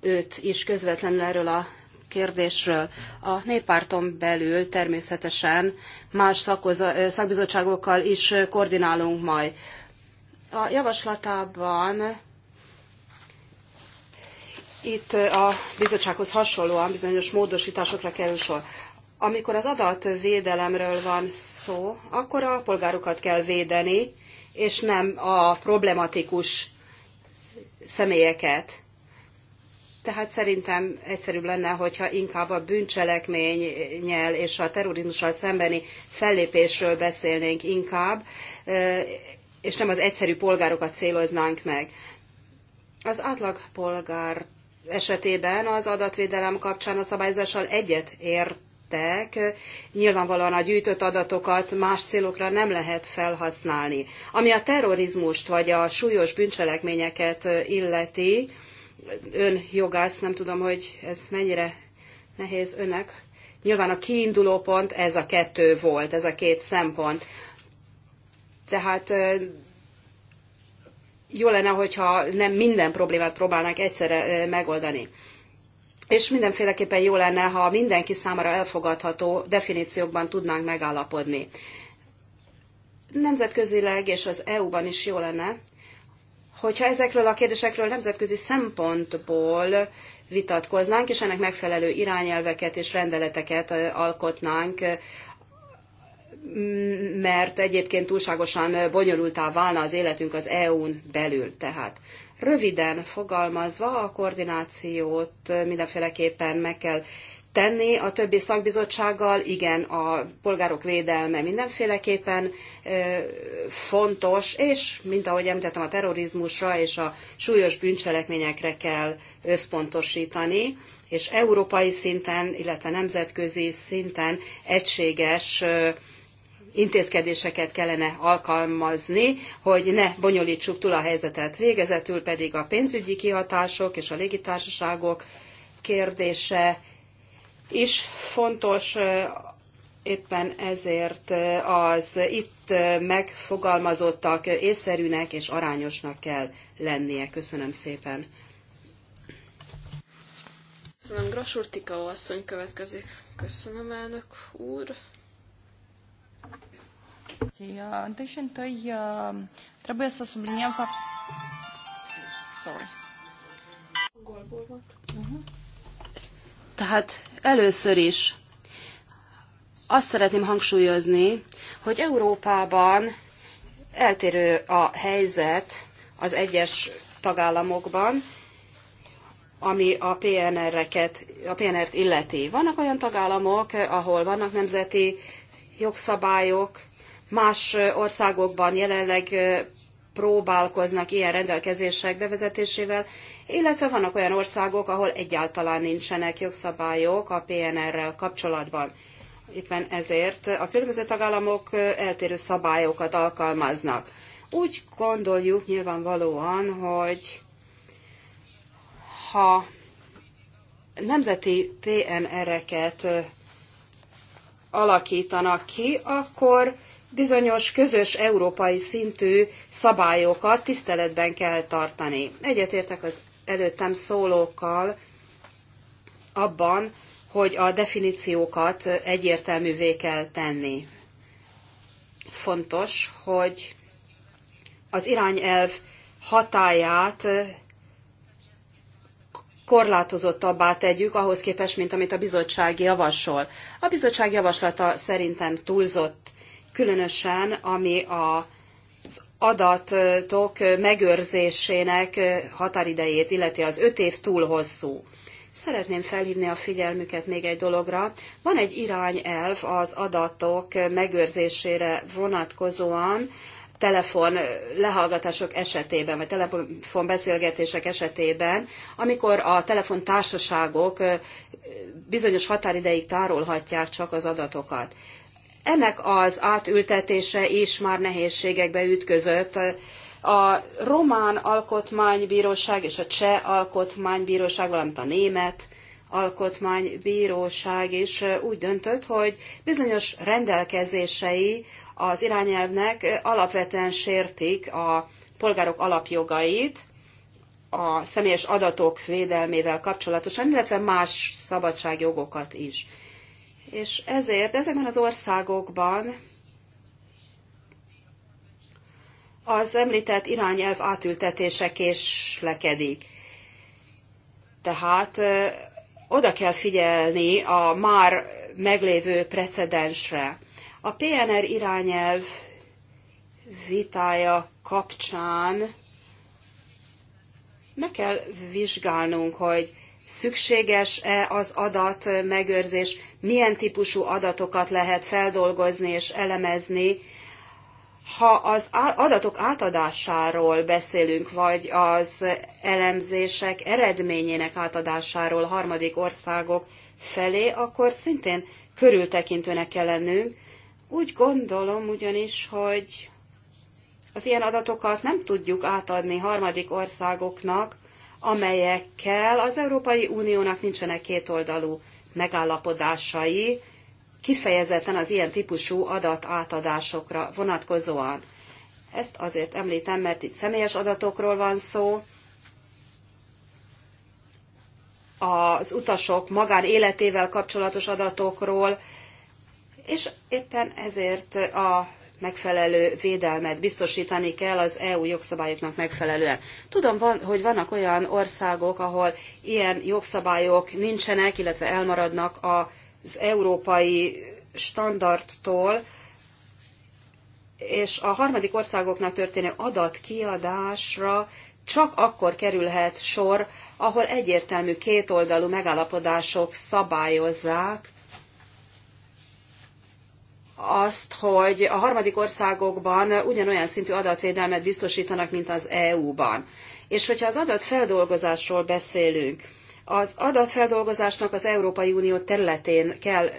őt is közvetlenül erről a kérdésről. A néppárton belül természetesen más szakbizottságokkal is koordinálunk majd. A javaslatában itt a bizottsághoz hasonlóan bizonyos módosításokra kerül sor amikor az adatvédelemről van szó, akkor a polgárokat kell védeni, és nem a problematikus személyeket. Tehát szerintem egyszerűbb lenne, hogyha inkább a bűncselekménnyel és a terrorizmussal szembeni fellépésről beszélnénk inkább, és nem az egyszerű polgárokat céloznánk meg. Az átlagpolgár esetében az adatvédelem kapcsán a szabályozással egyet ért tettek, nyilvánvalóan a gyűjtött adatokat más célokra nem lehet felhasználni. Ami a terrorizmust vagy a súlyos bűncselekményeket illeti, ön jogász, nem tudom, hogy ez mennyire nehéz önnek. Nyilván a kiinduló pont ez a kettő volt, ez a két szempont. Tehát jó lenne, hogyha nem minden problémát próbálnak egyszerre megoldani és mindenféleképpen jó lenne, ha mindenki számára elfogadható definíciókban tudnánk megállapodni. Nemzetközileg és az EU-ban is jó lenne, hogyha ezekről a kérdésekről nemzetközi szempontból vitatkoznánk, és ennek megfelelő irányelveket és rendeleteket alkotnánk, mert egyébként túlságosan bonyolultá válna az életünk az EU-n belül. Tehát Röviden fogalmazva a koordinációt mindenféleképpen meg kell tenni a többi szakbizottsággal, igen, a polgárok védelme mindenféleképpen fontos, és mint ahogy említettem, a terrorizmusra és a súlyos bűncselekményekre kell összpontosítani, és európai szinten, illetve nemzetközi szinten egységes intézkedéseket kellene alkalmazni, hogy ne bonyolítsuk túl a helyzetet. Végezetül pedig a pénzügyi kihatások és a légitársaságok kérdése is fontos, éppen ezért az itt megfogalmazottak észszerűnek és arányosnak kell lennie. Köszönöm szépen. Köszönöm, Grasurtika asszony következik. Köszönöm, elnök úr. Întâi și întâi uh, trebuie să subliniem Sorry. Tehát először is azt szeretném hangsúlyozni, hogy Európában eltérő a helyzet az egyes tagállamokban, ami a PNR-eket, a PNR-t illeti. Vannak olyan tagállamok, ahol vannak nemzeti jogszabályok, Más országokban jelenleg próbálkoznak ilyen rendelkezések bevezetésével, illetve vannak olyan országok, ahol egyáltalán nincsenek jogszabályok a PNR-rel kapcsolatban. Éppen ezért a különböző tagállamok eltérő szabályokat alkalmaznak. Úgy gondoljuk nyilvánvalóan, hogy ha nemzeti PNR-eket alakítanak ki, akkor bizonyos közös európai szintű szabályokat tiszteletben kell tartani. Egyetértek az előttem szólókkal abban, hogy a definíciókat egyértelművé kell tenni. Fontos, hogy az irányelv hatáját korlátozottabbá tegyük ahhoz képest, mint amit a bizottság javasol. A bizottság javaslata szerintem túlzott különösen ami a az adatok megőrzésének határidejét illeti az öt év túl hosszú. Szeretném felhívni a figyelmüket még egy dologra. Van egy irányelv az adatok megőrzésére vonatkozóan, telefon lehallgatások esetében, vagy telefonbeszélgetések esetében, amikor a telefontársaságok bizonyos határideig tárolhatják csak az adatokat ennek az átültetése is már nehézségekbe ütközött. A román alkotmánybíróság és a cseh alkotmánybíróság, valamint a német alkotmánybíróság is úgy döntött, hogy bizonyos rendelkezései az irányelvnek alapvetően sértik a polgárok alapjogait a személyes adatok védelmével kapcsolatosan, illetve más szabadságjogokat is. És ezért ezekben az országokban az említett irányelv átültetése késlekedik. Tehát oda kell figyelni a már meglévő precedensre. A PNR irányelv vitája kapcsán meg kell vizsgálnunk, hogy szükséges-e az adat megőrzés, milyen típusú adatokat lehet feldolgozni és elemezni. Ha az adatok átadásáról beszélünk, vagy az elemzések eredményének átadásáról harmadik országok felé, akkor szintén körültekintőnek kell lennünk. Úgy gondolom ugyanis, hogy az ilyen adatokat nem tudjuk átadni harmadik országoknak, amelyekkel az Európai Uniónak nincsenek kétoldalú megállapodásai, kifejezetten az ilyen típusú adatátadásokra vonatkozóan. Ezt azért említem, mert itt személyes adatokról van szó, az utasok magán életével kapcsolatos adatokról, és éppen ezért a megfelelő védelmet biztosítani kell az EU jogszabályoknak megfelelően. Tudom, van, hogy vannak olyan országok, ahol ilyen jogszabályok nincsenek, illetve elmaradnak az európai standardtól, és a harmadik országoknak történő adatkiadásra csak akkor kerülhet sor, ahol egyértelmű kétoldalú megállapodások szabályozzák azt, hogy a harmadik országokban ugyanolyan szintű adatvédelmet biztosítanak, mint az EU-ban. És hogyha az adatfeldolgozásról beszélünk, az adatfeldolgozásnak az Európai Unió területén kell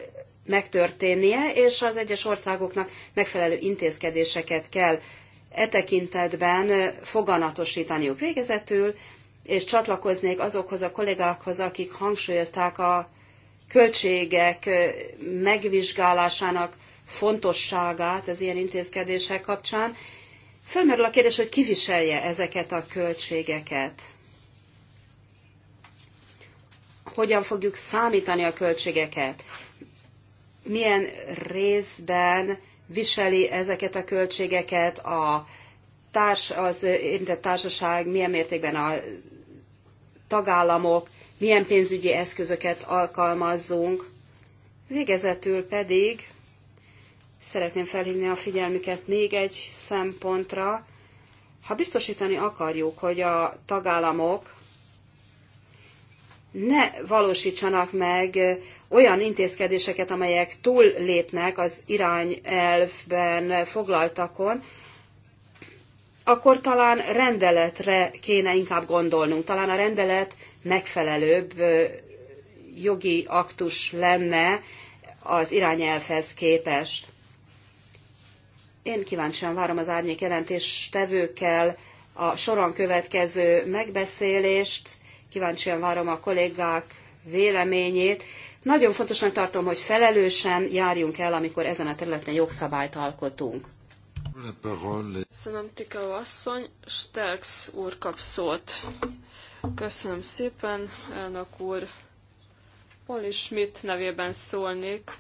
megtörténnie, és az egyes országoknak megfelelő intézkedéseket kell e tekintetben foganatosítaniuk. Végezetül, és csatlakoznék azokhoz a kollégákhoz, akik hangsúlyozták a költségek megvizsgálásának fontosságát az ilyen intézkedések kapcsán. Fölmerül a kérdés, hogy kiviselje ezeket a költségeket. Hogyan fogjuk számítani a költségeket? Milyen részben viseli ezeket a költségeket a társ, az érintett társaság, milyen mértékben a tagállamok, milyen pénzügyi eszközöket alkalmazzunk. Végezetül pedig Szeretném felhívni a figyelmüket még egy szempontra. Ha biztosítani akarjuk, hogy a tagállamok ne valósítsanak meg olyan intézkedéseket, amelyek túllépnek az irányelvben foglaltakon, akkor talán rendeletre kéne inkább gondolnunk. Talán a rendelet megfelelőbb jogi aktus lenne az irányelvhez képest. Én kíváncsian várom az árnyék jelentés tevőkkel a soron következő megbeszélést, kíváncsian várom a kollégák véleményét. Nagyon fontosnak tartom, hogy felelősen járjunk el, amikor ezen a területen jogszabályt alkotunk. Köszönöm, Tika asszony. Sterks úr kap szót. Köszönöm szépen, elnök úr. Paul Schmidt nevében szólnék.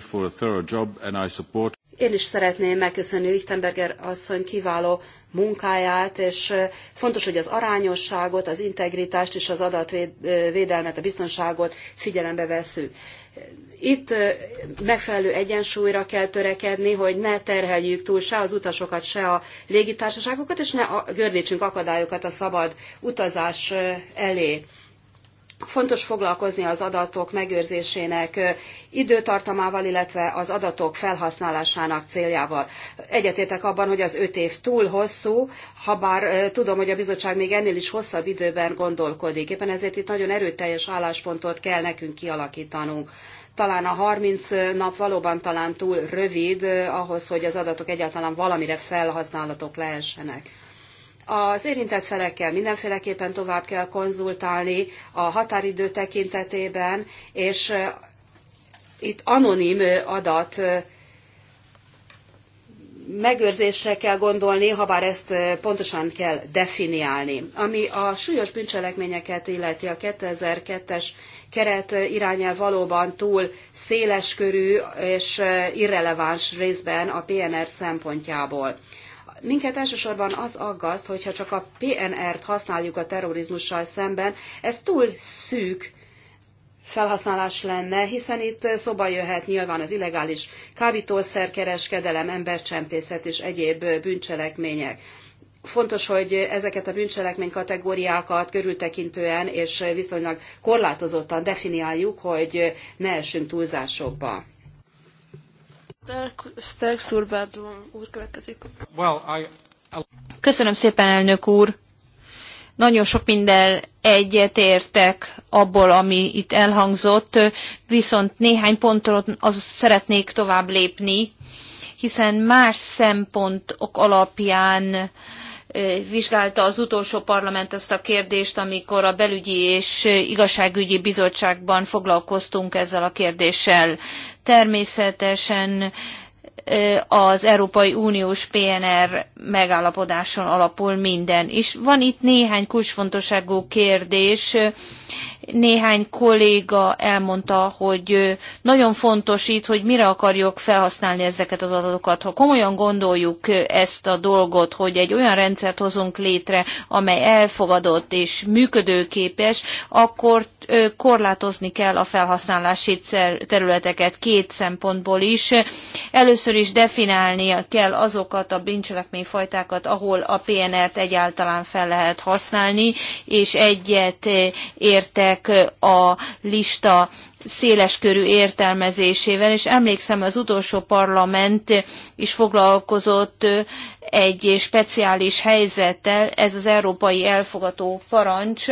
For a thorough job and I support én is szeretném megköszönni Lichtenberger asszony kiváló munkáját, és fontos, hogy az arányosságot, az integritást és az adatvédelmet, a biztonságot figyelembe vesszük. Itt megfelelő egyensúlyra kell törekedni, hogy ne terheljük túl se az utasokat, se a légitársaságokat, és ne gördítsünk akadályokat a szabad utazás elé. Fontos foglalkozni az adatok megőrzésének időtartamával, illetve az adatok felhasználásának céljával. Egyetértek abban, hogy az öt év túl hosszú, habár tudom, hogy a bizottság még ennél is hosszabb időben gondolkodik. Éppen ezért itt nagyon erőteljes álláspontot kell nekünk kialakítanunk talán a 30 nap valóban talán túl rövid ahhoz, hogy az adatok egyáltalán valamire felhasználatok lehessenek. Az érintett felekkel mindenféleképpen tovább kell konzultálni a határidő tekintetében, és itt anonim adat megőrzésre kell gondolni, ha bár ezt pontosan kell definiálni. Ami a súlyos bűncselekményeket illeti, a 2002-es keret irányel valóban túl széleskörű és irreleváns részben a PNR szempontjából minket elsősorban az aggaszt, hogyha csak a PNR-t használjuk a terrorizmussal szemben, ez túl szűk felhasználás lenne, hiszen itt szóba jöhet nyilván az illegális kábítószerkereskedelem, embercsempészet és egyéb bűncselekmények. Fontos, hogy ezeket a bűncselekmény kategóriákat körültekintően és viszonylag korlátozottan definiáljuk, hogy ne essünk túlzásokba. Köszönöm szépen, elnök úr. Nagyon sok minden egyetértek abból, ami itt elhangzott, viszont néhány ponton az szeretnék tovább lépni, hiszen más szempontok alapján vizsgálta az utolsó parlament ezt a kérdést, amikor a belügyi és igazságügyi bizottságban foglalkoztunk ezzel a kérdéssel természetesen az Európai Uniós PNR megállapodáson alapul minden. És van itt néhány kulcsfontosságú kérdés, néhány kolléga elmondta, hogy nagyon fontos itt, hogy mire akarjuk felhasználni ezeket az adatokat. Ha komolyan gondoljuk ezt a dolgot, hogy egy olyan rendszert hozunk létre, amely elfogadott és működőképes, akkor korlátozni kell a felhasználási területeket két szempontból is. Először is definálni kell azokat a bűncselekményfajtákat, ahol a PNR-t egyáltalán fel lehet használni, és egyet értek éltek a lista széleskörű értelmezésével, és emlékszem, az utolsó parlament is foglalkozott egy speciális helyzettel, ez az európai elfogató parancs,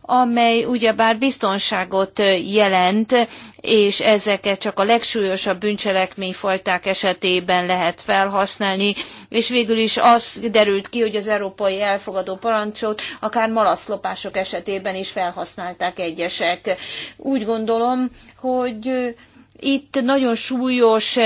amely ugyebár biztonságot jelent, és ezeket csak a legsúlyosabb bűncselekményfajták esetében lehet felhasználni, és végül is az derült ki, hogy az európai elfogadó parancsot akár malaclopások esetében is felhasználták egyesek. Úgy gondolom, hogy itt nagyon súlyos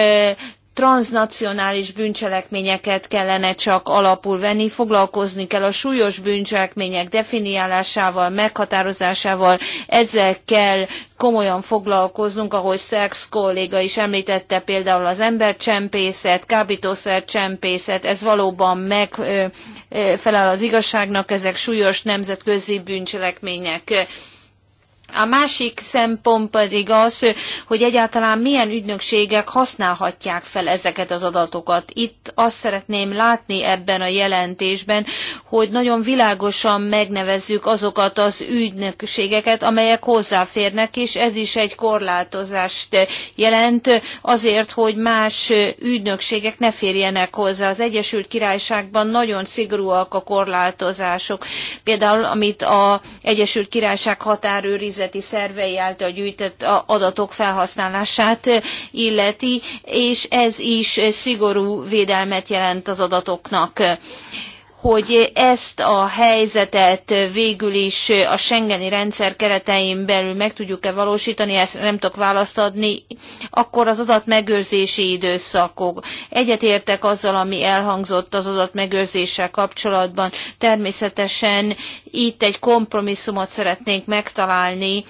transnacionális bűncselekményeket kellene csak alapul venni, foglalkozni kell a súlyos bűncselekmények definiálásával, meghatározásával, ezzel kell komolyan foglalkoznunk, ahogy Szerx kolléga is említette például az embercsempészet, kábítószercsempészet, ez valóban megfelel az igazságnak, ezek súlyos nemzetközi bűncselekmények. A másik szempont pedig az, hogy egyáltalán milyen ügynökségek használhatják fel ezeket az adatokat. Itt azt szeretném látni ebben a jelentésben, hogy nagyon világosan megnevezzük azokat az ügynökségeket, amelyek hozzáférnek, és ez is egy korlátozást jelent azért, hogy más ügynökségek ne férjenek hozzá. Az Egyesült Királyságban nagyon szigorúak a korlátozások. Például, amit az Egyesült Királyság határőriz nemzeti szervei által gyűjtött adatok felhasználását illeti, és ez is szigorú védelmet jelent az adatoknak hogy ezt a helyzetet végül is a Schengeni rendszer keretein belül meg tudjuk-e valósítani, ezt nem tudok választ adni, akkor az adatmegőrzési időszakok. Egyetértek azzal, ami elhangzott az adatmegőrzéssel kapcsolatban. Természetesen itt egy kompromisszumot szeretnénk megtalálni,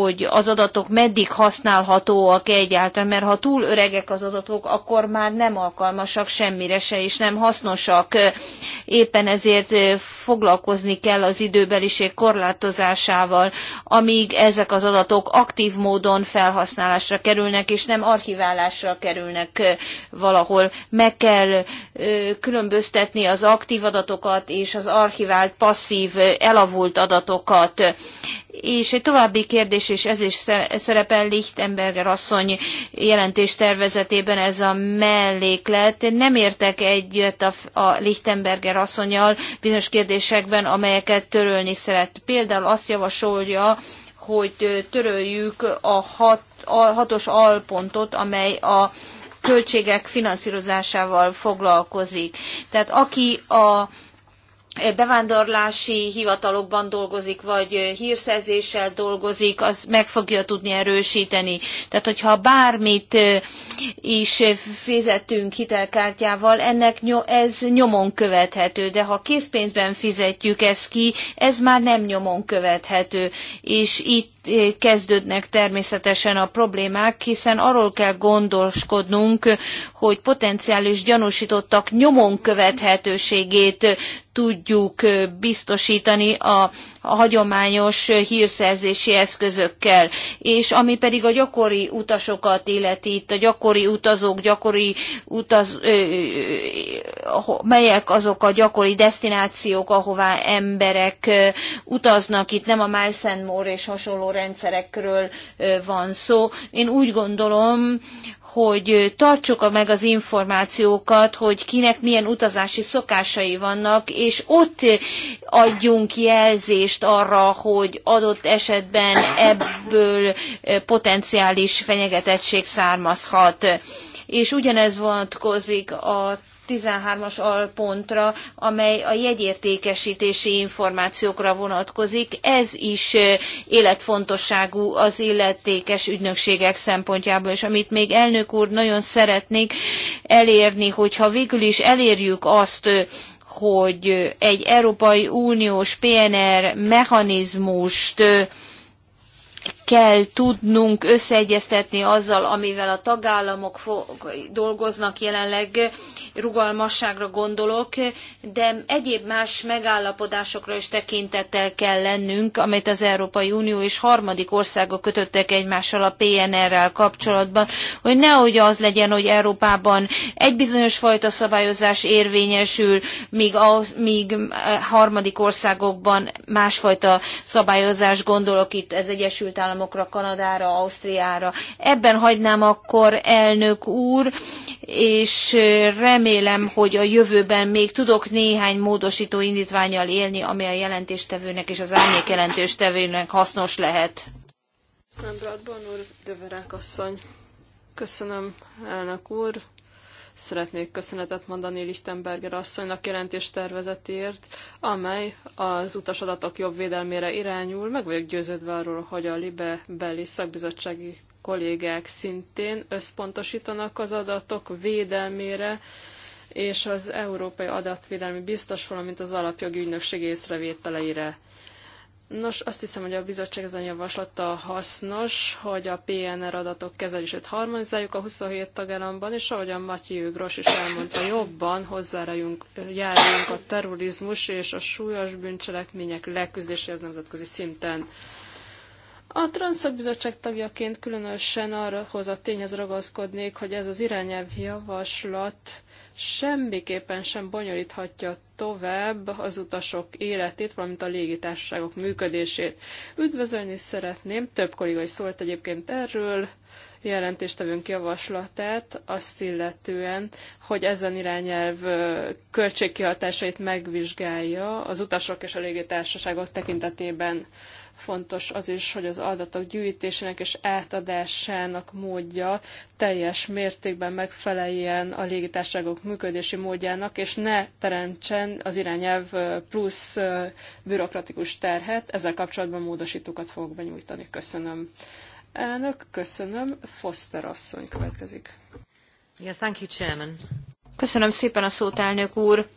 hogy az adatok meddig használhatóak egyáltalán, mert ha túl öregek az adatok, akkor már nem alkalmasak semmire se, és nem hasznosak. Éppen ezért foglalkozni kell az időbeliség korlátozásával, amíg ezek az adatok aktív módon felhasználásra kerülnek, és nem archiválásra kerülnek valahol. Meg kell különböztetni az aktív adatokat és az archivált passzív elavult adatokat. És egy további kérdés kérdés, és ez is szerepel Lichtenberger asszony jelentés tervezetében ez a melléklet. Nem értek egyet a, a Lichtenberger asszonyal bizonyos kérdésekben, amelyeket törölni szeret. Például azt javasolja, hogy töröljük a, hat, a hatos alpontot, amely a költségek finanszírozásával foglalkozik. Tehát aki a bevándorlási hivatalokban dolgozik, vagy hírszerzéssel dolgozik, az meg fogja tudni erősíteni. Tehát, hogyha bármit is fizetünk hitelkártyával, ennek ez nyomon követhető, de ha készpénzben fizetjük ezt ki, ez már nem nyomon követhető, és itt kezdődnek természetesen a problémák, hiszen arról kell gondoskodnunk, hogy potenciális gyanúsítottak nyomon követhetőségét tudjuk biztosítani a, hagyományos hírszerzési eszközökkel. És ami pedig a gyakori utasokat illeti, itt a gyakori utazók, gyakori utaz, ö, melyek azok a gyakori destinációk, ahová emberek utaznak, itt nem a Miles és hasonló rendszerekről van szó. Én úgy gondolom, hogy tartsuk meg az információkat, hogy kinek milyen utazási szokásai vannak, és ott adjunk jelzést arra, hogy adott esetben ebből potenciális fenyegetettség származhat. És ugyanez vonatkozik a 13-as alpontra, amely a jegyértékesítési információkra vonatkozik. Ez is életfontosságú az illetékes ügynökségek szempontjából, és amit még elnök úr nagyon szeretnék elérni, hogyha végül is elérjük azt, hogy egy Európai Uniós PNR mechanizmust kell tudnunk összeegyeztetni azzal, amivel a tagállamok dolgoznak jelenleg, rugalmasságra gondolok, de egyéb más megállapodásokra is tekintettel kell lennünk, amit az Európai Unió és harmadik országok kötöttek egymással a PNR-rel kapcsolatban, hogy nehogy az legyen, hogy Európában egy bizonyos fajta szabályozás érvényesül, míg, a, míg harmadik országokban másfajta szabályozás gondolok itt az Egyesült Államok államokra, Kanadára, Ausztriára. Ebben hagynám akkor, elnök úr, és remélem, hogy a jövőben még tudok néhány módosító indítványal élni, ami a jelentéstevőnek és az árnyék jelentéstevőnek hasznos lehet. Szembradban úr, Deverák asszony. Köszönöm, elnök úr. Szeretnék köszönetet mondani Lichtenberger asszonynak jelentéstervezetért, amely az utasadatok jobb védelmére irányul. Meg vagyok győződve arról, hogy a Libe beli szakbizottsági kollégák szintén összpontosítanak az adatok védelmére, és az Európai Adatvédelmi Biztos, valamint az Alapjogi Ügynökség észrevételeire. Nos, azt hiszem, hogy a bizottság ezen javaslata hasznos, hogy a PNR adatok kezelését harmonizáljuk a 27 tagállamban, és ahogyan Matyi Ügros is elmondta, jobban hozzárajunk, járjunk a terrorizmus és a súlyos bűncselekmények leküzdéséhez nemzetközi szinten. A Bizottság tagjaként különösen arra a tényhez ragaszkodnék, hogy ez az irányelv javaslat semmiképpen sem bonyolíthatja tovább az utasok életét, valamint a légitársaságok működését. Üdvözölni szeretném, több kolléga is szólt egyébként erről, jelentéstevőnk javaslatát azt illetően, hogy ezen irányelv költségkihatásait megvizsgálja az utasok és a légitársaságok tekintetében. Fontos az is, hogy az adatok gyűjtésének és átadásának módja teljes mértékben megfeleljen a légitárságok működési módjának, és ne teremtsen az irányelv plusz bürokratikus terhet. Ezzel kapcsolatban módosítókat fogok benyújtani. Köszönöm. Elnök, köszönöm. Foster asszony következik. Yeah, thank you, Chairman. Köszönöm szépen a szót, elnök úr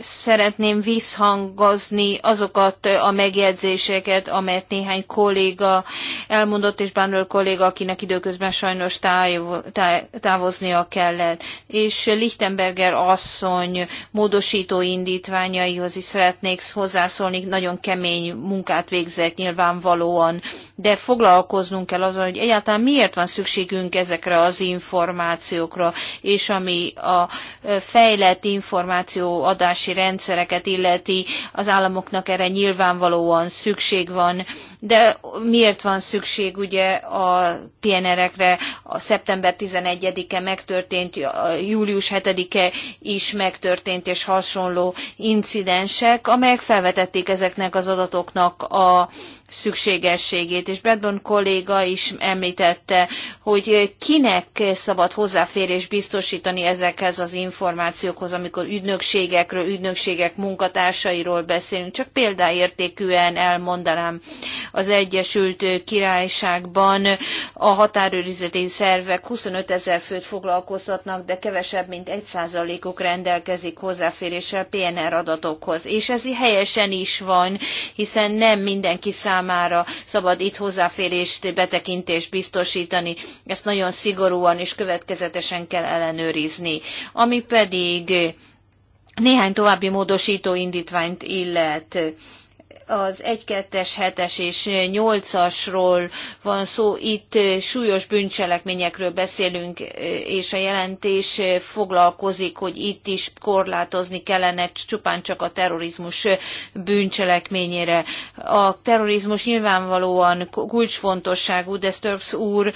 szeretném visszhangozni azokat a megjegyzéseket, amelyet néhány kolléga elmondott, és Bánről kolléga, akinek időközben sajnos távoznia kellett. És Lichtenberger asszony módosító indítványaihoz is szeretnék hozzászólni, nagyon kemény munkát végzett nyilvánvalóan, de foglalkoznunk kell azon, hogy egyáltalán miért van szükségünk ezekre az információkra, és ami a fejlett információ adás ellenőrzési rendszereket illeti, az államoknak erre nyilvánvalóan szükség van, de miért van szükség ugye a PNR-ekre a szeptember 11-e megtörtént, július 7-e is megtörtént és hasonló incidensek, amelyek felvetették ezeknek az adatoknak a szükségességét, és Bradburn kolléga is említette, hogy kinek szabad hozzáférés biztosítani ezekhez az információkhoz, amikor ügynökségekről, ügynökségek munkatársairól beszélünk. Csak példaértékűen elmondanám az Egyesült Királyságban a határőrizeti szervek 25 ezer főt foglalkoztatnak, de kevesebb, mint 1%-uk rendelkezik hozzáféréssel PNR adatokhoz. És ez helyesen is van, hiszen nem mindenki számára számára szabad itt hozzáférést, betekintést biztosítani. Ezt nagyon szigorúan és következetesen kell ellenőrizni. Ami pedig néhány további módosító indítványt illet az 1-2-es, 7-es és 8-asról van szó, itt súlyos bűncselekményekről beszélünk, és a jelentés foglalkozik, hogy itt is korlátozni kellene csupán csak a terrorizmus bűncselekményére. A terrorizmus nyilvánvalóan kulcsfontosságú, de Sturks úr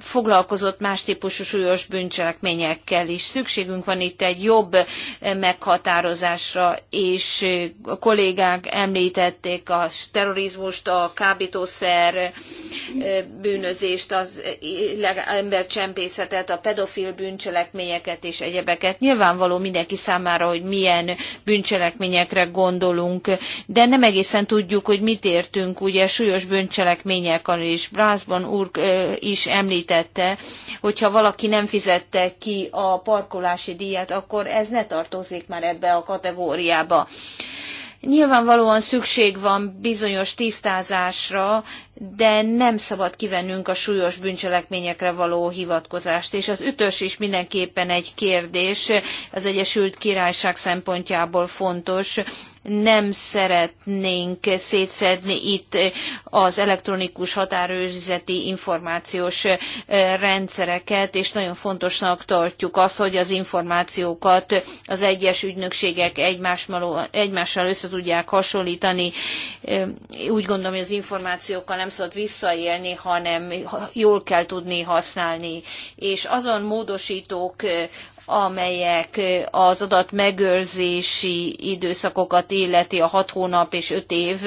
foglalkozott más típusú súlyos bűncselekményekkel is. Szükségünk van itt egy jobb meghatározásra, és a kollégák említett említették a terrorizmust, a kábítószer bűnözést, az embercsempészetet, a pedofil bűncselekményeket és egyebeket. Nyilvánvaló mindenki számára, hogy milyen bűncselekményekre gondolunk, de nem egészen tudjuk, hogy mit értünk ugye súlyos bűncselekmények alól is. Brászban úr is említette, hogyha valaki nem fizette ki a parkolási díjat, akkor ez ne tartozik már ebbe a kategóriába. Nyilvánvalóan szükség van bizonyos tisztázásra, de nem szabad kivennünk a súlyos bűncselekményekre való hivatkozást. És az ütös is mindenképpen egy kérdés, az Egyesült Királyság szempontjából fontos, nem szeretnénk szétszedni itt az elektronikus határőrizeti információs rendszereket, és nagyon fontosnak tartjuk azt, hogy az információkat az egyes ügynökségek egymással, egymással össze tudják hasonlítani. Úgy gondolom, hogy az információkkal nem szabad visszaélni, hanem jól kell tudni használni. És azon módosítók, amelyek az adat megőrzési időszakokat illeti a hat hónap és öt év.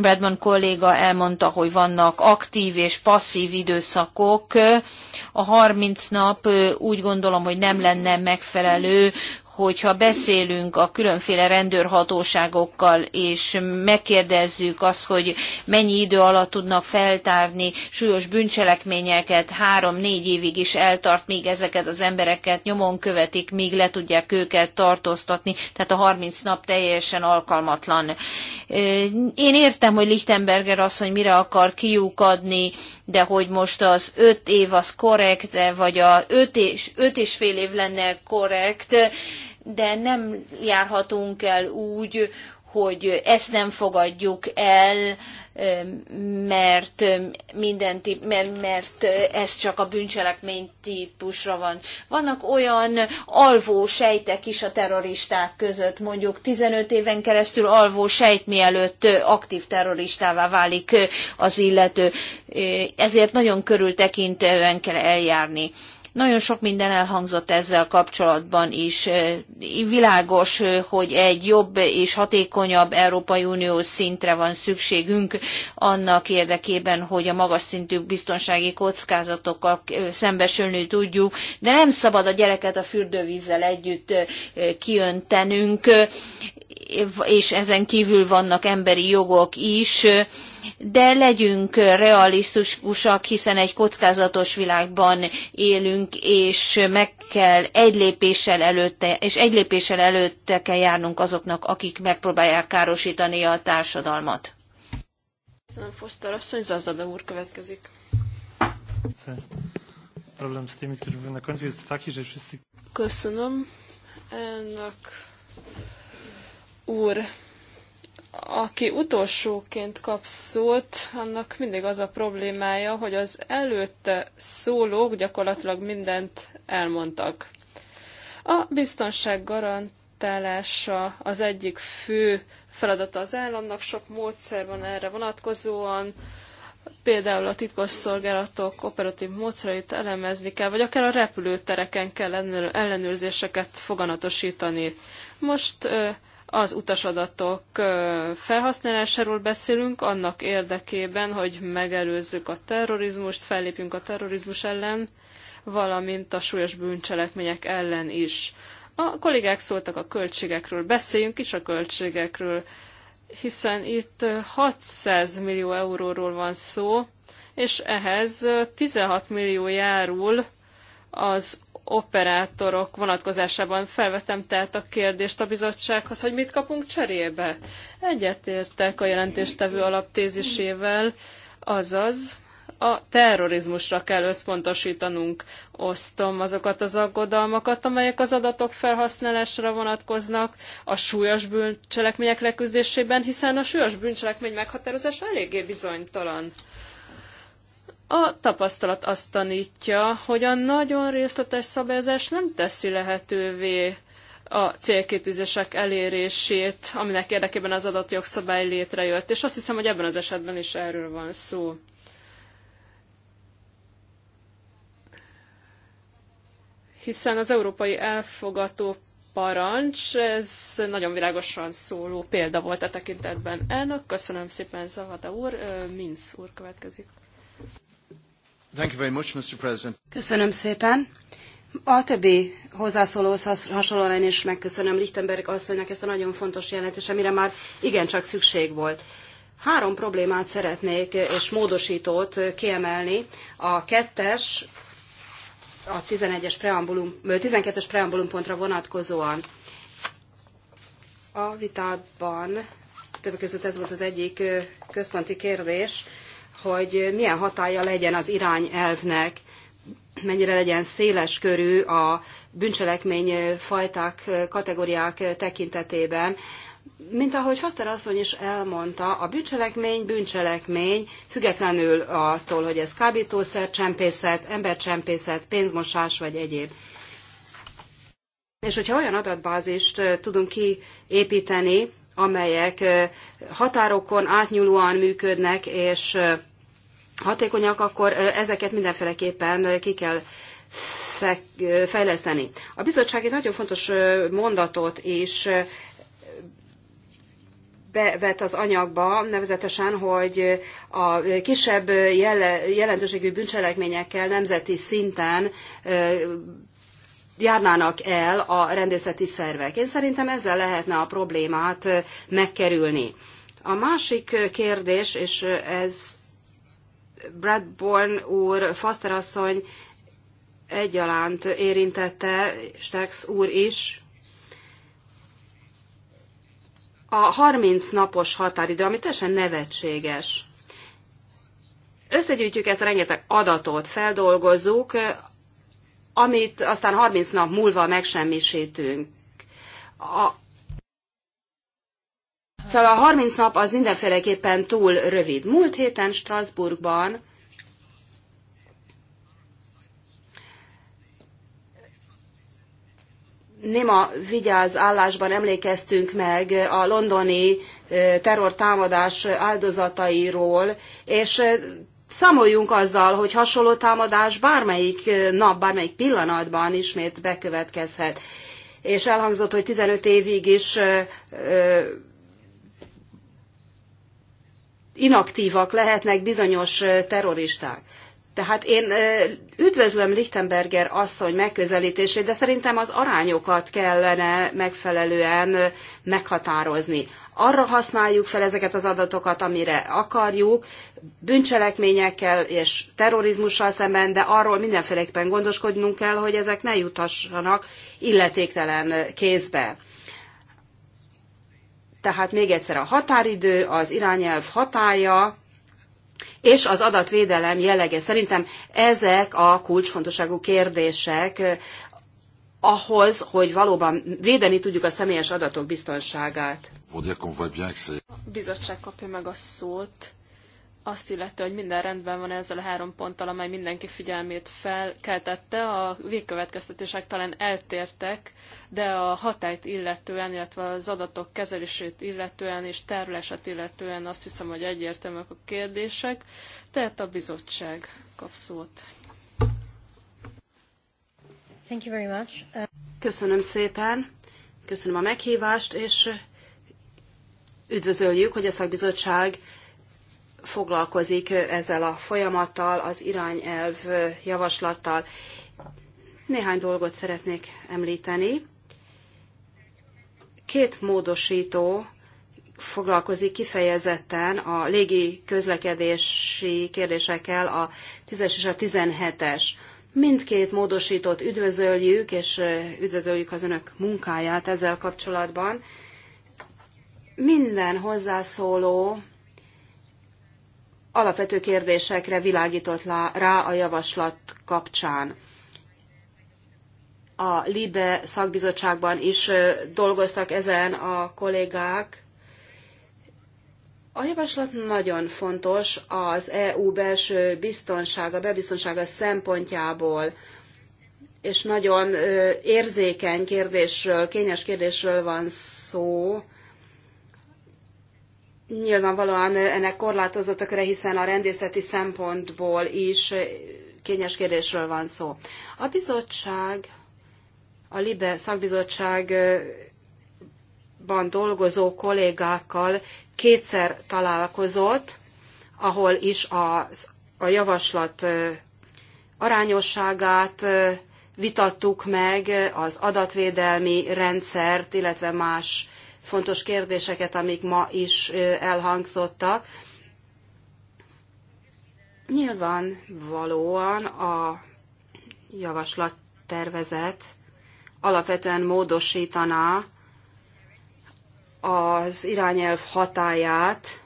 Bradman kolléga elmondta, hogy vannak aktív és passzív időszakok. A 30 nap úgy gondolom, hogy nem lenne megfelelő, hogyha beszélünk a különféle rendőrhatóságokkal, és megkérdezzük azt, hogy mennyi idő alatt tudnak feltárni súlyos bűncselekményeket, három-négy évig is eltart, míg ezeket az embereket nyomon követik, míg le tudják őket tartóztatni, tehát a 30 nap teljesen alkalmatlan. Én értem, hogy Lichtenberger hogy mire akar kiukadni, de hogy most az öt év az korrekt, vagy a öt és, öt és fél év lenne korrekt, de nem járhatunk el úgy, hogy ezt nem fogadjuk el, mert minden típ, mert, mert ez csak a bűncselekmény típusra van. Vannak olyan alvó sejtek is a terroristák között, mondjuk 15 éven keresztül alvó sejt mielőtt aktív terroristává válik az illető, ezért nagyon körültekintően kell eljárni. Nagyon sok minden elhangzott ezzel kapcsolatban is. Világos, hogy egy jobb és hatékonyabb Európai Unió szintre van szükségünk annak érdekében, hogy a magas szintű biztonsági kockázatokkal szembesülni tudjuk, de nem szabad a gyereket a fürdővízzel együtt kiöntenünk, és ezen kívül vannak emberi jogok is, de legyünk realisztikusak, hiszen egy kockázatos világban élünk, és meg kell egy lépéssel előtte, és egy lépéssel előtte kell járnunk azoknak, akik megpróbálják károsítani a társadalmat. Köszönöm, Foster asszony, Zazada úr következik. Problem z tymi, którzy mówią na końcu jest taki, że Köszönöm. Ennek úr, aki utolsóként kap szót, annak mindig az a problémája, hogy az előtte szólók gyakorlatilag mindent elmondtak. A biztonság garantálása az egyik fő feladata az államnak, sok módszer van erre vonatkozóan, például a titkosszolgálatok operatív módszereit elemezni kell, vagy akár a repülőtereken kell ellenőrzéseket foganatosítani. Most az utasadatok felhasználásáról beszélünk, annak érdekében, hogy megelőzzük a terrorizmust, fellépjünk a terrorizmus ellen, valamint a súlyos bűncselekmények ellen is. A kollégák szóltak a költségekről, beszéljünk is a költségekről, hiszen itt 600 millió euróról van szó, és ehhez 16 millió járul az operátorok vonatkozásában felvetem tehát a kérdést a bizottsághoz, hogy mit kapunk cserébe. Egyetértek a jelentéstevő alaptézisével, azaz a terrorizmusra kell összpontosítanunk. Osztom azokat az aggodalmakat, amelyek az adatok felhasználásra vonatkoznak a súlyos bűncselekmények leküzdésében, hiszen a súlyos bűncselekmény meghatározása eléggé bizonytalan. A tapasztalat azt tanítja, hogy a nagyon részletes szabályozás nem teszi lehetővé a célkétűzések elérését, aminek érdekében az adott jogszabály létrejött. És azt hiszem, hogy ebben az esetben is erről van szó. Hiszen az európai elfogató parancs, ez nagyon világosan szóló példa volt a e tekintetben. Elnök, köszönöm szépen Zavada úr, Minsz úr következik. Thank you very much, Mr. President. Köszönöm szépen. A többi hozzászólóhoz hasonlóan is megköszönöm Lichtenberg asszonynak ezt a nagyon fontos jelentést, amire már igencsak szükség volt. Három problémát szeretnék és módosítót kiemelni. A kettes, a 11-es preambulum, 12-es preambulum pontra vonatkozóan. A vitában többek között ez volt az egyik központi kérdés, hogy milyen hatája legyen az irányelvnek, mennyire legyen széles körű a bűncselekmény fajták, kategóriák tekintetében. Mint ahogy Faszter asszony is elmondta, a bűncselekmény bűncselekmény, függetlenül attól, hogy ez kábítószer, csempészet, embercsempészet, pénzmosás vagy egyéb. És hogyha olyan adatbázist tudunk kiépíteni, amelyek határokon átnyúlóan működnek, és hatékonyak, akkor ezeket mindenféleképpen ki kell fejleszteni. A bizottság egy nagyon fontos mondatot is bevet az anyagba, nevezetesen, hogy a kisebb jelentőségű bűncselekményekkel nemzeti szinten járnának el a rendészeti szervek. Én szerintem ezzel lehetne a problémát megkerülni. A másik kérdés, és ez Bradborn úr, Foster asszony egyaránt érintette, Stex úr is. A 30 napos határidő, ami teljesen nevetséges. Összegyűjtjük ezt a rengeteg adatot, feldolgozzuk, amit aztán 30 nap múlva megsemmisítünk. A Szóval a 30 nap az mindenféleképpen túl rövid. Múlt héten Strasbourgban Néma vigyáz állásban emlékeztünk meg a londoni terrortámadás áldozatairól, és számoljunk azzal, hogy hasonló támadás bármelyik nap, bármelyik pillanatban ismét bekövetkezhet. És elhangzott, hogy 15 évig is inaktívak lehetnek bizonyos terroristák. Tehát én üdvözlöm Lichtenberger asszony megközelítését, de szerintem az arányokat kellene megfelelően meghatározni. Arra használjuk fel ezeket az adatokat, amire akarjuk, bűncselekményekkel és terrorizmussal szemben, de arról mindenféleképpen gondoskodnunk kell, hogy ezek ne juthassanak illetéktelen kézbe. Tehát még egyszer a határidő, az irányelv hatája, és az adatvédelem jellege. Szerintem ezek a kulcsfontosságú kérdések eh, ahhoz, hogy valóban védeni tudjuk a személyes adatok biztonságát. A bizottság kapja meg a szót azt illető, hogy minden rendben van ezzel a három ponttal, amely mindenki figyelmét felkeltette. A végkövetkeztetések talán eltértek, de a hatályt illetően, illetve az adatok kezelését illetően és tárolását illetően azt hiszem, hogy egyértelműek a kérdések. Tehát a bizottság kap szót. Thank you very much. Köszönöm szépen, köszönöm a meghívást, és üdvözöljük, hogy a szakbizottság foglalkozik ezzel a folyamattal, az irányelv javaslattal. Néhány dolgot szeretnék említeni. Két módosító foglalkozik kifejezetten a légi közlekedési kérdésekkel a 10-es és a 17-es. Mindkét módosítót üdvözöljük, és üdvözöljük az önök munkáját ezzel kapcsolatban. Minden hozzászóló alapvető kérdésekre világított rá a javaslat kapcsán. A LIBE szakbizottságban is dolgoztak ezen a kollégák. A javaslat nagyon fontos az EU belső biztonsága, belbiztonsága szempontjából, és nagyon érzékeny kérdésről, kényes kérdésről van szó, nyilvánvalóan ennek korlátozott a köre, hiszen a rendészeti szempontból is kényes kérdésről van szó. A bizottság, a LIBE szakbizottságban dolgozó kollégákkal kétszer találkozott, ahol is a, a javaslat arányosságát vitattuk meg, az adatvédelmi rendszert, illetve más fontos kérdéseket, amik ma is elhangzottak. Nyilván valóan a javaslattervezet alapvetően módosítaná az irányelv hatáját,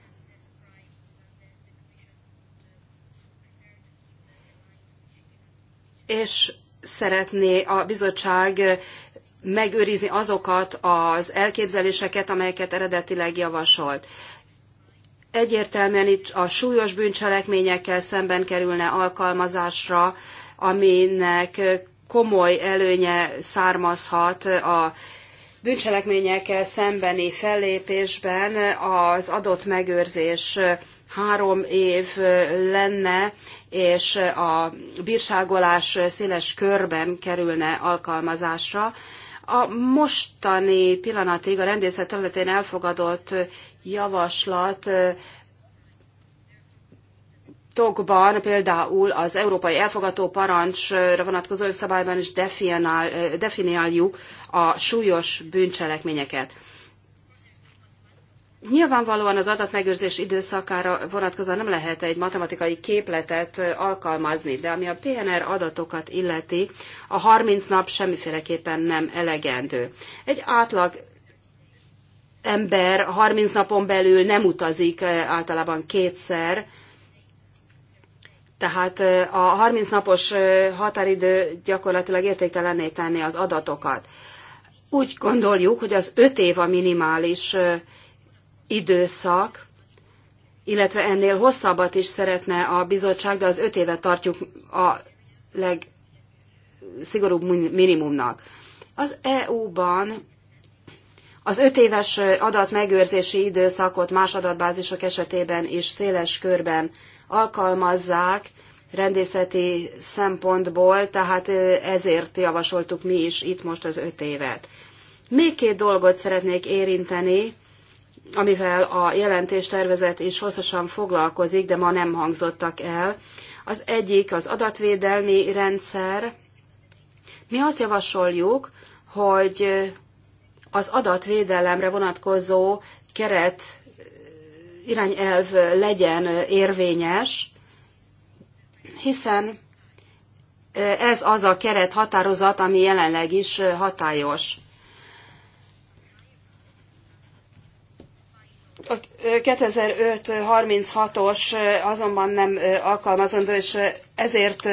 és szeretné a bizottság megőrizni azokat az elképzeléseket, amelyeket eredetileg javasolt. Egyértelműen itt a súlyos bűncselekményekkel szemben kerülne alkalmazásra, aminek komoly előnye származhat a bűncselekményekkel szembeni fellépésben az adott megőrzés három év lenne, és a bírságolás széles körben kerülne alkalmazásra. A mostani pillanatig a rendészet területén elfogadott javaslat tokban például az európai elfogató parancsra vonatkozó jogszabályban is definiáljuk a súlyos bűncselekményeket. Nyilvánvalóan az adatmegőrzés időszakára vonatkozóan nem lehet egy matematikai képletet alkalmazni, de ami a PNR adatokat illeti, a 30 nap semmiféleképpen nem elegendő. Egy átlag ember 30 napon belül nem utazik általában kétszer, tehát a 30 napos határidő gyakorlatilag értéktelenné tenni az adatokat. Úgy gondoljuk, hogy az 5 év a minimális időszak, illetve ennél hosszabbat is szeretne a bizottság, de az öt évet tartjuk a legszigorúbb minimumnak. Az EU-ban az öt éves adatmegőrzési időszakot más adatbázisok esetében is széles körben alkalmazzák rendészeti szempontból, tehát ezért javasoltuk mi is itt most az öt évet. Még két dolgot szeretnék érinteni, amivel a jelentéstervezet is hosszasan foglalkozik, de ma nem hangzottak el. Az egyik az adatvédelmi rendszer. Mi azt javasoljuk, hogy az adatvédelemre vonatkozó keret eh, irányelv legyen eh, érvényes, hiszen eh, ez az a keret határozat, ami jelenleg is hatályos. A 2005-36-os azonban nem alkalmazandó, és ezért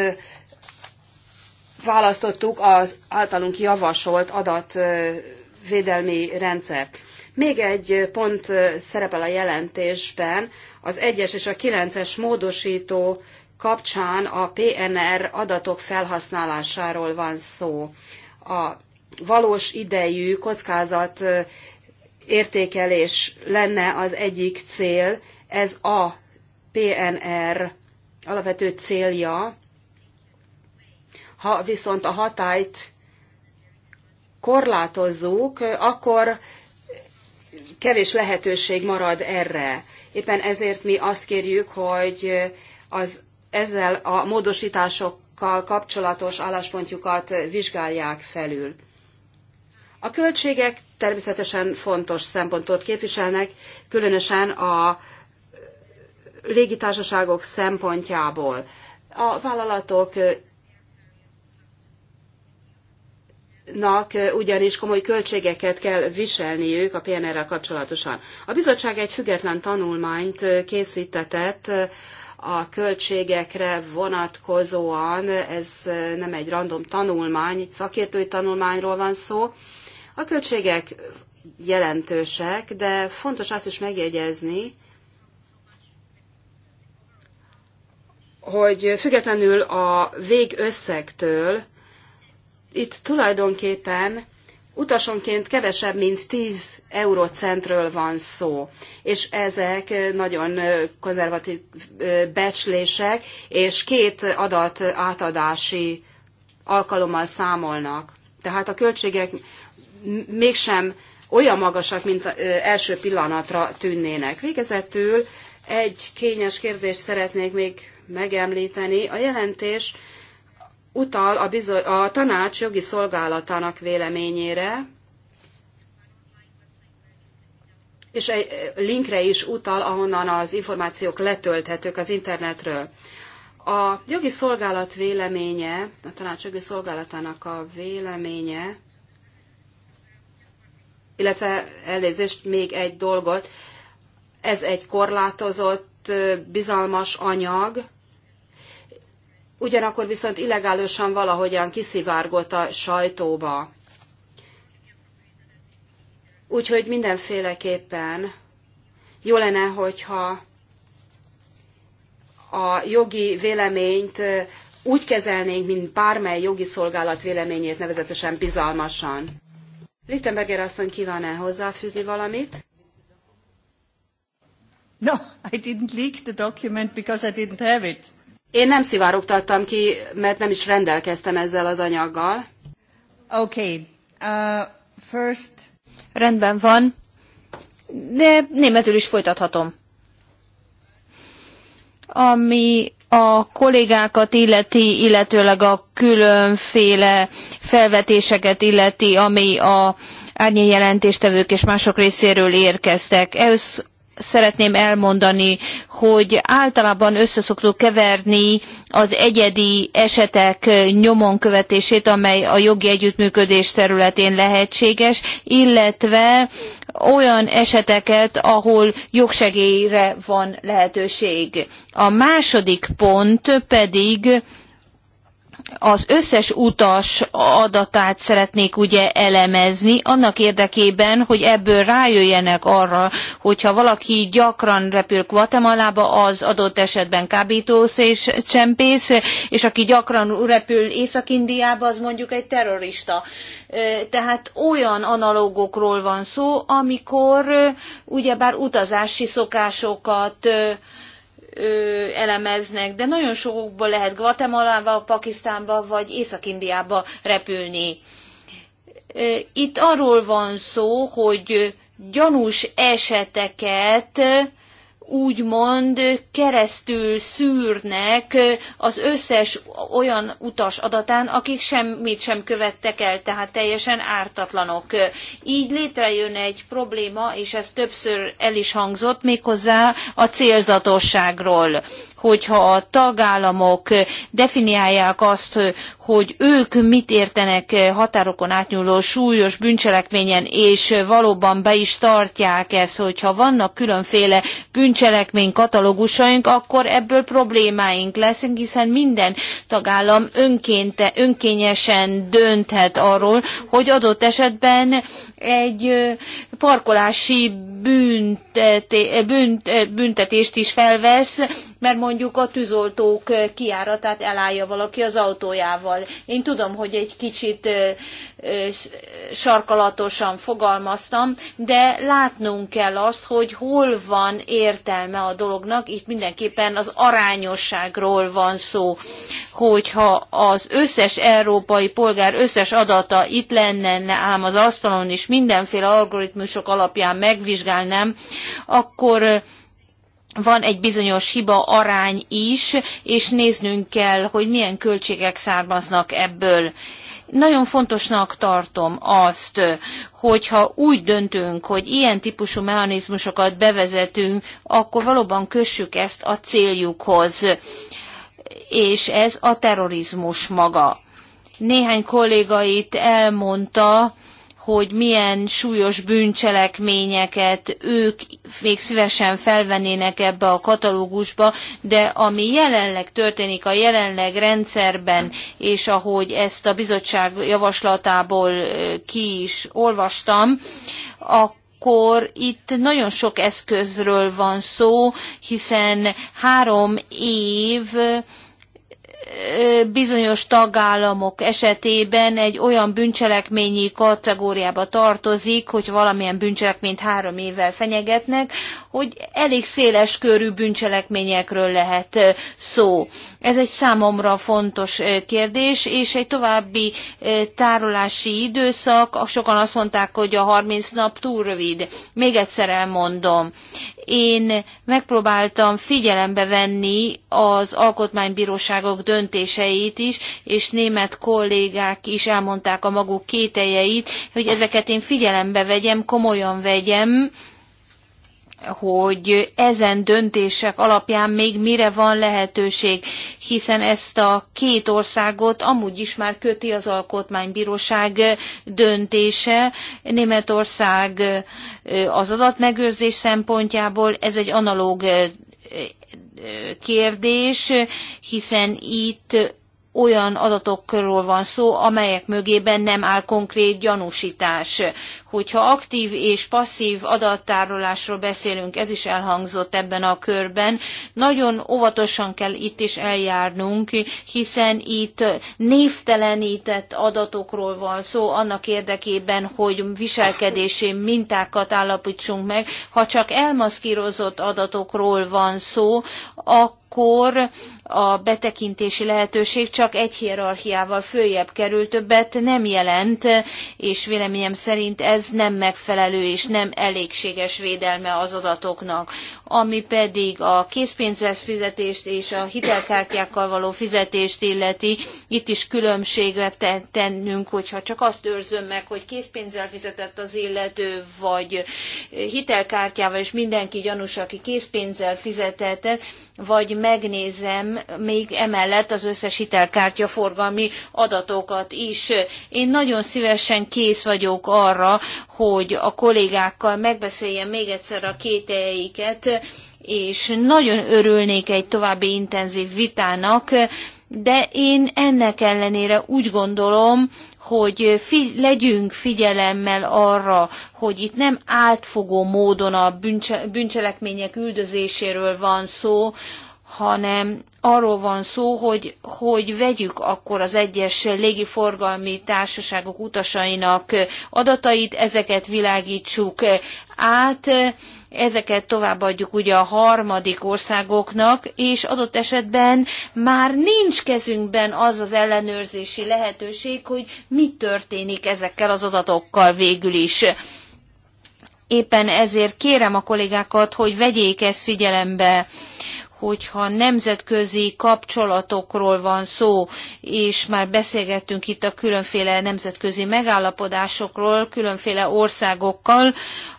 választottuk az általunk javasolt adatvédelmi rendszert. Még egy pont szerepel a jelentésben, az 1-es és a 9-es módosító kapcsán a PNR adatok felhasználásáról van szó. A valós idejű kockázat értékelés lenne az egyik cél, ez a PNR alapvető célja. Ha viszont a hatályt korlátozzuk, akkor kevés lehetőség marad erre. Éppen ezért mi azt kérjük, hogy az, ezzel a módosításokkal kapcsolatos álláspontjukat vizsgálják felül. A költségek természetesen fontos szempontot képviselnek, különösen a légitársaságok szempontjából. A vállalatok ugyanis komoly költségeket kell viselniük a PNR-rel kapcsolatosan. A bizottság egy független tanulmányt készítetett a költségekre vonatkozóan, ez nem egy random tanulmány, itt szakértői tanulmányról van szó, a költségek jelentősek, de fontos azt is megjegyezni, hogy függetlenül a végösszegtől itt tulajdonképpen utasonként kevesebb, mint 10 eurocentről van szó, és ezek nagyon konzervatív becslések, és két adat átadási alkalommal számolnak. Tehát a költségek mégsem olyan magasak, mint első pillanatra tűnnének. Végezetül egy kényes kérdést szeretnék még megemlíteni. A jelentés utal a, bizony, a tanács jogi szolgálatának véleményére, és egy linkre is utal, ahonnan az információk letölthetők az internetről. A jogi szolgálat véleménye, a tanács jogi szolgálatának a véleménye illetve elnézést, még egy dolgot. Ez egy korlátozott, bizalmas anyag, ugyanakkor viszont illegálisan valahogyan kiszivárgott a sajtóba. Úgyhogy mindenféleképpen jó lenne, hogyha a jogi véleményt úgy kezelnénk, mint bármely jogi szolgálat véleményét, nevezetesen bizalmasan. Littenberger asszony kíván-e hozzáfűzni valamit? No, I didn't leak the document because I didn't have it. Én nem szivárogtattam ki, mert nem is rendelkeztem ezzel az anyaggal. Okay. Uh, first... Rendben van, de németül is folytathatom. Ami a kollégákat illeti, illetőleg a különféle felvetéseket illeti, ami a árnyéjelentéstevők és mások részéről érkeztek. Ehhez szeretném elmondani, hogy általában összeszoktuk keverni az egyedi esetek nyomon követését, amely a jogi együttműködés területén lehetséges, illetve olyan eseteket, ahol jogsegélyre van lehetőség. A második pont pedig az összes utas adatát szeretnék ugye elemezni, annak érdekében, hogy ebből rájöjjenek arra, hogyha valaki gyakran repül Guatemalába, az adott esetben kábítósz és csempész, és aki gyakran repül Észak-Indiába, az mondjuk egy terrorista. Tehát olyan analógokról van szó, amikor ugyebár utazási szokásokat elemeznek, de nagyon sokból lehet Guatemalába, Pakisztánba vagy Észak-Indiába repülni. Itt arról van szó, hogy gyanús eseteket úgymond keresztül szűrnek az összes olyan utas adatán, akik semmit sem követtek el, tehát teljesen ártatlanok. Így létrejön egy probléma, és ez többször el is hangzott, méghozzá a célzatosságról hogyha a tagállamok definiálják azt, hogy ők mit értenek határokon átnyúló súlyos bűncselekményen, és valóban be is tartják ezt, hogyha vannak különféle bűncselekmény katalógusaink, akkor ebből problémáink leszünk, hiszen minden tagállam önkénte, önkényesen dönthet arról, hogy adott esetben egy parkolási büntet, bünt, büntetést is felvesz, mert mondjuk a tűzoltók kiáratát elállja valaki az autójával. Én tudom, hogy egy kicsit sarkalatosan fogalmaztam, de látnunk kell azt, hogy hol van értelme a dolognak, itt mindenképpen az arányosságról van szó, hogyha az összes európai polgár összes adata itt lenne ám az asztalon, is mindenféle algoritmusok alapján megvizsgálnám, akkor van egy bizonyos hiba arány is, és néznünk kell, hogy milyen költségek származnak ebből. Nagyon fontosnak tartom azt, hogyha úgy döntünk, hogy ilyen típusú mechanizmusokat bevezetünk, akkor valóban kössük ezt a céljukhoz. És ez a terrorizmus maga. Néhány kolléga itt elmondta, hogy milyen súlyos bűncselekményeket ők még szívesen felvennének ebbe a katalógusba, de ami jelenleg történik a jelenleg rendszerben, és ahogy ezt a bizottság javaslatából ki is olvastam, a akkor itt nagyon sok eszközről van szó, hiszen három év bizonyos tagállamok esetében egy olyan bűncselekményi kategóriába tartozik, hogy valamilyen bűncselekményt három évvel fenyegetnek, hogy elég széles körű bűncselekményekről lehet szó. Ez egy számomra fontos kérdés, és egy további tárolási időszak, sokan azt mondták, hogy a 30 nap túl rövid. Még egyszer elmondom én megpróbáltam figyelembe venni az alkotmánybíróságok döntéseit is, és német kollégák is elmondták a maguk kételjeit, hogy ezeket én figyelembe vegyem, komolyan vegyem, hogy ezen döntések alapján még mire van lehetőség, hiszen ezt a két országot amúgy is már köti az Alkotmánybíróság döntése. Németország az adatmegőrzés szempontjából ez egy analóg kérdés, hiszen itt olyan adatokról van szó, amelyek mögében nem áll konkrét gyanúsítás. Hogyha aktív és passzív adattárolásról beszélünk, ez is elhangzott ebben a körben, nagyon óvatosan kell itt is eljárnunk, hiszen itt névtelenített adatokról van szó annak érdekében, hogy viselkedési mintákat állapítsunk meg. Ha csak elmaszkírozott adatokról van szó, akkor akkor a betekintési lehetőség csak egy hierarchiával följebb kerül, többet nem jelent, és véleményem szerint ez nem megfelelő és nem elégséges védelme az adatoknak. Ami pedig a készpénzes fizetést és a hitelkártyákkal való fizetést illeti, itt is különbséget tennünk, hogyha csak azt őrzöm meg, hogy készpénzzel fizetett az illető, vagy hitelkártyával, és mindenki gyanús, aki készpénzzel fizetett, vagy megnézem még emellett az összes hitelkártya forgalmi adatokat is. Én nagyon szívesen kész vagyok arra, hogy a kollégákkal megbeszéljem még egyszer a kételjeiket, és nagyon örülnék egy további intenzív vitának, de én ennek ellenére úgy gondolom, hogy fi, legyünk figyelemmel arra, hogy itt nem átfogó módon a bűncse, bűncselekmények üldözéséről van szó, hanem arról van szó, hogy, hogy vegyük akkor az egyes légiforgalmi társaságok utasainak adatait, ezeket világítsuk át, ezeket továbbadjuk ugye a harmadik országoknak, és adott esetben már nincs kezünkben az az ellenőrzési lehetőség, hogy mi történik ezekkel az adatokkal végül is. Éppen ezért kérem a kollégákat, hogy vegyék ezt figyelembe hogyha nemzetközi kapcsolatokról van szó, és már beszélgettünk itt a különféle nemzetközi megállapodásokról, különféle országokkal,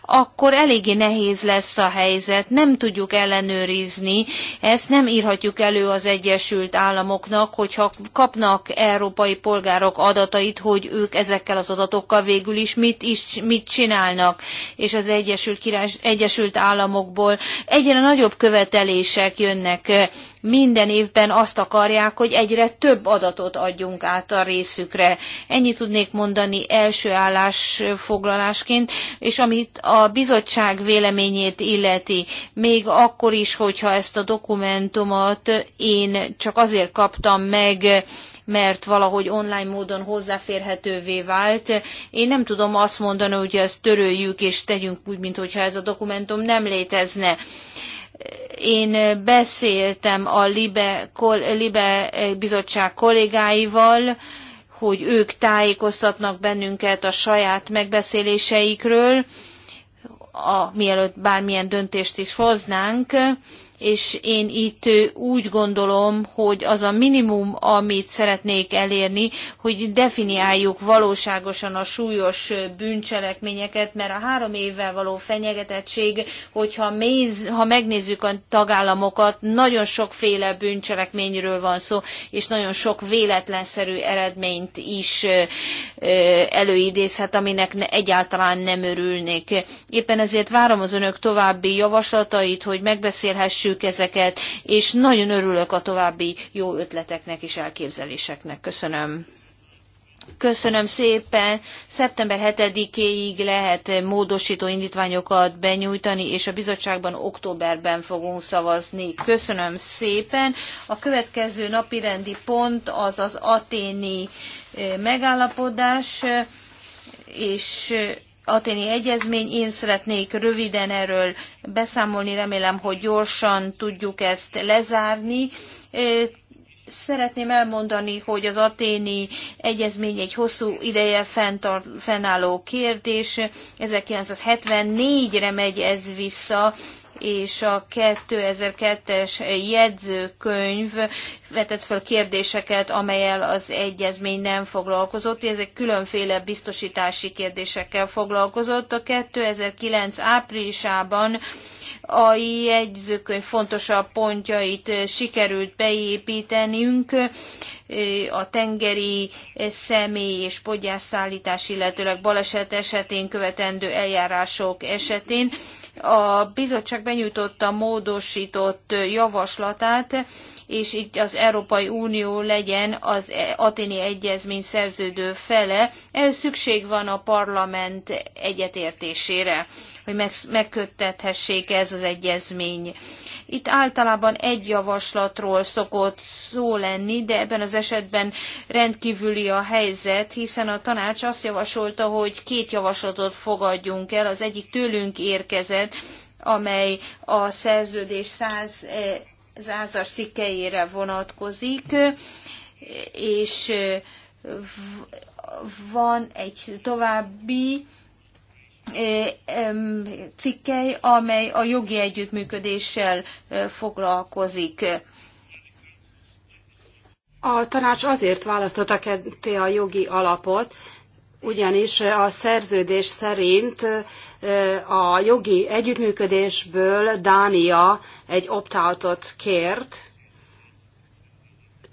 akkor eléggé nehéz lesz a helyzet, nem tudjuk ellenőrizni, ezt nem írhatjuk elő az Egyesült Államoknak, hogyha kapnak európai polgárok adatait, hogy ők ezekkel az adatokkal végül is mit, is, mit csinálnak, és az Egyesült, Király, Egyesült Államokból egyre nagyobb követelések jönnek minden évben azt akarják, hogy egyre több adatot adjunk át a részükre. Ennyit tudnék mondani első állásfoglalásként, és amit a bizottság véleményét illeti, még akkor is, hogyha ezt a dokumentumot én csak azért kaptam meg, mert valahogy online módon hozzáférhetővé vált. Én nem tudom azt mondani, hogy ezt töröljük és tegyünk úgy, mintha ez a dokumentum nem létezne. Én beszéltem a Libe, kol, Libe bizottság kollégáival, hogy ők tájékoztatnak bennünket a saját megbeszéléseikről, a, mielőtt bármilyen döntést is hoznánk, és én itt úgy gondolom, hogy az a minimum, amit szeretnék elérni, hogy definiáljuk valóságosan a súlyos bűncselekményeket, mert a három évvel való fenyegetettség, hogyha méz, ha megnézzük a tagállamokat, nagyon sokféle bűncselekményről van szó, és nagyon sok véletlenszerű eredményt is előidézhet, aminek egyáltalán nem örülnék. Éppen ezért várom az önök további javaslatait, hogy megbeszélhessük, építsük ezeket, és nagyon örülök a további jó ötleteknek és elképzeléseknek. Köszönöm. Köszönöm szépen. Szeptember 7-éig lehet módosító indítványokat benyújtani, és a bizottságban októberben fogunk szavazni. Köszönöm szépen. A következő napi rendi pont az az aténi eh, megállapodás, eh, és eh, aténi egyezmény. Én szeretnék röviden erről beszámolni, remélem, hogy gyorsan tudjuk ezt lezárni. Szeretném elmondani, hogy az aténi egyezmény egy hosszú ideje fennálló kérdés. 1974-re megy ez vissza, és a 2002-es jegyzőkönyv vetett föl kérdéseket, amelyel az egyezmény nem foglalkozott. Ezek különféle biztosítási kérdésekkel foglalkozott. A 2009 áprilisában a jegyzőkönyv fontosabb pontjait sikerült beépítenünk a tengeri személy és podgyászszállítás, illetőleg baleset esetén követendő eljárások esetén. A bizottság benyújtotta módosított javaslatát, és így az Európai Unió legyen az e- Ateni Egyezmény szerződő fele. Ehhez szükség van a parlament egyetértésére hogy meg, megköttethessék ez az egyezmény. Itt általában egy javaslatról szokott szó lenni, de ebben az esetben rendkívüli a helyzet, hiszen a tanács azt javasolta, hogy két javaslatot fogadjunk el, az egyik tőlünk érkezett, amely a szerződés 100 e, százas cikkeire vonatkozik, és van egy további cikkely, amely a jogi együttműködéssel foglalkozik. A tanács azért választotta ketté a jogi alapot, ugyanis a szerződés szerint a jogi együttműködésből Dánia egy opt-outot kért,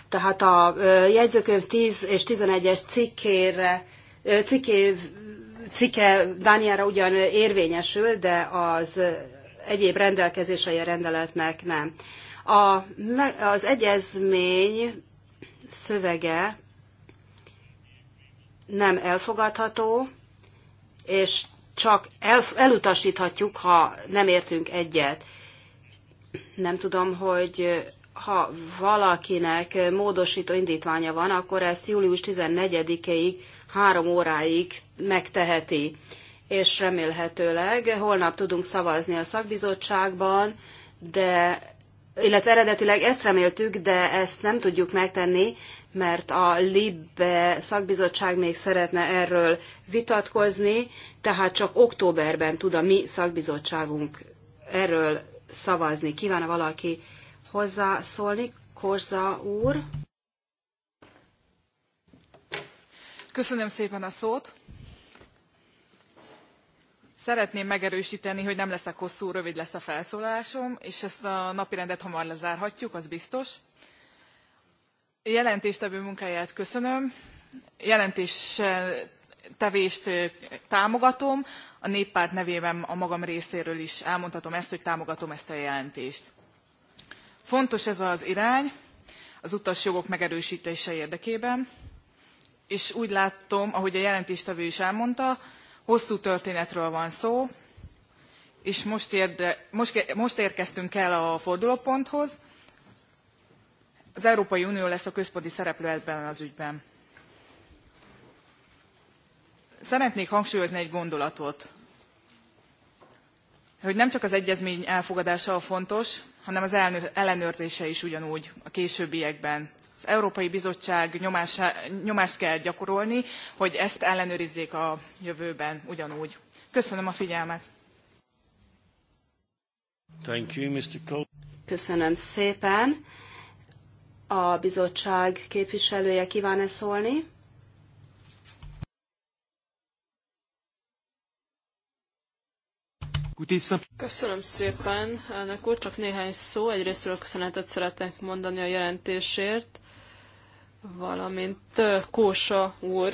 tehát a jegyzőkönyv 10 és 11-es cikkére, cikké cikke Dániára ugyan érvényesül, de az egyéb rendelkezései a rendeletnek nem. A, az egyezmény szövege nem elfogadható, és csak el, elutasíthatjuk, ha nem értünk egyet. Nem tudom, hogy ha valakinek módosító indítványa van, akkor ezt július 14-ig három óráig megteheti, és remélhetőleg holnap tudunk szavazni a szakbizottságban, de illetve eredetileg ezt reméltük, de ezt nem tudjuk megtenni, mert a LIBE szakbizottság még szeretne erről vitatkozni, tehát csak októberben tud a mi szakbizottságunk erről szavazni. Kíván valaki hozzászólni? Korza úr? Köszönöm szépen a szót. Szeretném megerősíteni, hogy nem leszek hosszú, rövid lesz a felszólalásom, és ezt a napirendet hamar lezárhatjuk, az biztos. Jelentéstevő munkáját köszönöm, jelentéstevést támogatom, a néppárt nevében a magam részéről is elmondhatom ezt, hogy támogatom ezt a jelentést. Fontos ez az irány az utasjogok megerősítése érdekében, és úgy látom, ahogy a jelentéstevő is elmondta, hosszú történetről van szó, és most, érde, most, most érkeztünk el a fordulóponthoz. Az Európai Unió lesz a központi szereplő ebben az ügyben. Szeretnék hangsúlyozni egy gondolatot, hogy nem csak az egyezmény elfogadása a fontos, hanem az ellenőrzése is ugyanúgy a későbbiekben az Európai Bizottság nyomást kell gyakorolni, hogy ezt ellenőrizzék a jövőben ugyanúgy. Köszönöm a figyelmet. Thank you, Mr. Cole. Köszönöm szépen. A bizottság képviselője kíván-e szólni? Köszönöm szépen, elnök úr, csak néhány szó. Egyrésztről köszönetet szeretnék mondani a jelentésért valamint Kósa úr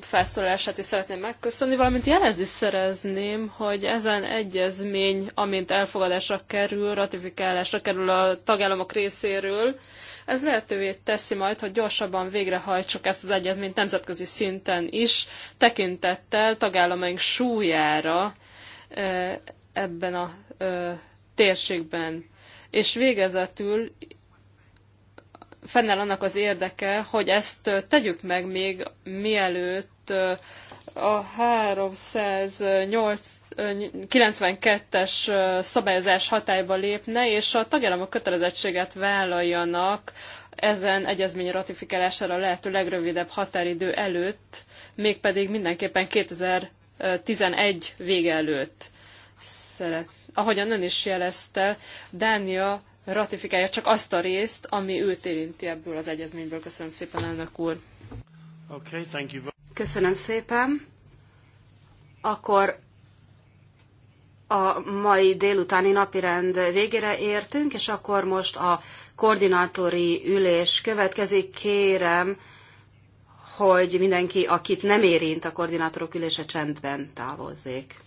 felszólalását is szeretném megköszönni, valamint jelezni szerezném, hogy ezen egyezmény, amint elfogadásra kerül, ratifikálásra kerül a tagállamok részéről, ez lehetővé teszi majd, hogy gyorsabban végrehajtsuk ezt az egyezményt nemzetközi szinten is, tekintettel tagállamaink súlyára ebben a térségben. És végezetül fennáll annak az érdeke, hogy ezt tegyük meg még mielőtt a 392-es szabályozás hatályba lépne, és a tagállamok kötelezettséget vállaljanak ezen egyezmény ratifikálására lehető legrövidebb határidő előtt, mégpedig mindenképpen 2011 vége előtt szeret. Ahogyan ön is jelezte, Dánia ratifikálja csak azt a részt, ami őt érinti ebből az egyezményből. Köszönöm szépen, elnök úr. Okay, thank you. Köszönöm szépen. Akkor a mai délutáni napirend végére értünk, és akkor most a koordinátori ülés következik. Kérem, hogy mindenki, akit nem érint a koordinátorok ülése, csendben távozzék.